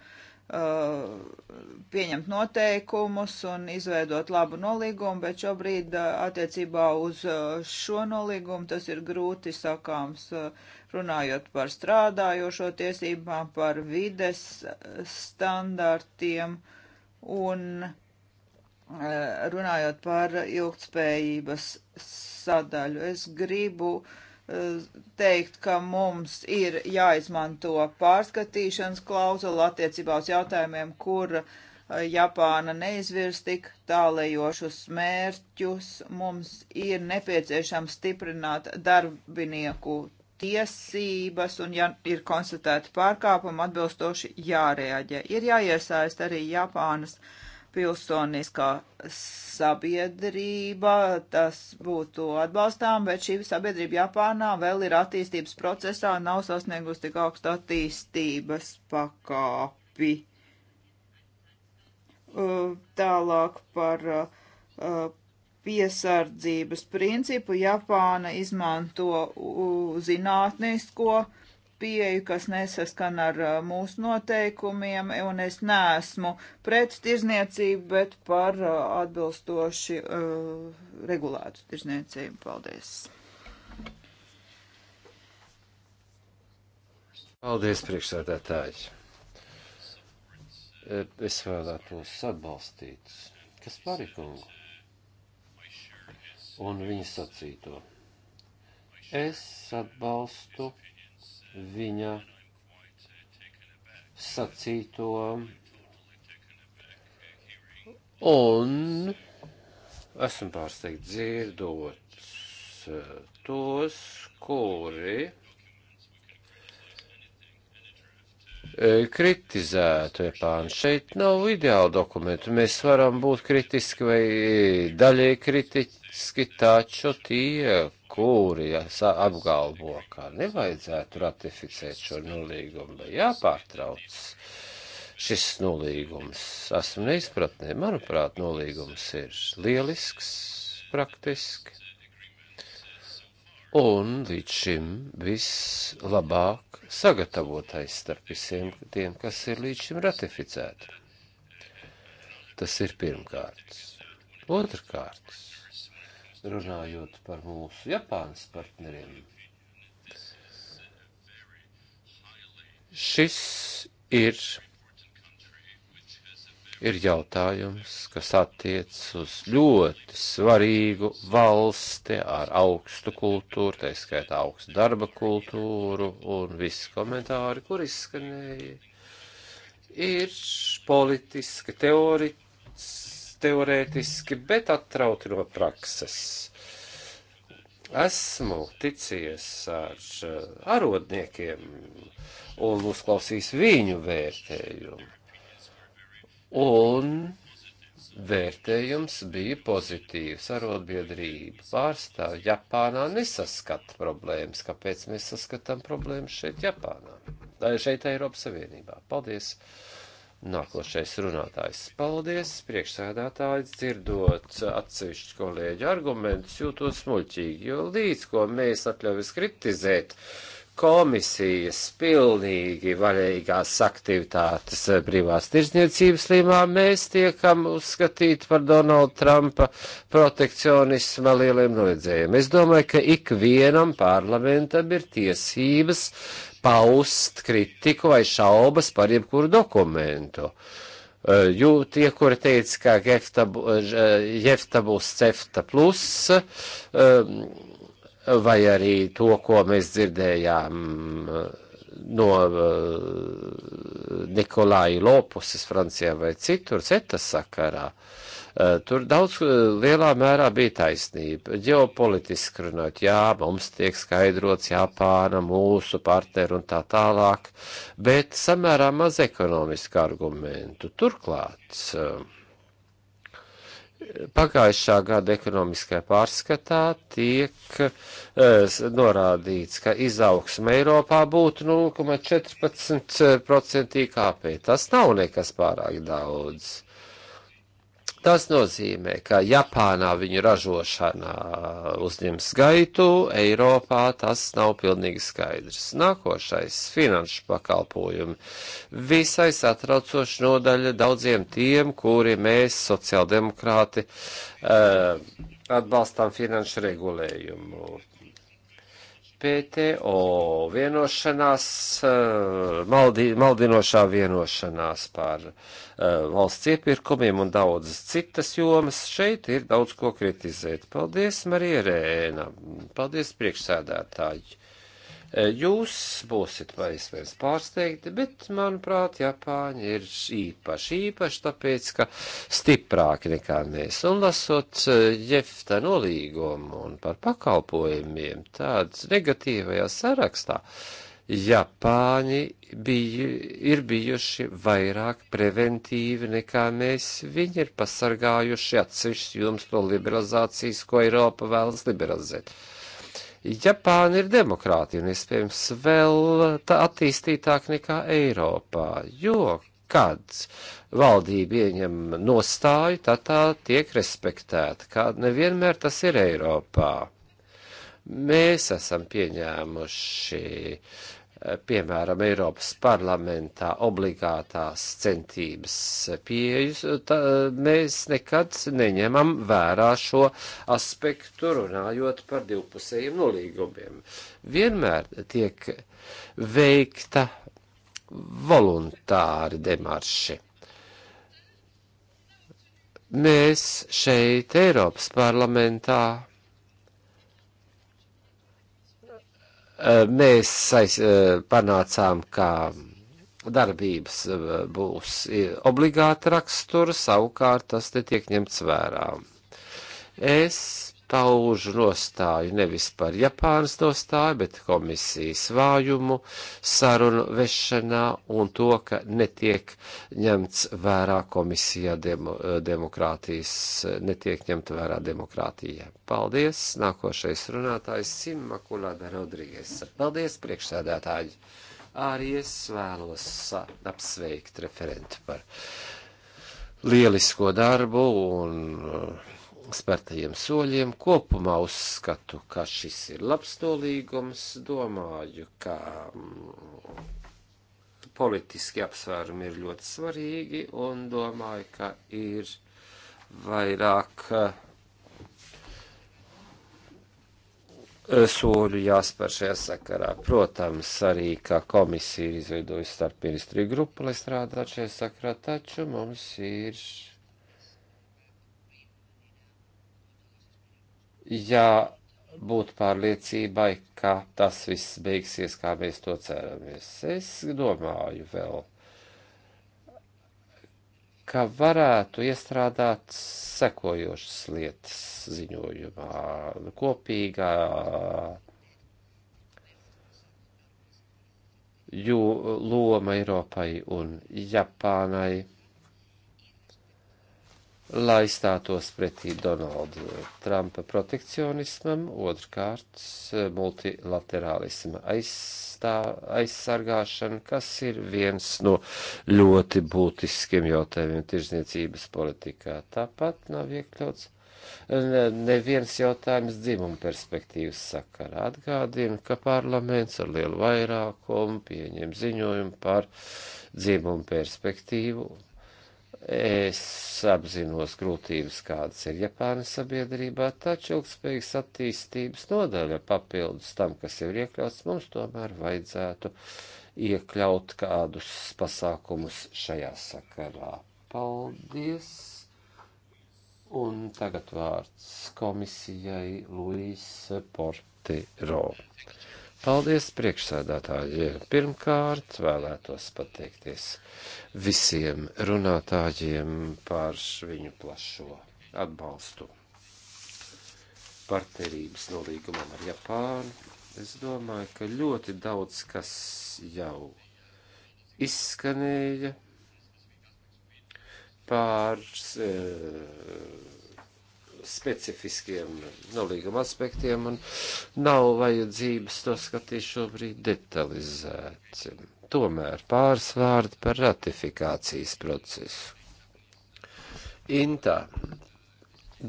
Uh, pieņemt noteikumus un izveidot labu nolīgumu, bet šobrīd uh, attiecībā uz uh, šo nolīgumu tas ir grūti sakāms, runājot par strādājošo tiesībām, par vides standartiem un runājot par ilgtspējības sadaļu. Es gribu uh, teikt, ka mums ir jāizmanto pārskatīšanas klauzula attiecībā uz jautājumiem, kur uh, Japāna neizvirs tik tālējošus mērķus. Mums ir nepieciešams stiprināt darbinieku tiesības, un ja ir konstatēti pārkāpumi, atbilstoši jārēģē. Ir jāiesaist arī Japānas uh, pilsoniskā sabiedrība, tas būtu atbalstām, bet šī sabiedrība Japānā vēl ir attīstības procesā, nav sasniegusi tik augstu attīstības pakāpi. Tālāk par piesardzības principu Japāna izmanto zinātnisko, uh, pieeju, kas nesaskan ar mūsu noteikumiem, un es neesmu pret tirzniecību, bet par atbilstoši uh, regulētu tirzniecību. Paldies! Paldies, priekšsēdētāji! Es vēlētos atbalstīt Kasparikungu un viņa sacīto. Es atbalstu viņa sacīto. Un esmu pārsteigts dzirdot eh, tos, kuri eh, kritizētu Japānu. Šeit nav ideāla dokumentu. Mēs varam būt kritiski vai eh, daļai kritiski, taču tie, kuri apgalvo, ka nevajadzētu ratificēt šo nolīgumu vai jāpārtrauc šis nolīgums. Esmu neizpratnē. Manuprāt, nolīgums ir lielisks, praktiski. Un līdz šim vislabāk sagatavotais starp visiem tiem, kas ir līdz šim ratificēti. Tas ir pirmkārt. Otrkārt, runājot par mūsu Japānas partneriem. Šis ir, ir jautājums, kas attiec uz ļoti svarīgu valsti ar augstu kultūru, tā skaitā augstu darba kultūru un visi komentāri, kur izskanēja, ir politiski teorits teorētiski, bet atrauti no prakses. Esmu ticies ar eh, arodniekiem un uzklausījis viņu vērtējumu. Un vērtējums bija pozitīvs. Arotbiedrība pārstāv Japānā nesaskata problēmas. Kāpēc mēs saskatām problēmas šeit Japānā? Šeit Eiropas Savienībā. Paldies! Nākošais runātājs. Paldies, priekšsēdētāji, dzirdot atsevišķu kolēģu argumentus, jūtos muļķīgi, jo līdz ko mēs atļaujas kritizēt komisijas pilnīgi varīgās aktivitātes brīvās tirzniecības līmā, mēs tiekam uzskatīti par Donalda Trumpa protekcionisma lieliem noiedzējiem. Es domāju, ka ikvienam parlamentam ir tiesības paust kritiku vai šaubas par jebkuru dokumentu. E, jo tie, kuri teica, ka Gefta, e, e, Jefta būs Cefta plus, vai arī to, ko mēs dzirdējām mm, no Nikolai Lopuses Francijā vai citur, Cetas sakarā, uh, Eh, tur daudz eh, lielā mērā bija taisnība. Ģeopolitiski runāt, jā, mums tiek skaidrots Japāna, mūsu partneri un tā tālāk, bet samērā maz ekonomiski argumentu. Turklāt eh, pagājušā gada ekonomiskajā pārskatā tiek e, norādīts, ka izaugsme Eiropā būtu 0,14% IKP. Tas nav nekas pārāk daudz. Tas nozīmē, ka Japānā viņu ražošana uzņem skaitu, Eiropā tas nav pilnīgi skaidrs. Nākošais - finanšu pakalpojumi. Visai satraucoši nodaļa daudziem tiem, kuri mēs, sociāldemokrāti, eh, atbalstām finanšu regulējumu. PTO vienošanās, eh, maldi, maldinošā vienošanās par eh, valsts iepirkumiem un daudzas citas jomas. Šeit ir daudz ko kritizēt. Paldies, Marija Rēna. Paldies, priekšsēdētāji. Jūs būsiet vai iespējams pārsteigti, bet, manuprāt, Japāņi ir īpaši, īpaši tāpēc, ka stiprāki nekā mēs. Un lasot e, jefta nolīgumu un par pakalpojumiem, tāds negatīvajā sarakstā Japāņi biju, ir bijuši vairāk preventīvi nekā mēs. Viņi ir pasargājuši atsevišķi jums to liberalizācijas, ko Eiropa vēlas liberalizēt. Uh, Japāna ir demokrātija un iespējams vēl tā attīstītāk nekā Eiropā, jo kad valdība ieņem nostāju, tad tā tiek respektēta, kā nevienmēr tas ir Eiropā. Mēs esam pieņēmuši uh, Eh, piemēram, Eiropas parlamentā obligātās centības pieejas, eh, eh, mēs nekad neņemam vērā šo aspektu runājot par divpusējiem nolīgumiem. Vienmēr tiek veikta voluntāri demarši. Mēs šeit Eiropas parlamentā Eh, mēs aiz, eh, panācām, ka darbības eh, būs obligāta rakstura, savukārt tas netiek ņemts vērā. Es paužu nostāju nevis par Japānas nostāju, bet komisijas vājumu, sarunu vešanā un to, ka netiek ņemts vērā komisijā demo, demokrātijas, netiek ņemta vērā demokrātija. Paldies! Nākošais runātājs Simakulāda Rodrīgas. Paldies, priekšsēdētāji! Arī es vēlos apsveikt referentu par lielisko darbu un uh, spartajiem soļiem. Kopumā uzskatu, ka šis ir labs nolīgums. Domāju, ka mm, politiski apsvērumi ir ļoti svarīgi un domāju, ka ir vairāk eh, soļu jāspēr šajā sakarā. Protams, arī kā komisija ir izveidojusi starp ministriju grupu, lai strādātu šajā sakarā, taču mums ir jābūt pārliecībai, ka tas viss beigsies, kā mēs to ceramies. Es domāju vēl, ka varētu iestrādāt sekojošas lietas ziņojumā, kopīgā jo loma Eiropai un Japānai lai stātos pretī Donalda Trumpa protekcionismam, otrkārt multilaterālisma aizstā, aizsargāšana, kas ir viens no ļoti būtiskiem jautājumiem tirzniecības politikā. Tāpat nav iekļauts neviens jautājums dzimuma perspektīvas sakarā. Atgādina, ka parlaments ar lielu vairākumu pieņem ziņojumu par dzimumu perspektīvu Es apzinos grūtības, kādas ir Japānas sabiedrībā, taču ilgspējīgas attīstības nodaļa papildus tam, kas jau ir iekļauts, mums tomēr vajadzētu iekļaut kādus pasākumus šajā sakarā. Paldies! Un tagad vārds komisijai Luis Portiro. Paldies, priekšsēdētāji! Pirmkārt, vēlētos pateikties visiem runātājiem par viņu plašo atbalstu partnerības nolīgumam ar Japānu. Es domāju, ka ļoti daudz kas jau izskanēja pār. E, eh, specifiskiem nolīguma aspektiem un nav vajadzības to skatīt šobrīd detalizēt. Tomēr pāris vārdi par ratifikācijas procesu. Intā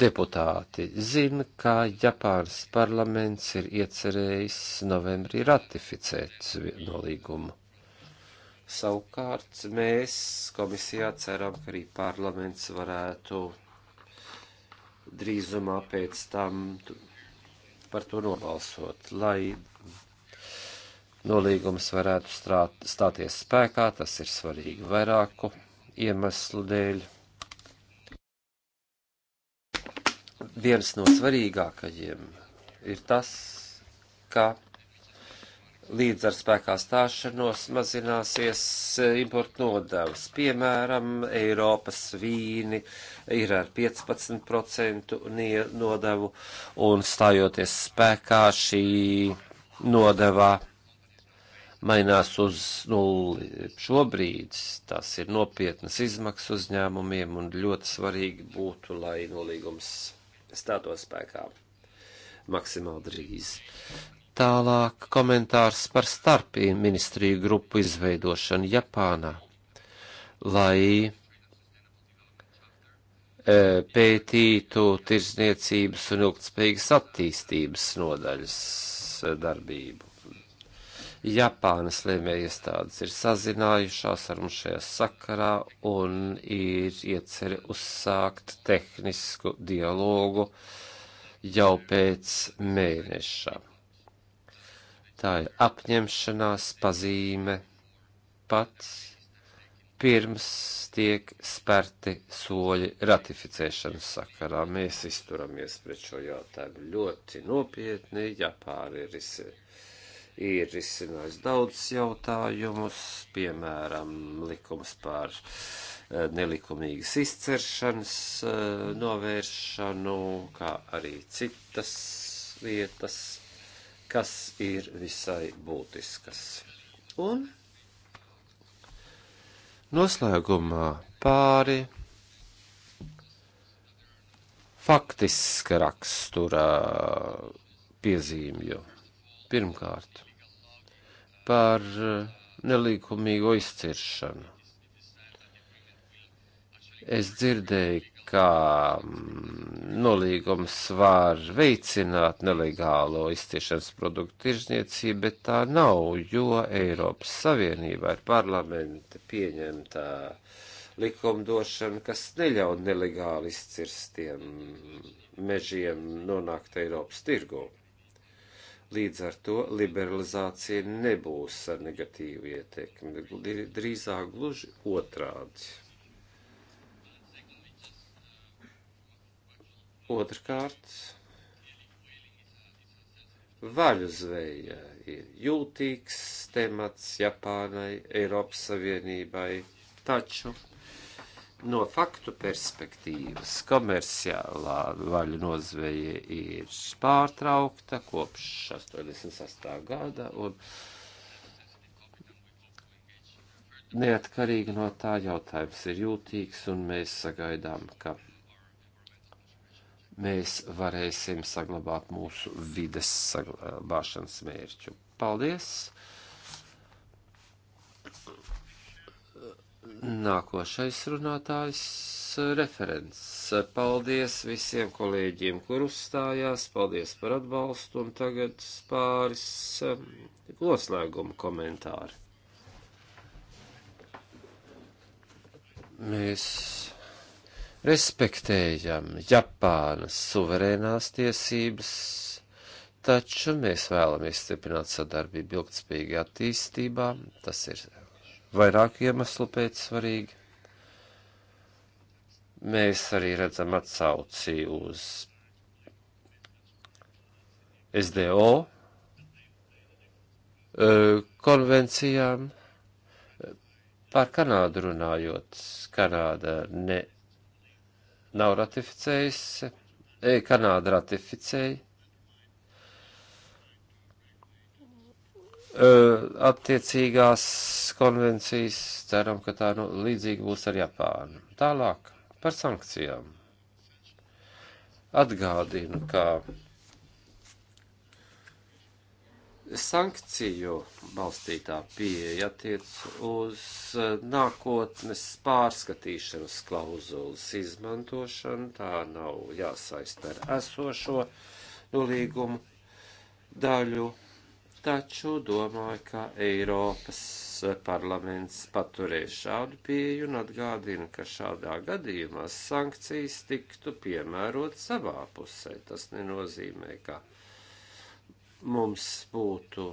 deputāti zina, ka Japānas parlaments ir iecerējis novembrī ratificēt nolīgumu. Savukārt mēs komisijā ceram, ka arī parlaments varētu drīzumā pēc tam par to nobalsot, lai nolīgums varētu strāt, stāties spēkā, tas ir svarīgi vairāku iemeslu dēļ. Viens no svarīgākajiem ir tas, ka līdz ar spēkā stāšanos mazināsies eh, importu nodevas. Piemēram, Eiropas vīni ir ar 15% nodevu un stājoties spēkā šī nodevā mainās uz nulli. Šobrīd tas ir nopietnas izmaksas uzņēmumiem un ļoti svarīgi būtu, lai nolīgums stātos spēkā maksimāli drīz. Tālāk komentārs par starp ministriju grupu izveidošanu Japānā, lai e, pētītu tirzniecības un ilgtspējīgas attīstības nodaļas e, darbību. Japānas lēmējiestādes ir sazinājušās ar mums šajā sakarā un ir ieceri uzsākt tehnisku dialogu jau pēc mēneša. Tā ir apņemšanās pazīme pat pirms tiek sperti soļi ratificēšanas sakarā. Mēs izturamies pret šo jautājumu ļoti nopietni. Japāna ir, ir izcinājis daudz jautājumus, piemēram, likums par eh, nelikumīgas izceršanas eh, novēršanu, kā arī citas lietas kas ir visai būtiskas. Un noslēgumā pāri faktiska rakstura piezīmju. Pirmkārt, par nelikumīgo izciršanu. Es dzirdēju, ka mm, nolīgums var veicināt nelegālo izciešanas produktu tirzniecību, bet tā nav, jo Eiropas Savienībā ir parlamenta pieņemtā likumdošana, kas neļauj nelegāli izcirstiem mežiem nonākt Eiropas tirgū. Līdz ar to liberalizācija nebūs ar negatīvu ietekmi, drīzāk gluži otrādi. Otrkārt, vaļu zveja ir jūtīgs temats Japānai, Eiropas Savienībai, taču no faktu perspektīvas komerciālā vaļu nozveja ir pārtraukta kopš 88. gada un neatkarīgi no tā jautājums ir jūtīgs un mēs sagaidām, ka mēs varēsim saglabāt mūsu vides saglabāšanas mērķu. Paldies! Nākošais runātājs referents. Paldies visiem kolēģiem, kur uzstājās, paldies par atbalstu un tagad pāris um, noslēguma komentāri. Mēs respektējam Japānas suverēnās tiesības, taču mēs vēlamies stiprināt sadarbību ilgtspējīgā attīstībā. Tas ir vairāk iemeslu pēc svarīgi. Mēs arī redzam atsauci uz SDO e, konvencijām par Kanādu runājot. Kanāda ne nav ratificējis, e, Kanāda ratificēja. E, attiecīgās konvencijas ceram, ka tā nu, līdzīga būs ar Japānu. Tālāk par sankcijām. Atgādinu, ka sankciju balstītā pieeja attiec uz eh, nākotnes pārskatīšanas klauzulas izmantošanu, tā nav jāsaista ar esošo nolīgumu daļu, taču domāju, ka Eiropas parlaments paturēs šādu pieeju un atgādina, ka šādā gadījumā sankcijas tiktu piemērot savā pusē. Tas nenozīmē, ka. Kā mums būtu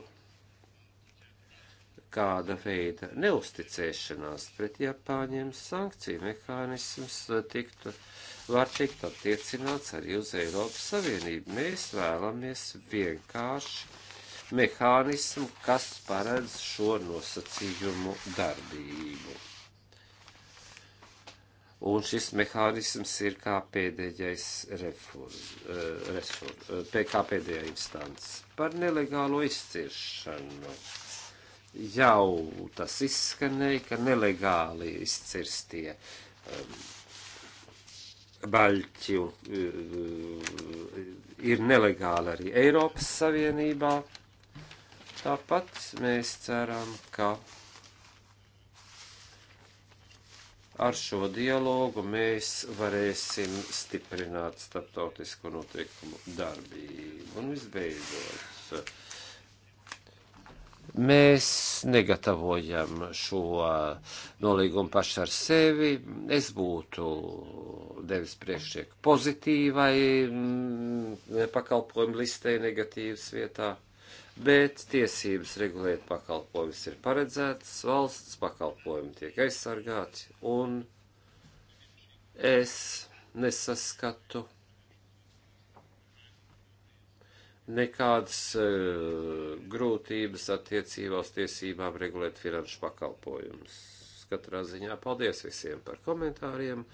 kāda veida neusticēšanās pret Japāņiem sankciju mehānisms tiktu, var tikt attiecināts arī uz Eiropas Savienību. Mēs vēlamies vienkārši mehānismu, kas paredz šo nosacījumu darbību un šis mehānisms ir kā pēdējais refur, eh, resur, kā eh, pēdējā instants. Par nelegālo izciršanu jau tas izskanēja, ka nelegāli izcirstie um, baļķi um, ir nelegāli arī Eiropas Savienībā. Tāpat mēs ceram, ka ar šo dialogu mēs varēsim stiprināt starptautisko noteikumu darbību. Un visbeidzot, mēs negatavojam šo nolīgumu paši ar sevi. Es būtu devis priekšnieku pozitīvai mm, pakalpojumu listē negatīvas vietā bet tiesības regulēt pakalpojumus ir paredzētas, valsts pakalpojumi tiek aizsargāti, un es nesaskatu nekādas uh, grūtības attiecībā uz tiesībām regulēt finanšu pakalpojumus. Katrā ziņā paldies visiem par komentāriem,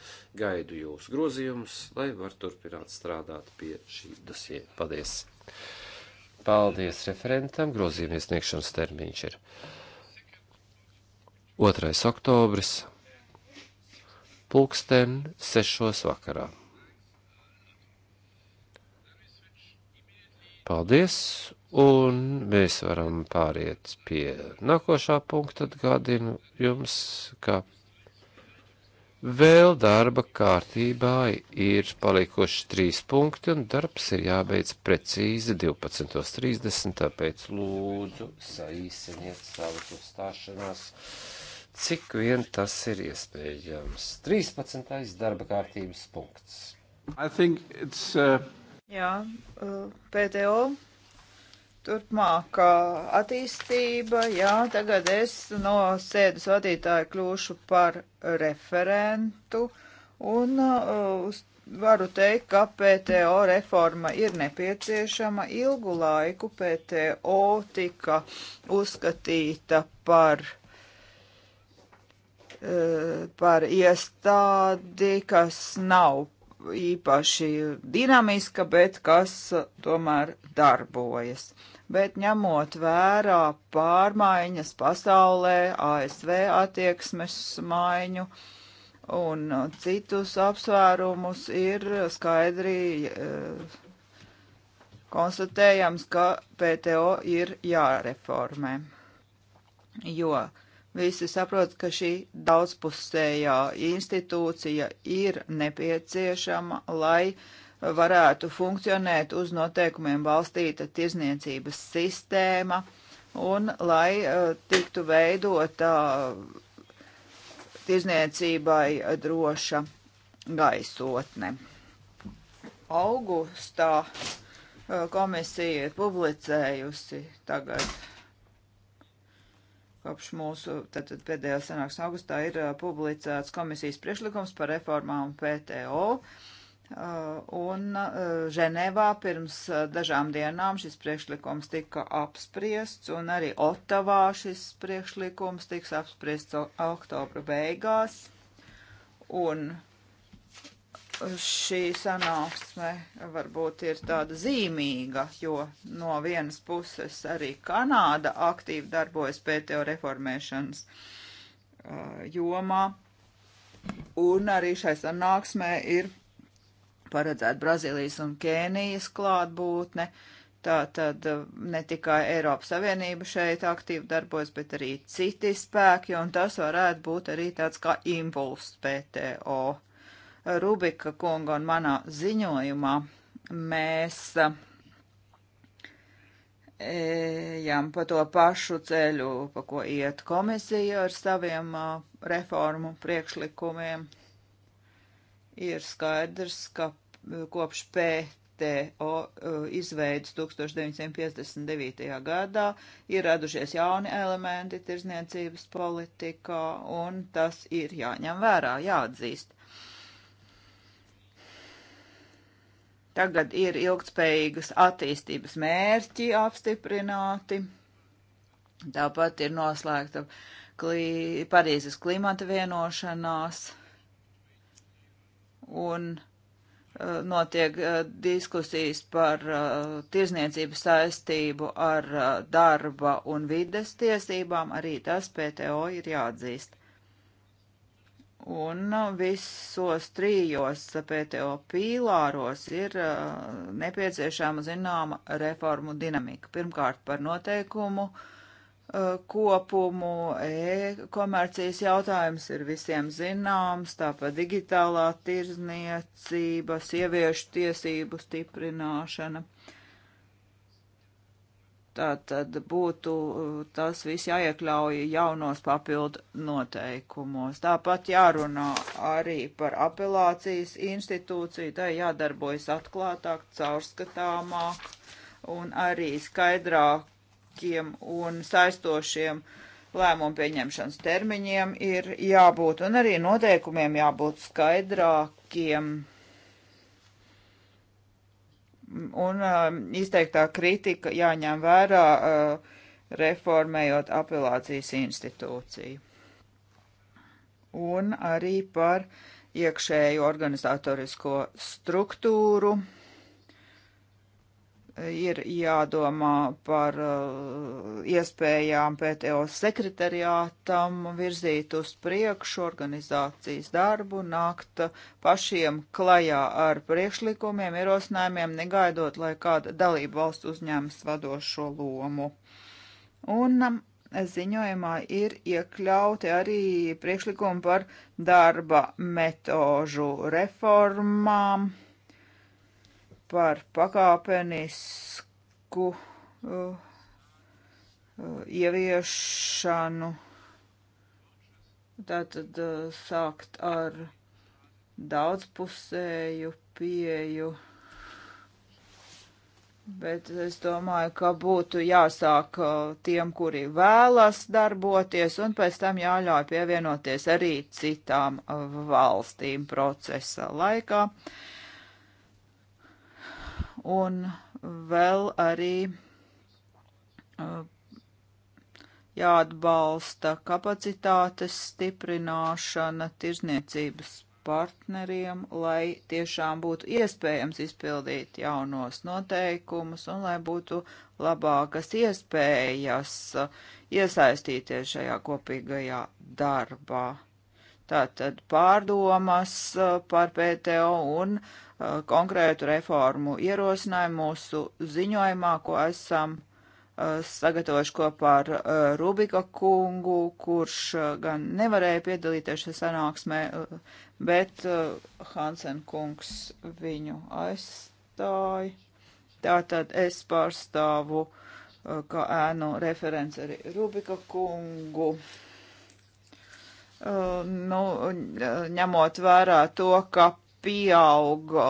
gaidu jūs grozījumus, lai var turpināt strādāt pie šī dosie. Paldies! Paldies referentam. Grozījuma iesniegšanas termiņš ir 2. oktobris, pulksten 6. vakarā. Paldies, un mēs varam pāriet pie nākošā punkta. Atgādinu jums, ka Vēl darba kārtībā ir palikuši trīs punkti, un darbs ir jābeidz precīzi 12.30, tāpēc lūdzu saīsiniet savus uzstāšanās, cik vien tas ir iespējams. 13. darba kārtības punkts. Uh... Jā, uh, PTO turpmākā attīstība. Jā, tagad es no sēdes vadītāja kļūšu par referentu un uh, varu teikt, ka PTO reforma ir nepieciešama. Ilgu laiku PTO tika uzskatīta par uh, par iestādi, kas nav īpaši dinamiska, bet kas tomēr darbojas. Uh, bet ņemot vērā pārmaiņas pasaulē, ASV attieksmes maiņu un citus apsvērumus, ir skaidri eh, konstatējams, ka PTO ir jāreformē. Jo Visi saprot, ka šī daudzpusējā institūcija ir nepieciešama, lai varētu funkcionēt uz noteikumiem balstīta tirzniecības sistēma un lai uh, tiktu veidota uh, tirzniecībai droša gaisotne. Augustā uh, komisija ir publicējusi tagad kopš mūsu tātad, pēdējā sanāksmes augustā ir publicēts komisijas priešlikums par reformām PTO. Uh, Uh, un uh, Ženēvā pirms uh, dažām dienām šis priekšlikums tika apspriests, un arī Otavā šis priekšlikums tiks apspriests oktobra beigās. Un šī sanāksme varbūt ir tāda zīmīga, jo no vienas puses arī Kanāda aktīvi darbojas PTO reformēšanas uh, jomā, un arī šai sanāksmē ir paredzēta Brazīlijas un Kēnijas klātbūtne. Tā tad uh, ne tikai Eiropas Savienība šeit aktīvi darbojas, bet arī citi spēki, un tas varētu būt arī tāds kā impulss PTO. Rubika kunga un manā ziņojumā mēs uh, ejam pa to pašu ceļu, pa ko iet komisija ar saviem uh, reformu priekšlikumiem. Ir skaidrs, ka kopš PTO uh, izveidas 1959. gadā ir radušies jauni elementi tirzniecības politikā, un tas ir jāņem vērā, jāatzīst. Tagad ir ilgspējīgas attīstības mērķi apstiprināti. Tāpat ir noslēgta klī, Parīzes klimata vienošanās. Un Eh, notiek eh, diskusijas par eh, tirzniecības saistību ar darba un vides tiesībām, arī tas PTO ir jāatzīst. Un visos trijos PTO pīlāros ir nepieciešama zināma reformu dinamika. Pirmkārt par noteikumu uh, Eh, kopumu, e-komercijas jautājums ir visiem zināms, tāpat digitālā tirzniecība, sieviešu tiesību stiprināšana. Tā tad būtu eh, tas viss jāiekļauj jaunos papildu noteikumos. Tāpat jārunā arī par apelācijas institūciju, tai jādarbojas atklātāk, caurskatāmāk un arī skaidrāk labākiem un saistošiem lēmumu pieņemšanas termiņiem ir jābūt, un arī noteikumiem jābūt skaidrākiem un uh, izteiktā kritika jāņem vērā, uh, reformējot apelācijas institūciju. Un arī par iekšēju organizatorisko struktūru ir jādomā par uh, iespējām PTO sekretariātam virzīt uz priekšu organizācijas darbu, nākt pašiem klajā ar priekšlikumiem, ierosinājumiem, negaidot, lai kāda dalība valsts uzņēmas vadošo lomu. Un um, ziņojumā ir iekļauti arī priekšlikumi par darba metožu reformām par pakāpenisku uh, uh, ieviešanu. Tātad uh, sākt ar daudzpusēju pieju. Bet es domāju, ka būtu jāsāk uh, tiem, kuri vēlas darboties, un pēc tam jāļauj pievienoties arī citām uh, valstīm procesa laikā. Uh, un vēl arī uh, jāatbalsta kapacitātes stiprināšana tirzniecības partneriem, lai tiešām būtu iespējams izpildīt jaunos noteikumus un lai būtu labākas iespējas uh, iesaistīties šajā kopīgajā darbā. Tātad pārdomas uh, par PTO un uh, Uh, konkrētu reformu ierosinājumu mūsu ziņojumā, ko esam uh, sagatavojuši kopā ar uh, Rubika kungu, kurš gan nevarēja piedalīties šajā sanāksmē, bet Hansen kungs viņu aizstāja. Tātad es pārstāvu kā ēnu referents arī Rubika kungu. Uh, nu, ņemot vērā to, ka pieauga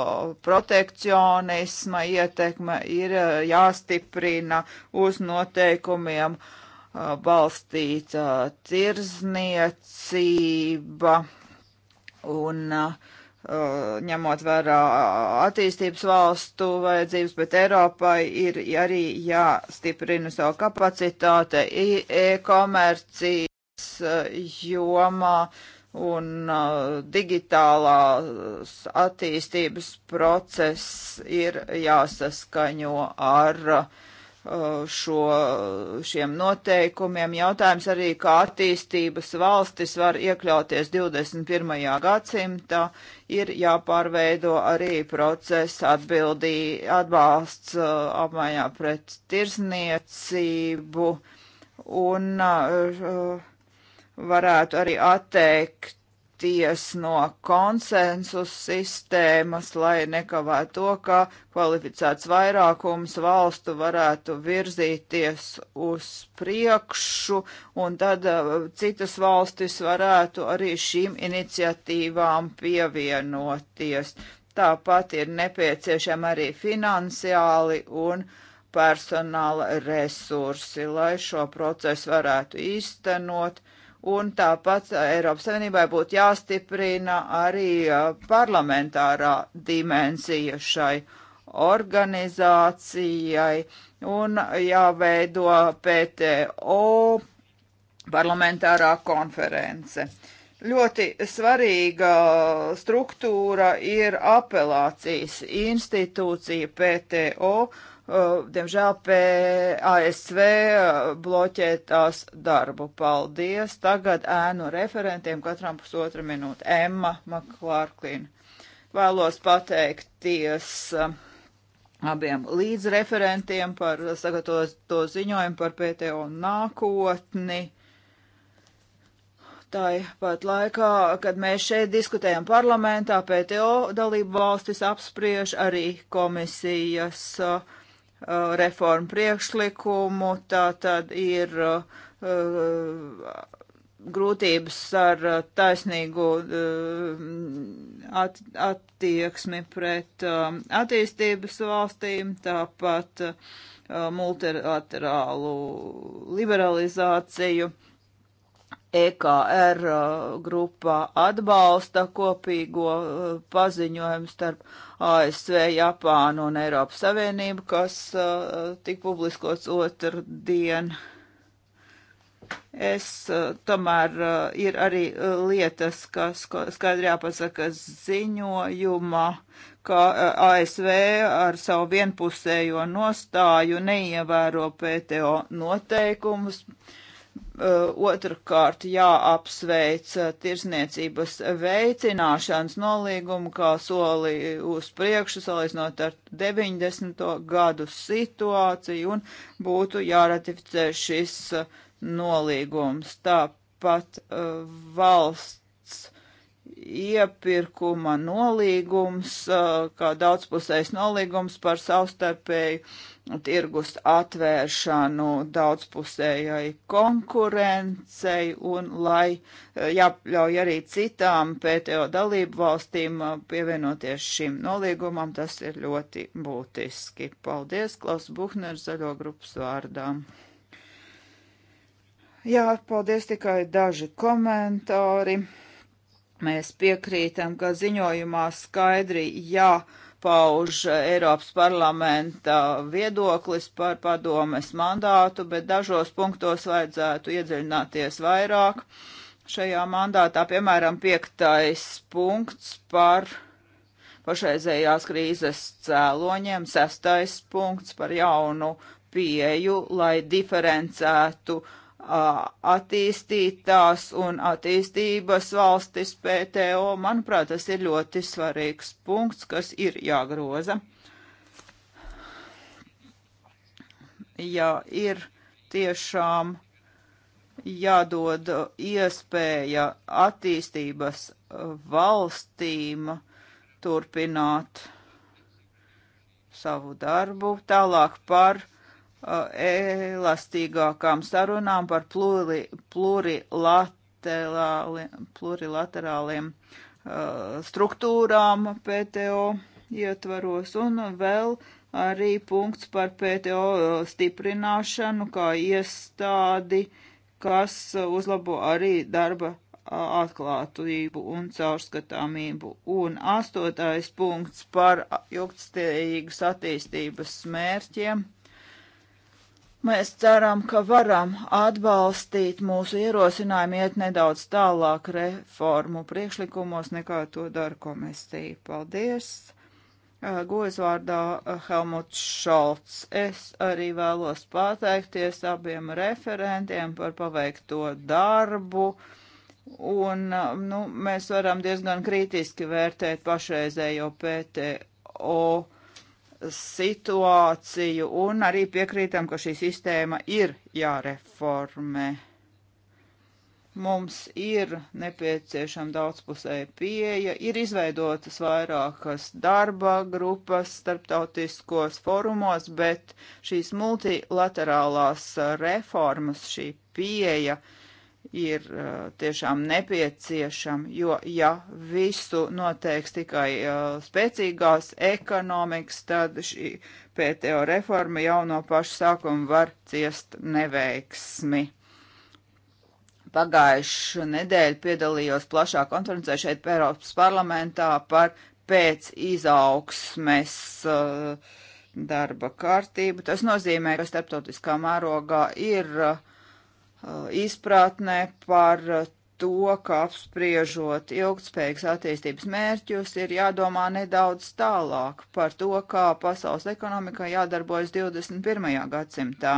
protekcionisma ietekme, ir eh, jāstiprina uz noteikumiem eh, balstīta tirzniecība un eh, ņemot vērā attīstības valstu vajadzības, bet Eiropai ir arī jāstiprina savu kapacitāte e-komercijas jomā. Uh, un uh, digitālās attīstības process ir jāsaskaņo ar uh, šo, šiem noteikumiem. Jautājums arī, kā attīstības valstis var iekļauties 21. gadsimtā, ir jāpārveido arī procesa atbildī, atbalsts uh, apmaiņā pret tirzniecību un uh, varētu arī atteikties no konsensus sistēmas, lai nekavētu to, ka kvalificēts vairākums valstu varētu virzīties uz priekšu, un tad uh, citas valstis varētu arī šīm iniciatīvām pievienoties. Tāpat ir nepieciešama arī finansiāli un personāla resursi, lai šo procesu varētu īstenot. Uh, un tāpat eh, Eiropas Savienībai būtu jāstiprina arī eh, parlamentārā dimensija šai organizācijai un jāveido PTO parlamentārā konference. Ļoti svarīga struktūra ir apelācijas institūcija PTO, Eh, diemžēl ASV eh, bloķē tās darbu. Paldies! Tagad ēnu referentiem katram pusotra minūte. Emma Maklārklina. Vēlos pateikties eh, abiem līdzreferentiem par sagatavoto ziņojumu par PTO nākotni. Tāpat laikā, kad mēs šeit diskutējam parlamentā, PTO dalību valstis apspriež arī komisijas uh, Uh, reformu priekšlikumu, tā tad ir uh, grūtības ar uh, taisnīgu at, attieksmi pret um, attīstības valstīm, tāpat multilaterālu liberalizāciju. EKR grupā atbalsta kopīgo paziņojumu starp ASV, Japānu un Eiropas Savienību, kas uh, tik publiskots otrdien. Es uh, tomēr uh, ir arī uh, lietas, kas skaidri jāpasaka ziņojumā, ka uh, ASV ar savu vienpusējo nostāju neievēro PTO noteikumus. Uh, Eh, Otrakārt, jāapsveic eh, tirsniecības veicināšanas nolīgumu, kā soli uz priekšu, salīdzinot ar 90. gadu situāciju, un būtu jāratificē šis eh, nolīgums. Tāpat valsts iepirkuma nolīgums, kā daudzpusējs nolīgums par savstarpēju tirgus atvēršanu daudzpusējai konkurencei un lai eh, jāpļauj arī citām PTO dalību valstīm eh, pievienoties šim nolīgumam, tas ir ļoti būtiski. Paldies, Klaus Buhner, zaļo grupas vārdā. Jā, paldies tikai daži komentāri. Mēs piekrītam, ka ziņojumā skaidri jā. Ja pauž Eiropas parlamenta viedoklis par padomes mandātu, bet dažos punktos vajadzētu iedziļināties vairāk. Šajā mandātā, piemēram, piektais punkts par pašreizējās krīzes cēloņiem, sestais punkts par jaunu pieju, lai diferencētu uh, attīstītās un attīstības valstis PTO. Manuprāt, tas ir ļoti svarīgs punkts, kas ir jāgroza. Ja ir tiešām jādod iespēja attīstības valstīm turpināt savu darbu tālāk par elastīgākām sarunām par pluri, plurilaterāliem, plurilaterāliem uh, struktūrām PTO ietvaros un vēl arī punkts par PTO uh, stiprināšanu kā iestādi, kas uh, uzlabo arī darba atklātību un caurskatāmību. Un astotais punkts par ilgtstējīgas attīstības mērķiem Mēs ceram, ka varam atbalstīt mūsu ierosinājumu iet nedaudz tālāk reformu priekšlikumos, nekā to dara komisija. Paldies! Eh, gojas vārdā eh, Helmuts Šalts. Es arī vēlos pateikties abiem referentiem par paveikto darbu. Un, eh, nu, mēs varam diezgan kritiski vērtēt pašreizējo PTO situāciju un arī piekrītam, ka šī sistēma ir jāreformē. Mums ir nepieciešama daudzpusēja pieeja, ir izveidotas vairākas darba grupas starptautiskos forumos, bet šīs multilaterālās reformas, šī pieeja uh, ir uh, tiešām nepieciešama, jo ja visu noteiks tikai uh, spēcīgās ekonomikas, tad šī PTO reforma jau no paša sākuma var ciest neveiksmi. Pagājušu nedēļu piedalījos plašā konferencē šeit Eiropas parlamentā par pēc izaugsmes uh, darba kārtību. Tas nozīmē, ka starptautiskā mērogā ir uh, Uh, izpratnē par uh, to, ka apspriežot ilgspējīgas attīstības mērķus, ir jādomā nedaudz tālāk par to, kā pasaules ekonomikā jādarbojas 21. gadsimtā.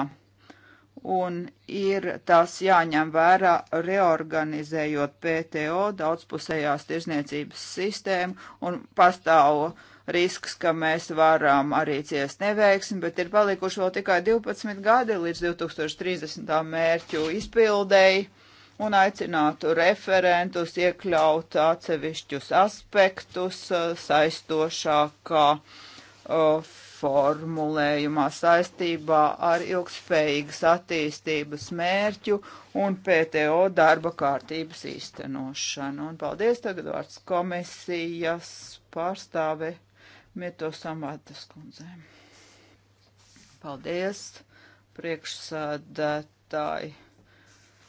Un ir tas jāņem vērā reorganizējot PTO daudzpusējās tirzniecības sistēmu un pastāvu risks, ka mēs varam arī ciest neveiksmi, bet ir palikuši vēl tikai 12 gadi līdz 2030. mērķu izpildēji un aicinātu referentus iekļaut atsevišķus aspektus uh, saistošākā uh, formulējumā saistībā ar ilgspējīgas attīstības mērķu un PTO darba kārtības īstenošanu. Un paldies tagad vārds komisijas pārstāve Mieto Samātas kundzēm. Paldies, priekšsādātāji,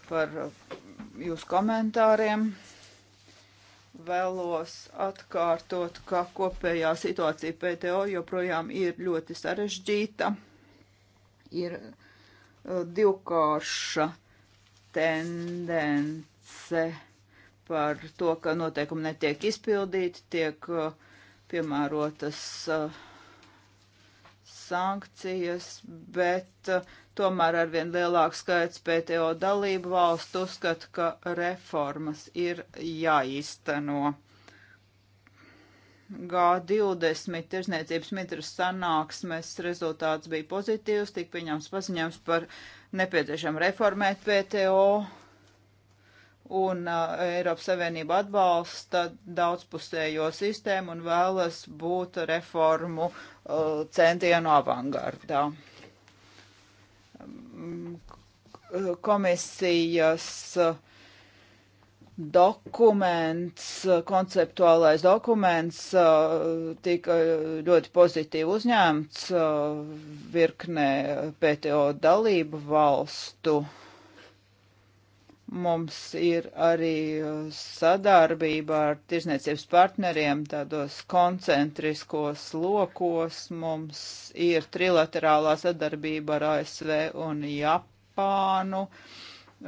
par jūsu komentāriem. Vēlos atkārtot, ka kopējā situācija PTO joprojām ir ļoti sarežģīta. Ir uh, divkārša tendence par to, ka noteikumi netiek izpildīti, tiek uh, piemērotas uh, sankcijas, bet uh, tomēr arvien lielāks skaits PTO dalību valstu uzskata, ka reformas ir jāīsteno. G20 tirzniecības mitras sanāksmes rezultāts bija pozitīvs, tika pieņemts paziņojums par nepieciešam reformēt PTO un uh, Eiropas Savienība atbalsta daudzpusējo sistēmu un vēlas būt reformu uh, centienu avangardā. Um, komisijas uh, dokuments, uh, konceptuālais dokuments uh, tika ļoti pozitīvi uzņemts uh, virknē PTO dalību valstu. Mums ir arī uh, sadarbība ar tirzniecības partneriem tādos koncentriskos lokos. Mums ir trilaterālā sadarbība ar ASV un Japānu. Uh,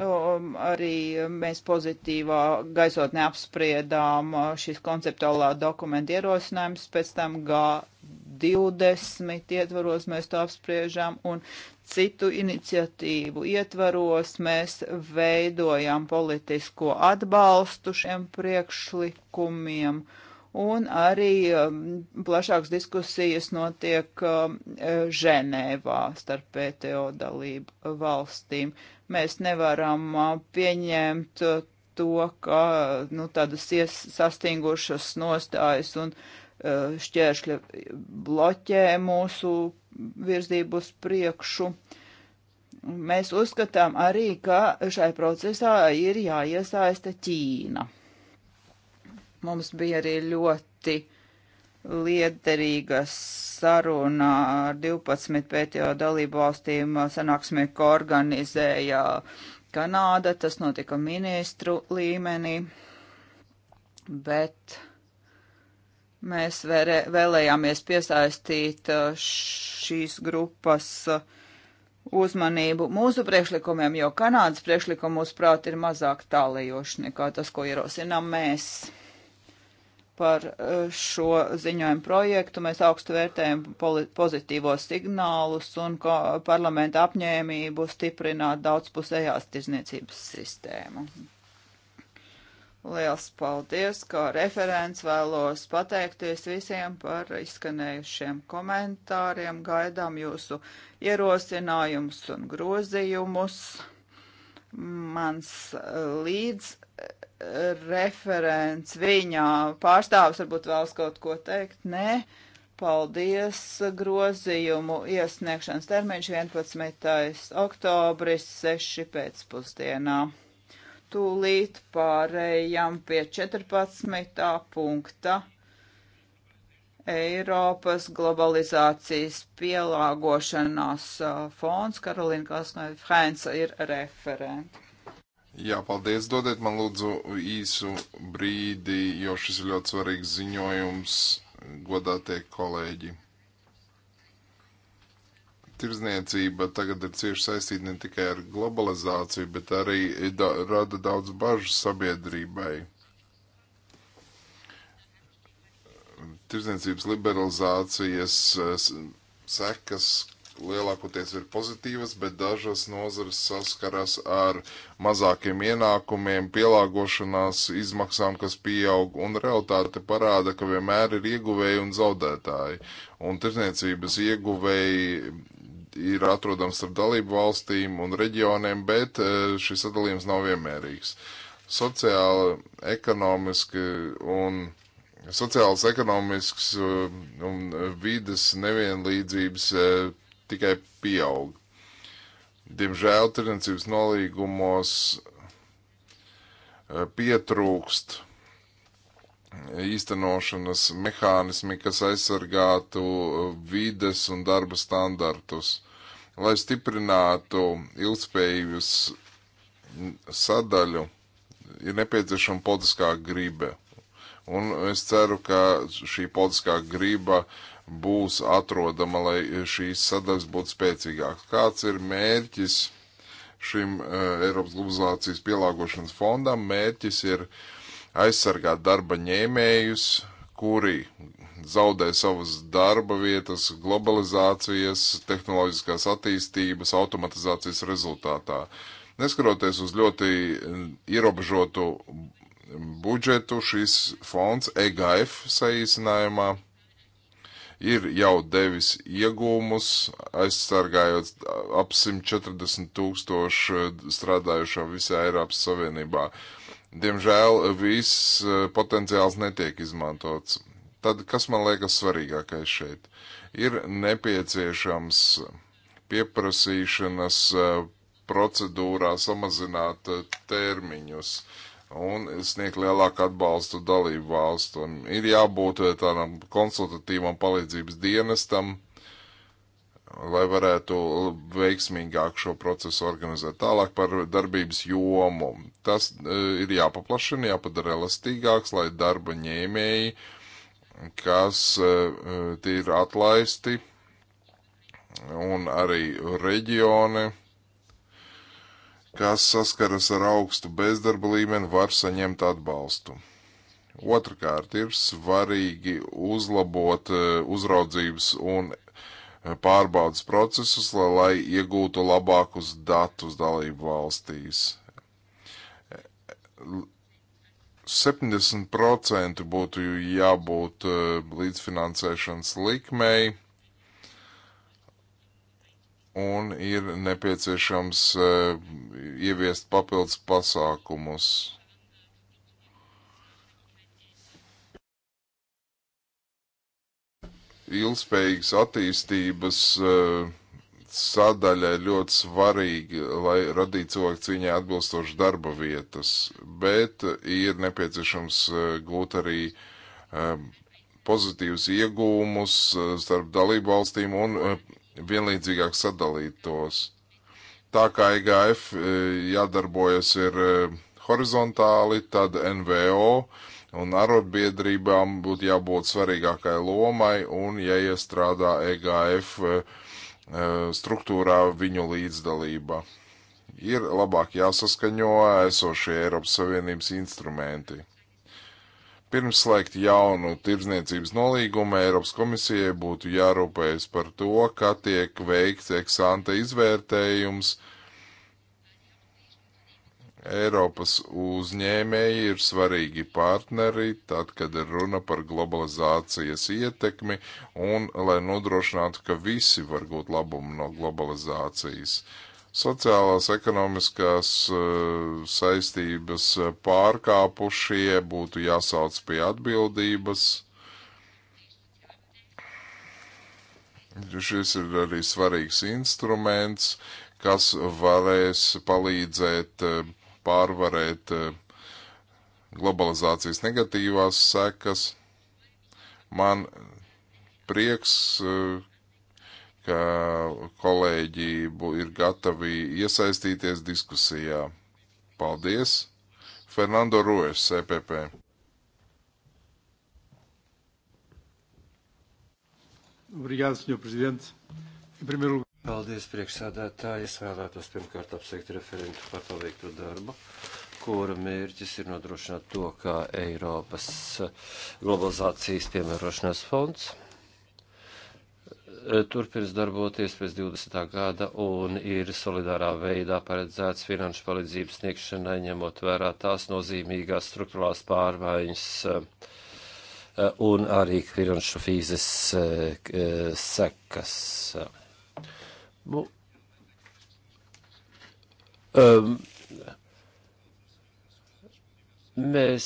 Um, arī mēs pozitīvā gaisotnē apspriedām uh, šīs konceptuālā dokumenta ierosinājums, pēc tam G20 ietvaros mēs to apspriežām un citu iniciatīvu ietvaros mēs veidojām politisko atbalstu šiem priekšlikumiem. Uh, un arī um, plašāks diskusijas notiek um, Ženēvā starp PTO dalību valstīm. Mēs nevaram uh, pieņemt uh, to, ka nu, tādas sastingušas nostājas un uh, šķēršļa bloķē mūsu virzību uz priekšu. Mēs uzskatām arī, ka šai procesā ir jāiesaista Ķīna. Mums bija arī ļoti liederīga saruna ar 12 pētējo dalību valstīm sanāksmē, ko organizēja Kanāda. Tas notika ministru līmenī, bet mēs vērē, vēlējāmies piesaistīt uh, šīs grupas uh, uzmanību mūsu priekšlikumiem, jo Kanādas priekšlikumi, mūsuprāt, ir mazāk tālējoši nekā tas, ko ierosinām mēs par eh, šo ziņojumu projektu. Mēs augstu vērtējam pozitīvos signālus un parlamenta apņēmību stiprināt daudzpusējās tirzniecības sistēmu. Liels paldies, kā referents vēlos pateikties visiem par izskanējušiem komentāriem, gaidām jūsu ierosinājumus un grozījumus. Mans eh, līdz referents, viņa pārstāvis varbūt vēlas kaut ko teikt? Nē. Paldies grozījumu iesniegšanas termiņš 11. oktobris 6 pēcpusdienā. Tūlīt pārējām pie 14. punkta. Eiropas globalizācijas pielāgošanās uh, fonds Karolīna Kasnoja Frēnsa ir referenta. Jā, paldies. Dodiet man lūdzu īsu brīdi, jo šis ir ļoti svarīgs ziņojums, godātie kolēģi. Tirzniecība tagad ir cieši saistīta ne tikai ar globalizāciju, bet arī da rada daudz bažu sabiedrībai. Tirzniecības liberalizācijas eh, sekas lielākoties ir pozitīvas, bet dažas nozares saskaras ar mazākiem ienākumiem, pielāgošanās izmaksām, kas pieaug, un realitāte parāda, ka vienmēr ir ieguvēji un zaudētāji. Un tirzniecības ieguvēji ir atrodams starp dalību valstīm un reģioniem, bet e, šis sadalījums nav vienmērīgs. Sociāli, ekonomiski un sociāls, ekonomisks e, un e, vides nevienlīdzības tikai pieaug. Diemžēl tirdzniecības nolīgumos eh, pietrūkst īstenošanas mehānismi, kas aizsargātu eh, vides un darba standartus. Lai stiprinātu ilgspējības sadaļu, ir nepieciešama politiskā gribe. Un es ceru, ka šī politiskā grība uh, būs atrodama, lai šīs sadaļas būtu spēcīgākas. Kāds ir mērķis šim uh, Eiropas globalizācijas pielāgošanas fondam? Mērķis ir aizsargāt darba ņēmējus, kuri zaudē savas darba vietas globalizācijas, tehnoloģiskās attīstības, automatizācijas rezultātā. Neskaroties uz ļoti eh, ierobežotu budžetu, šis fonds EGF saīsinājumā ir jau devis iegūmus, aizsargājot ap 140 tūkstošu strādājušo visā Eiropas Savienībā. Diemžēl viss eh, potenciāls netiek izmantots. Tad, kas man liekas svarīgākais šeit, ir nepieciešams pieprasīšanas eh, procedūrā samazināt eh, termiņus. Uh, un sniegt lielāku atbalstu dalību valstam. Ir jābūt eh, tādam konsultatīvam palīdzības dienestam, lai varētu veiksmīgāk šo procesu organizēt. Tālāk par darbības jomu. Tas eh, ir jāpaplašina, jāpadara elastīgāks, lai darba ņēmēji, kas eh, ir atlaisti, un arī reģioni kas saskaras ar augstu bezdarba līmeni, var saņemt atbalstu. Otrakārt, ir svarīgi uzlabot e, uzraudzības un e, pārbaudas procesus, lai, lai iegūtu labākus datus dalību valstīs. 70% e, būtu jābūt līdzfinansēšanas likmei un ir nepieciešams eh, ieviest papildus pasākumus. Ilgspējīgas attīstības eh, sadaļa ir ļoti svarīga, lai radītu cilvēku cīņā atbilstoši darba vietas, bet ir nepieciešams eh, gūt arī pozitīvus iegūmus starp dalību valstīm un vienlīdzīgāk sadalīt tos. Tā kā IGF e, jādarbojas ir e, horizontāli, tad NVO un arotbiedrībām būtu jābūt svarīgākai lomai un jāiestrādā EGF e, struktūrā viņu līdzdalība. Ir labāk jāsaskaņo esošie Eiropas Savienības instrumenti. Pirms slēgt jaunu tirdzniecības nolīgumu Eiropas komisijai būtu jārūpējas par to, ka tiek veikts eksante izvērtējums. Eiropas uzņēmēji ir svarīgi partneri, tad, kad ir runa par globalizācijas ietekmi un lai nodrošinātu, ka visi var gūt labumu no globalizācijas. Uh, Sociālās ekonomiskās eh, saistības eh, pārkāpušie būtu jāsauc pie atbildības. Šis ir arī svarīgs instruments, kas varēs palīdzēt eh, pārvarēt globalizācijas negatīvās sekas. Man prieks, ka kolēģi ir gatavi iesaistīties diskusijā. Paldies! Fernando Rues, CPP. Obrigado, Sr. Presidente. Em primeiro lugar... Paldies, priekšsādātāji. Es vēlētos pirmkārt apsveikt referentu par paveikto darbu, kura mērķis ir nodrošināt to, kā Eiropas globalizācijas piemērošanās fonds Eh, turpins darboties pēc 20. gada un ir solidārā veidā paredzēts finanšu palīdzības sniegšanai, ņemot vērā tās nozīmīgās struktūrālās pārmaiņas eh, eh, un arī finanšu fīzes sekas. Bu, um, ehm, mēs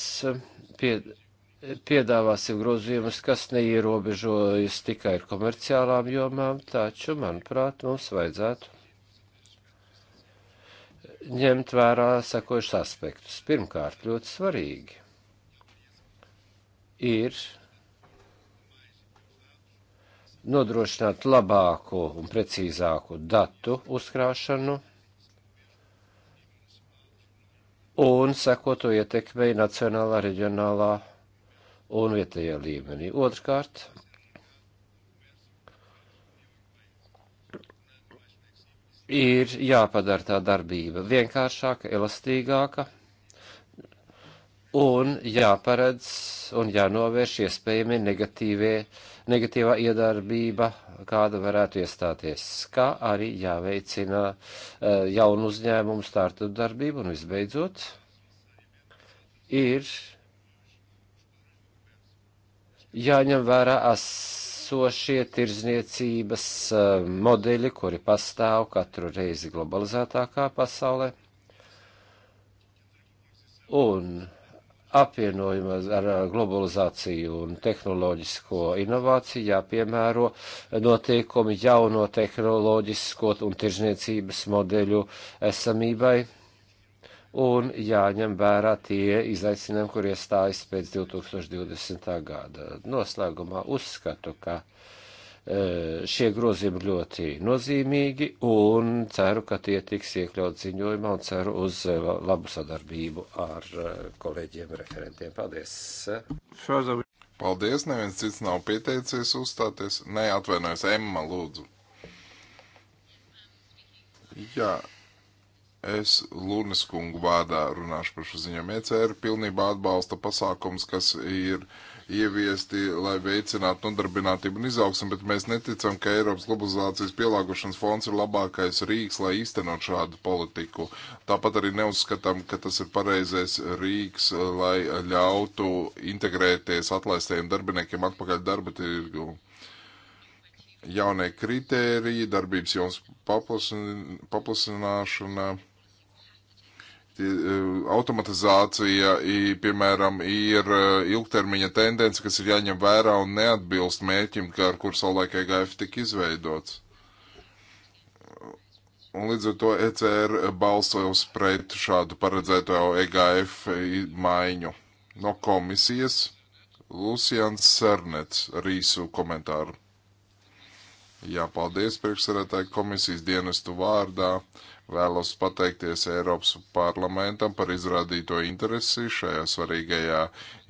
pie piedāvāsim grozījumus, kas neierobežojas tikai ar komerciālām jomām, taču, manuprāt, mums vajadzētu ņemt vērā sekojušas aspektus. Pirmkārt, ļoti svarīgi ir nodrošināt labāku un precīzāku datu uzkrāšanu un sekoto ietekmei nacionālā, reģionālā un vietējā līmenī. Otrkārt, ir jāpadara tā darbība vienkāršāka, elastīgāka un jāparedz un jānovērš iespējami negatīvie, negatīvā iedarbība, kāda varētu iestāties, kā arī jāveicina uh, jaunu uzņēmumu startu darbību un visbeidzot ir jāņem vērā esošie tirzniecības e, modeļi, kuri pastāv katru reizi globalizētākā pasaulē. Un apvienojuma ar e, globalizāciju un tehnoloģisko inovāciju jāpiemēro noteikumi jauno tehnoloģisko un tirzniecības modeļu esamībai un jāņem vērā tie izaicinājumi, kur iestājas pēc 2020. gada. Noslēgumā uzskatu, ka e, šie grozījumi ļoti nozīmīgi un ceru, ka tie tiks iekļaut ziņojumā un ceru uz e, labu sadarbību ar e, kolēģiem referentiem. Paldies! Paldies, neviens cits nav pieteicies uzstāties. Nē, atvainojos, Emma, lūdzu. Jā, Es Lunas kungu vārdā runāšu par šo ziņām. ECR pilnībā atbalsta pasākums, kas ir ieviesti, lai veicinātu nodarbinātību un izaugsmu, bet mēs neticam, ka Eiropas globalizācijas pielāgošanas fonds ir labākais rīks, lai īstenot šādu politiku. Tāpat arī neuzskatām, ka tas ir pareizais rīks, lai ļautu integrēties atlaistajiem darbiniekiem atpakaļ darba tirgu jaunie kritēriji, darbības joms paplasināšana, Eh, automatizācija, piemēram, ir eh, ilgtermiņa tendence, kas ir jāņem vērā un neatbilst mērķim, ar kur savulaik EGF tika izveidots. Un līdz ar to ECR balsos pret šādu paredzēto EGF maiņu. No komisijas Lusijans Sernets ar īsu komentāru. Jā, paldies priekšsarētāju komisijas dienestu vārdā. Uh, Vēlos pateikties Eiropas parlamentam par izrādīto interesi šajā svarīgajā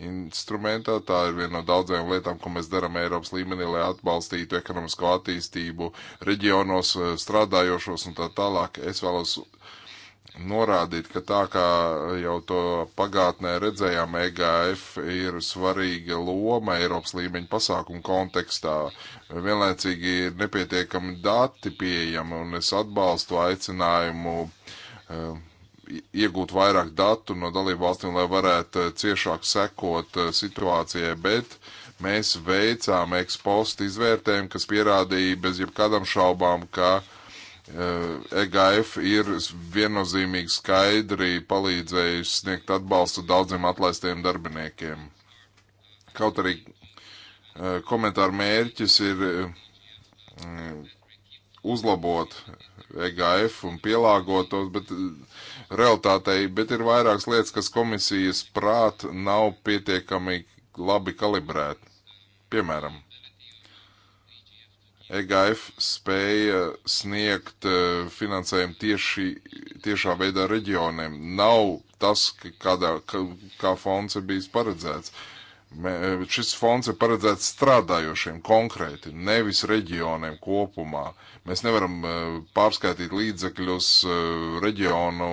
instrumentā. Tā ir viena no daudzajām lietām, ko mēs darām Eiropas līmenī, lai atbalstītu ekonomisko attīstību reģionos eh, strādājošos un tā tālāk. Es vēlos norādīt, ka tā kā jau to pagātnē redzējām, EGF ir svarīga loma Eiropas līmeņa pasākumu kontekstā. Vienlaicīgi ir nepietiekami dati pieejami, un es atbalstu aicinājumu uh, iegūt vairāk datu no dalību valstīm, lai varētu eh, ciešāk sekot eh, situācijai, bet mēs veicām ekspostu izvērtējumu, kas pierādīja bez jebkādām šaubām, ka uh, EGF eh, e ir viennozīmīgi skaidri palīdzējusi sniegt atbalstu daudziem atlaistiem darbiniekiem. Kaut arī eh, komentāru mērķis ir eh, uzlabot EGF un pielāgot tos, bet realitātei, bet ir vairākas lietas, kas komisijas prāt nav pietiekami labi kalibrēt. Piemēram, EGF spēja sniegt e, finansējumu tieši, tiešā veidā reģioniem. Nav tas, kādā, kā, kā fonds ir bijis paredzēts. Uh, Šis fonds ir paredzēts strādājošiem konkrēti, nevis reģioniem kopumā. Mēs nevaram pārskaitīt līdzekļus reģionu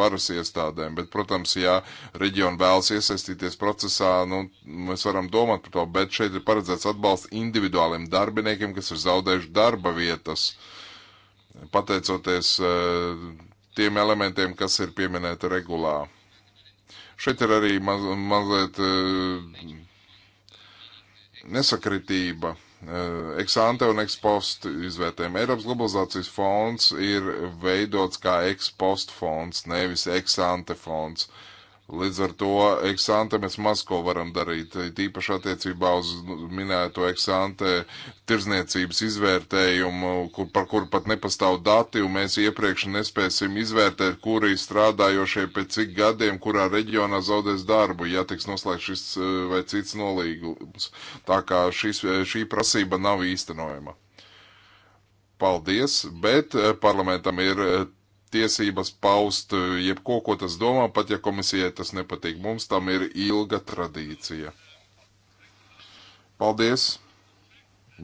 varas iestādēm, bet, protams, ja reģioni vēlas iesaistīties procesā, nu, mēs varam domāt par to, bet šeit ir paredzēts atbalsts individuāliem darbiniekiem, kas ir zaudējuši darba vietas, pateicoties tiem elementiem, kas ir pieminēti regulā. Šeit ir arī maz, mazliet eh, nesakritība. Eksante eh, un ekspost izvērtējumi. Eiropas globalizācijas fonds ir veidots kā ekspost fonds, nevis eksante fonds. Uh, Līdz ar to eksāntē mēs maz ko varam darīt, tīpaši attiecībā uz nu, minēto eksāntē tirzniecības izvērtējumu, kur, par kuru pat nepastāv dati, un mēs iepriekš nespēsim izvērtēt, kuri strādājošie pēc cik gadiem, kurā reģionā zaudēs darbu, ja tiks noslēgts šis eh, vai cits nolīgums. Tā kā šis, eh, šī prasība nav īstenojama. Paldies, bet eh, parlamentam ir tiesības paust eh, jebko, ko tas domā, pat ja komisijai tas nepatīk. Mums tam ir ilga tradīcija. Paldies!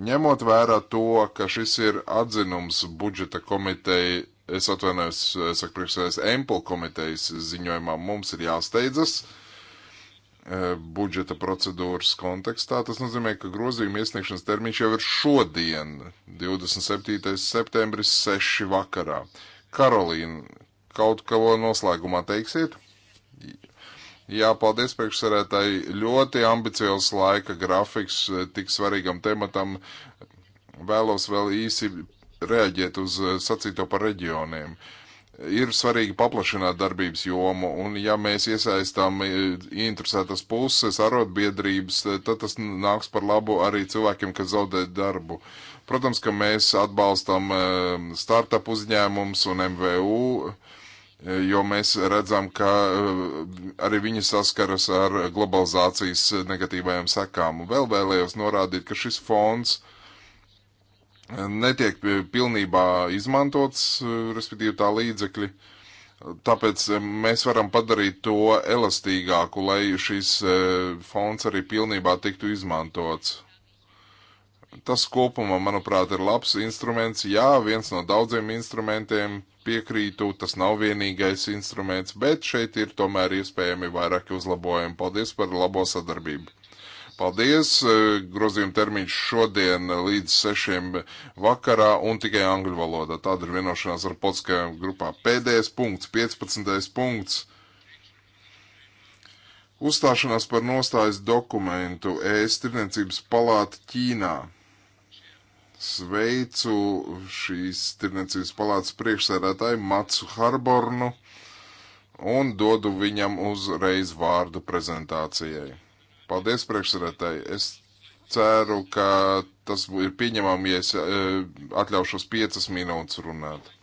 Ņemot vērā to, ka šis ir atzinums budžeta komiteja, es atvainojos, saka priekšsēdēs, Empul komitejas ziņojumā, mums ir jāsteidzas eh, budžeta procedūras kontekstā. Tas nozīmē, ka grozījuma iesniegšanas termiņš jau ir šodien, 27. septembris, 6. vakarā. Karolīna, kaut ko noslēgumā teiksiet? Jā, paldies priekšsarētāji. Ļoti ambiciozs laika grafiks eh, tik svarīgam tematam. Vēlos vēl īsi reaģēt uz eh, sacīto par reģioniem. Ir svarīgi paplašināt darbības jomu, un ja mēs iesaistām eh, interesētas puses, arotbiedrības, tad tas nāks par labu arī cilvēkiem, kas zaudē darbu. Uh, Protams, ka mēs atbalstam eh, startup uzņēmums un MVU, eh, jo mēs redzam, ka eh, arī viņi saskaras ar globalizācijas negatīvajām sekām. Vēl vēlējos norādīt, ka šis fonds netiek pilnībā izmantots, respektīvi tā līdzekļi. Tāpēc mēs varam padarīt to elastīgāku, lai šis fonds arī pilnībā tiktu izmantots. Tas kopumā, manuprāt, ir labs instruments. Jā, viens no daudziem instrumentiem piekrītu, tas nav vienīgais instruments, bet šeit ir tomēr iespējami vairāki uzlabojumi. Paldies par labo sadarbību! Paldies! Grozījuma termiņš šodien līdz sešiem vakarā un tikai angļu valodā. Tāda ir vienošanās ar podskajām grupām. Pēdējais punkts, 15. punkts. Uzstāšanās par nostājas dokumentu ēst e tirniecības palāta Ķīnā. Sveicu šīs tirnecības palātas priekšsēdētāju Matsu Harbornu un dodu viņam uzreiz vārdu prezentācijai. Paldies priekšsēdētāji. Es ceru, ka tas ir pieņemami, ja es eh, atļaušos piecas minūtes runāt.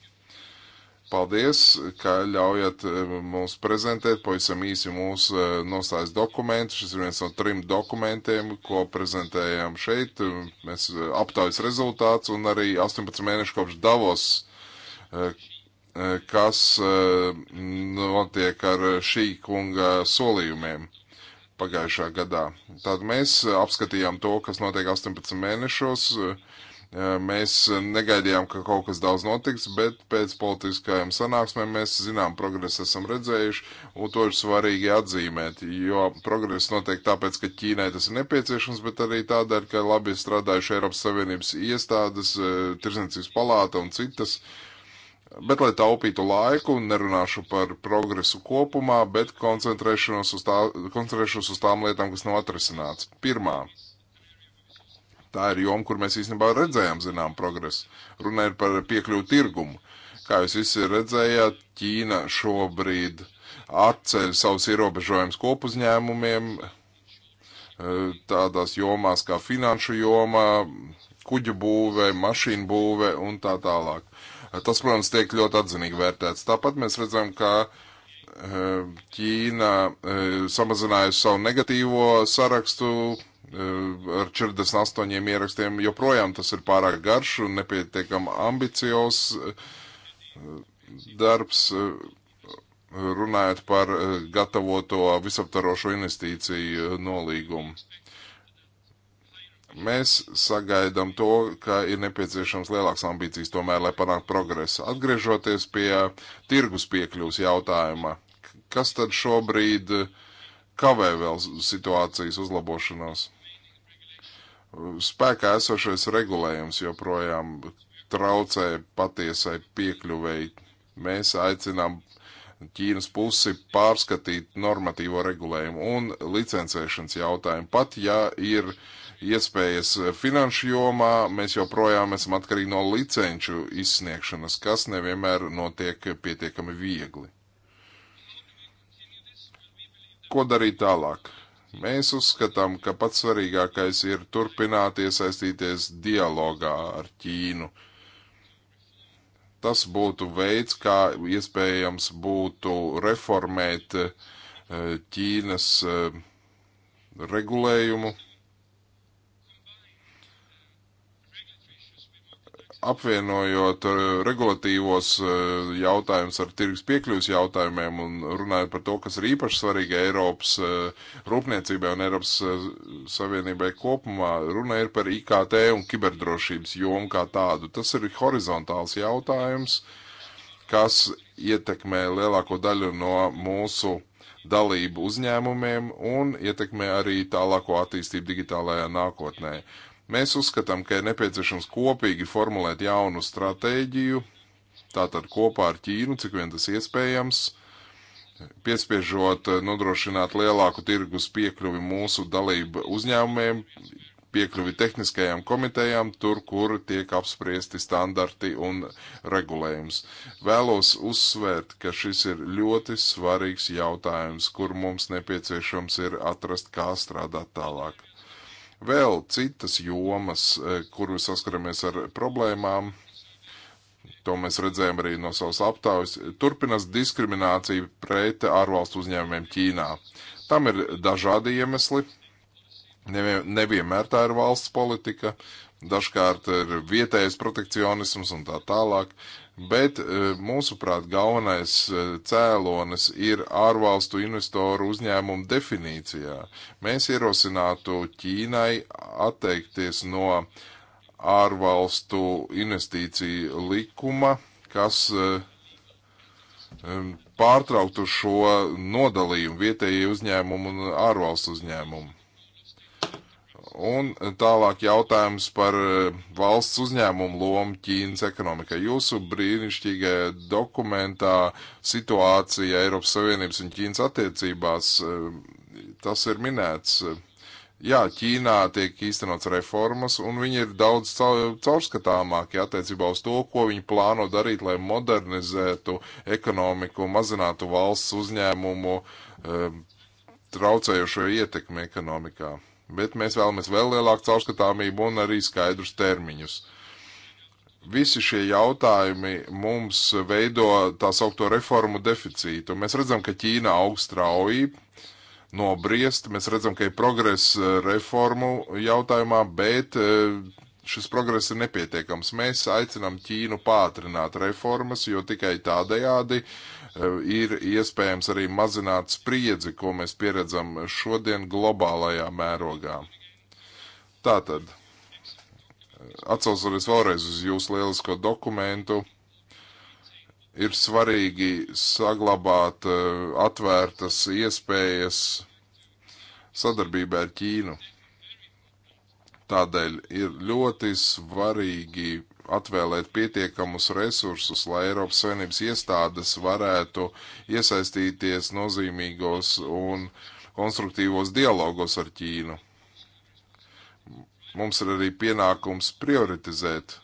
Paldies, ka ļaujat eh, mums prezentēt pavisam īsi mūsu eh, nostājas dokumentu. Šis ir viens no trim dokumentiem, ko prezentējām šeit. Mēs eh, aptaujas rezultāts un arī 18 mēnešu kopš Davos, kas notiek ar šī kunga solījumiem pagājušā gadā. Tad mēs apskatījām to, kas notiek 18 mēnešos Mēs negaidījām, ka kaut kas daudz notiks, bet pēc politiskajām sanāksmēm mēs zinām, progresu esam redzējuši, un to ir svarīgi atzīmēt, jo progress notiek tāpēc, ka Ķīnai tas ir nepieciešams, bet arī tādēļ, ka labi strādājuši Eiropas Savienības iestādes, Tirzniecības palāta un citas. Bet, lai taupītu laiku, nerunāšu par progresu kopumā, bet koncentrēšos uz, tā, koncentrēšos uz tām lietām, kas nav atrisināts. Pirmā Tā ir joma, kur mēs īstenībā redzējām zinām progresu. Runa ir par piekļuvu tirgumu. Kā jūs visi redzējāt, Ķīna šobrīd atceļ savus ierobežojumus kopuzņēmumiem eh, tādās jomās kā finanšu joma, kuģu būve, mašīnu būve un tā tālāk. Tas, protams, tiek ļoti atzinīgi vērtēts. Tāpat mēs redzam, ka uh, Ķīna eh, samazinājusi savu negatīvo sarakstu ar 48 ierakstiem, joprojām tas ir pārāk garš un nepietiekam ambicios darbs, runājot par gatavoto visaptarošo investīciju nolīgumu. Mēs sagaidām to, ka ir nepieciešams lielāks ambīcijas tomēr, lai panāktu progresu. Atgriežoties pie tirgus piekļūs jautājuma, kas tad šobrīd kavē vēl situācijas uzlabošanos? Spēkā esošais regulējums joprojām traucē patiesai piekļuvēji. Mēs aicinām Ķīnas pusi pārskatīt normatīvo regulējumu un licencēšanas jautājumu. Pat ja ir iespējas finanšu jomā, mēs joprojām esam atkarīgi no licenču izsniegšanas, kas nevienmēr notiek pietiekami viegli. Ko darīt tālāk? Mēs uzskatām, ka pats svarīgākais ir turpināt iesaistīties dialogā ar Ķīnu. Tas būtu veids, kā iespējams būtu reformēt eh, Ķīnas eh, regulējumu apvienojot eh, regulatīvos eh, jautājumus ar tirgus piekļuvis jautājumiem un runājot par to, kas ir īpaši svarīgi Eiropas eh, rūpniecībai un Eiropas Savienībai kopumā, runa ir par IKT un kiberdrošības jomu kā tādu. Tas ir horizontāls jautājums, kas ietekmē lielāko daļu no mūsu dalību uzņēmumiem un ietekmē arī tālāko attīstību digitālajā nākotnē. Uh, Mēs uzskatām, ka ir nepieciešams kopīgi formulēt jaunu stratēģiju, tātad kopā ar Ķīnu, cik vien tas iespējams, piespiežot eh, nodrošināt lielāku tirgus piekļuvi mūsu dalību uzņēmumiem, piekļuvi tehniskajām komitejām, tur, kur tiek apspriesti standarti un regulējums. Vēlos uzsvērt, ka šis ir ļoti svarīgs jautājums, kur mums nepieciešams ir atrast, kā strādāt tālāk vēl citas jomas, eh, kur mēs saskaramies ar problēmām. To mēs redzējām arī no savas aptaujas. Turpinās diskriminācija pret ārvalstu uzņēmumiem Ķīnā. Tam ir dažādi iemesli. Nevienmēr tā ir valsts politika, dažkārt ir vietējais protekcionisms un tā tālāk. Bet e, mūsuprāt, galvenais e, cēlonis ir ārvalstu investoru uzņēmumu definīcijā. Mēs ierosinātu Ķīnai atteikties no ārvalstu investīciju likuma, kas e, pārtrauktu šo nodalījumu vietējie uzņēmumi un ārvalstu uzņēmumi. Un tālāk jautājums par e, valsts uzņēmumu lomu Ķīnas ekonomikai. Jūsu brīnišķīgajā dokumentā situācija Eiropas Savienības un Ķīnas attiecībās, e, tas ir minēts. Jā, Ķīnā tiek īstenots reformas, un viņi ir daudz caurskatāmāki attiecībā uz to, ko viņi plāno darīt, lai modernizētu ekonomiku, mazinātu valsts uzņēmumu e, traucējošo ietekmi ekonomikā bet mēs vēlamies vēl lielāku caurskatāmību un arī skaidrus termiņus. Visi šie jautājumi mums veido tā saukto reformu deficītu. Mēs redzam, ka Ķīna aug strauji, nobriest, mēs redzam, ka ir progress e, reformu jautājumā, bet e, šis progress ir nepietiekams. Mēs aicinām Ķīnu pātrināt reformas, jo tikai tādējādi uh, Eh, ir iespējams arī mazināt spriedzi, ko mēs pieredzam šodien globālajā mērogā. Tātad, eh, atsaucoties vēlreiz uz jūsu lielisko dokumentu, ir svarīgi saglabāt eh, atvērtas iespējas sadarbībā ar Ķīnu. Tādēļ ir ļoti svarīgi atvēlēt pietiekamus resursus, lai Eiropas Savienības iestādes varētu iesaistīties nozīmīgos un konstruktīvos dialogos ar Ķīnu. Mums ir arī pienākums prioritizēt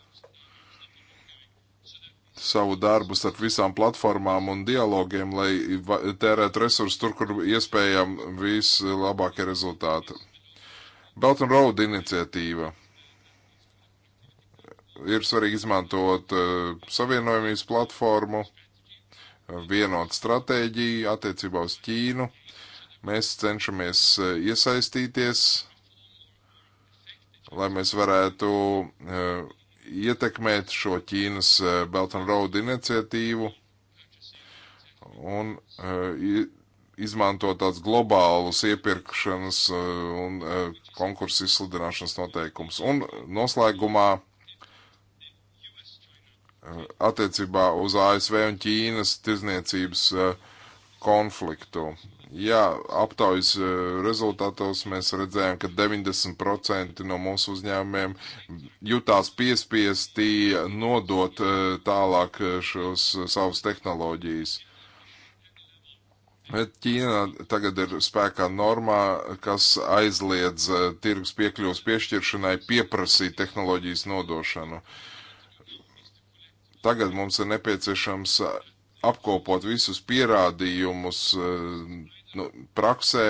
savu darbu starp visām platformām un dialogiem, lai tērētu resursus tur, kur iespējami vislabākie rezultāti. Belt and Road iniciatīva ir svarīgi izmantot uh, savienojumības platformu, eh, vienot stratēģiju attiecībā uz Ķīnu. Mēs cenšamies uh, iesaistīties, lai mēs varētu uh, ietekmēt šo Ķīnas Belt and Road iniciatīvu un izmantot tāds globālus iepirkšanas un konkursu izsludināšanas noteikums. Un noslēgumā uh, attiecībā uz ASV un Ķīnas tirzniecības eh, konfliktu. Jā, aptaujas eh, rezultātos mēs redzējām, ka 90% no mūsu uzņēmumiem jutās piespiesti nodot eh, tālāk šos savus tehnoloģijas. Bet Ķīna tagad ir spēkā normā, kas aizliedz tirgus piekļuvas piešķiršanai pieprasīt tehnoloģijas nodošanu. Uh, Tagad mums ir nepieciešams uh, apkopot visus pierādījumus uh, nu, praksē,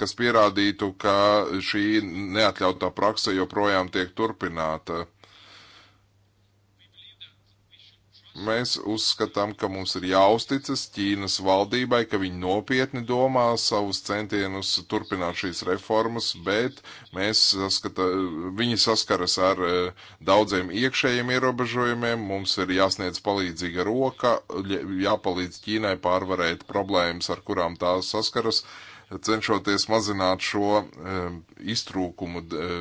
kas pierādītu, ka šī neatļautā prakse joprojām tiek turpināta. Mēs uzskatām, ka mums ir jāuzticas Ķīnas valdībai, ka viņi nopietni domā savus centienus turpināt šīs reformas, bet mēs saskata, viņi saskaras ar eh, daudziem iekšējiem ierobežojumiem, mums ir jāsniedz palīdzīga roka, jāpalīdz Ķīnai pārvarēt problēmas, ar kurām tā saskaras cenšoties mazināt šo e, iztrūkumu e,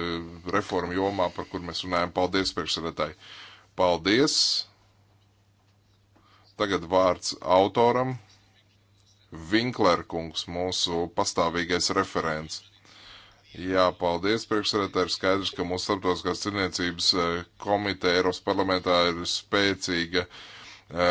reformu jomā, par kur mēs runājam. Paldies, priekšsēdētāji! Paldies! Tagad vārds autoram. Vinklerkungs, mūsu pastāvīgais referents. Jā, paldies, priekšsēdētāji. Ir skaidrs, ka mūsu starptautiskās cilvēcības e, komiteja Eiropas parlamentā ir spēcīga, e,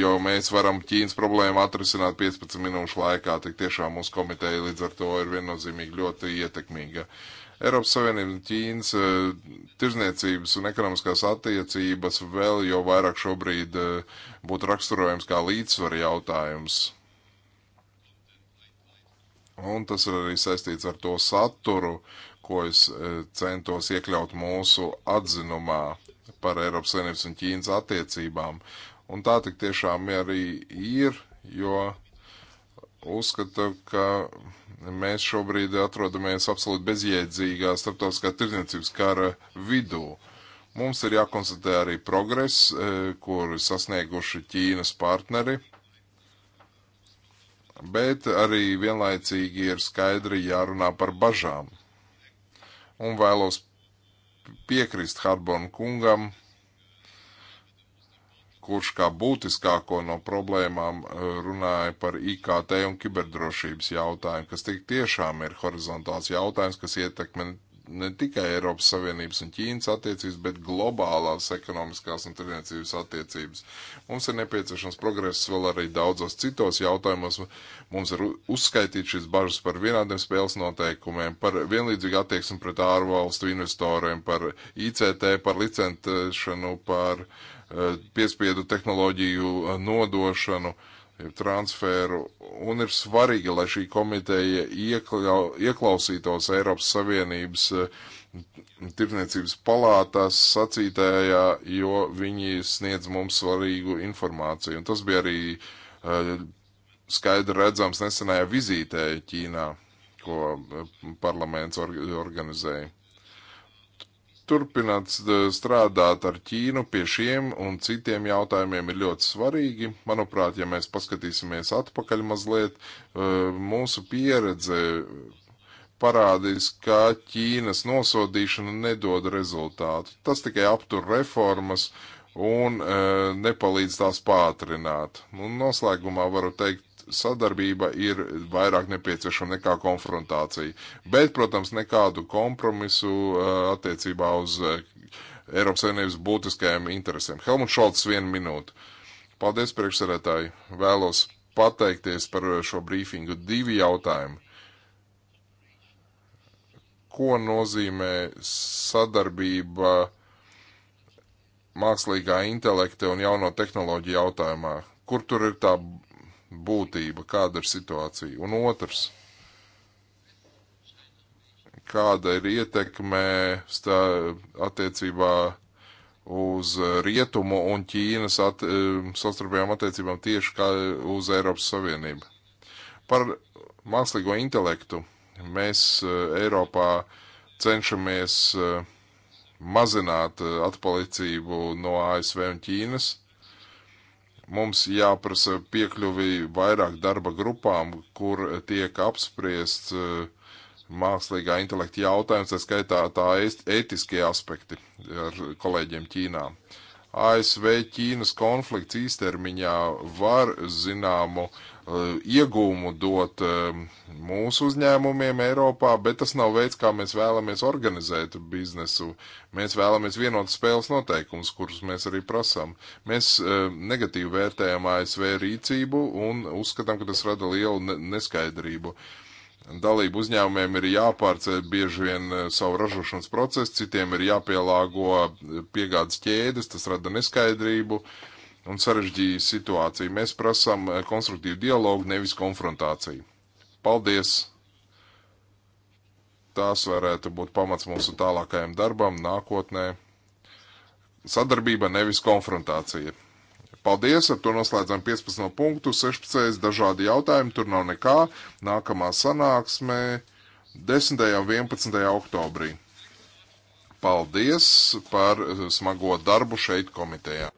jo mēs varam Ķīnas problēmu atrisināt 15 minūšu laikā. Tik tiešām mūsu komiteja līdz ar to ir viennozīmīgi ļoti ietekmīga. Uh, Eiropas Savienības un Ķīnas eh, tirzniecības un ekonomiskās attiecības vēl jau vairāk šobrīd eh, būtu raksturojams kā līdzsvara jautājums. Un tas ir arī saistīts ar to saturu, ko es eh, centos iekļaut mūsu atzinumā par Eiropas Savienības un Ķīnas attiecībām. Un tā tik tiešām arī ir, jo uzskata, ka mēs šobrīd atrodamies absolūti bezjēdzīgā starptautiskā tirdzniecības kara vidū. Mums ir jākonstatē arī progress, e, kur sasnieguši Ķīnas partneri bet arī vienlaicīgi ir skaidri jārunā par bažām. Un vēlos piekrist Harbona kungam kurš kā būtiskāko no problēmām eh, runāja par IKT un kiberdrošības jautājumu, kas tik tiešām ir horizontāls jautājums, kas ietekmē ne tikai Eiropas Savienības un Ķīnas attiecības, bet globālās ekonomiskās un tirniecības attiecības. Mums ir nepieciešams progress vēl arī daudzos citos jautājumos. Mums ir uzskaitīt šīs bažas par vienādiem spēles noteikumiem, par vienlīdzīgu attieksmi pret ārvalstu investoriem, par ICT, par licentēšanu, par uh, piespiedu tehnoloģiju nodošanu, transferu, un ir svarīgi, lai šī komiteja ieklau, ieklausītos Eiropas Savienības eh, tirniecības palātās sacītājā, jo viņi sniedz mums svarīgu informāciju. Un tas bija arī uh, skaidri redzams nesenajā vizītē Ķīnā, ko eh, parlaments or organizēja turpināt eh, strādāt ar Ķīnu pie šiem un citiem jautājumiem ir ļoti svarīgi. Manuprāt, ja mēs paskatīsimies atpakaļ mazliet, eh, mūsu pieredze parādīs, ka Ķīnas nosodīšana nedod rezultātu. Tas tikai aptur reformas un eh, nepalīdz tās pātrināt. Un noslēgumā varu teikt sadarbība ir vairāk nepieciešama nekā konfrontācija. Bet, protams, nekādu kompromisu uh, attiecībā uz uh, Eiropas Savienības būtiskajiem interesēm. Helmut Šolts, viena minūte. Paldies, priekšsarētāji. Vēlos pateikties par uh, šo brīfingu. Divi jautājumi. Ko nozīmē sadarbība mākslīgā intelekta un jauno tehnoloģiju jautājumā? Kur tur ir tā būtība, kāda ir situācija. Un otrs, kāda ir ietekme stā, attiecībā uz rietumu un Ķīnas at, um, sastarpējām attiecībām tieši kā uz Eiropas Savienību. Par mākslīgo intelektu mēs uh, Eiropā cenšamies uh, mazināt uh, atpalicību no ASV un Ķīnas Mums jāprasa piekļuvi vairāk darba grupām, kur tiek apspriests eh, mākslīgā intelekta jautājums, tā skaitā tā ētiskie aspekti ar kolēģiem Ķīnā. ASV Ķīnas konflikts īstermiņā var zināmu uh, Eh, iegūmu dot eh, mūsu uzņēmumiem Eiropā, bet tas nav veids, kā mēs vēlamies organizēt biznesu. Mēs vēlamies vienotas spēles noteikumus, kurus mēs arī prasām. Mēs eh, negatīvi vērtējam ASV rīcību un uzskatām, ka tas rada lielu neskaidrību. Dalību uzņēmumiem ir jāpārceļ bieži vien savu ražošanas procesu, citiem ir jāpielāgo piegādes ķēdes, tas rada neskaidrību. Uh, un sarežģīja situāciju. Mēs prasām eh, konstruktīvu dialogu, nevis konfrontāciju. Paldies! Tās varētu būt pamats mūsu tālākajam darbam nākotnē. Sadarbība, nevis konfrontācija. Paldies, ar to noslēdzam 15 punktu, 16 dažādi jautājumi, tur nav nekā. Nākamā sanāksme 10. un 11. oktobrī. Paldies par eh, smago darbu šeit komitejā.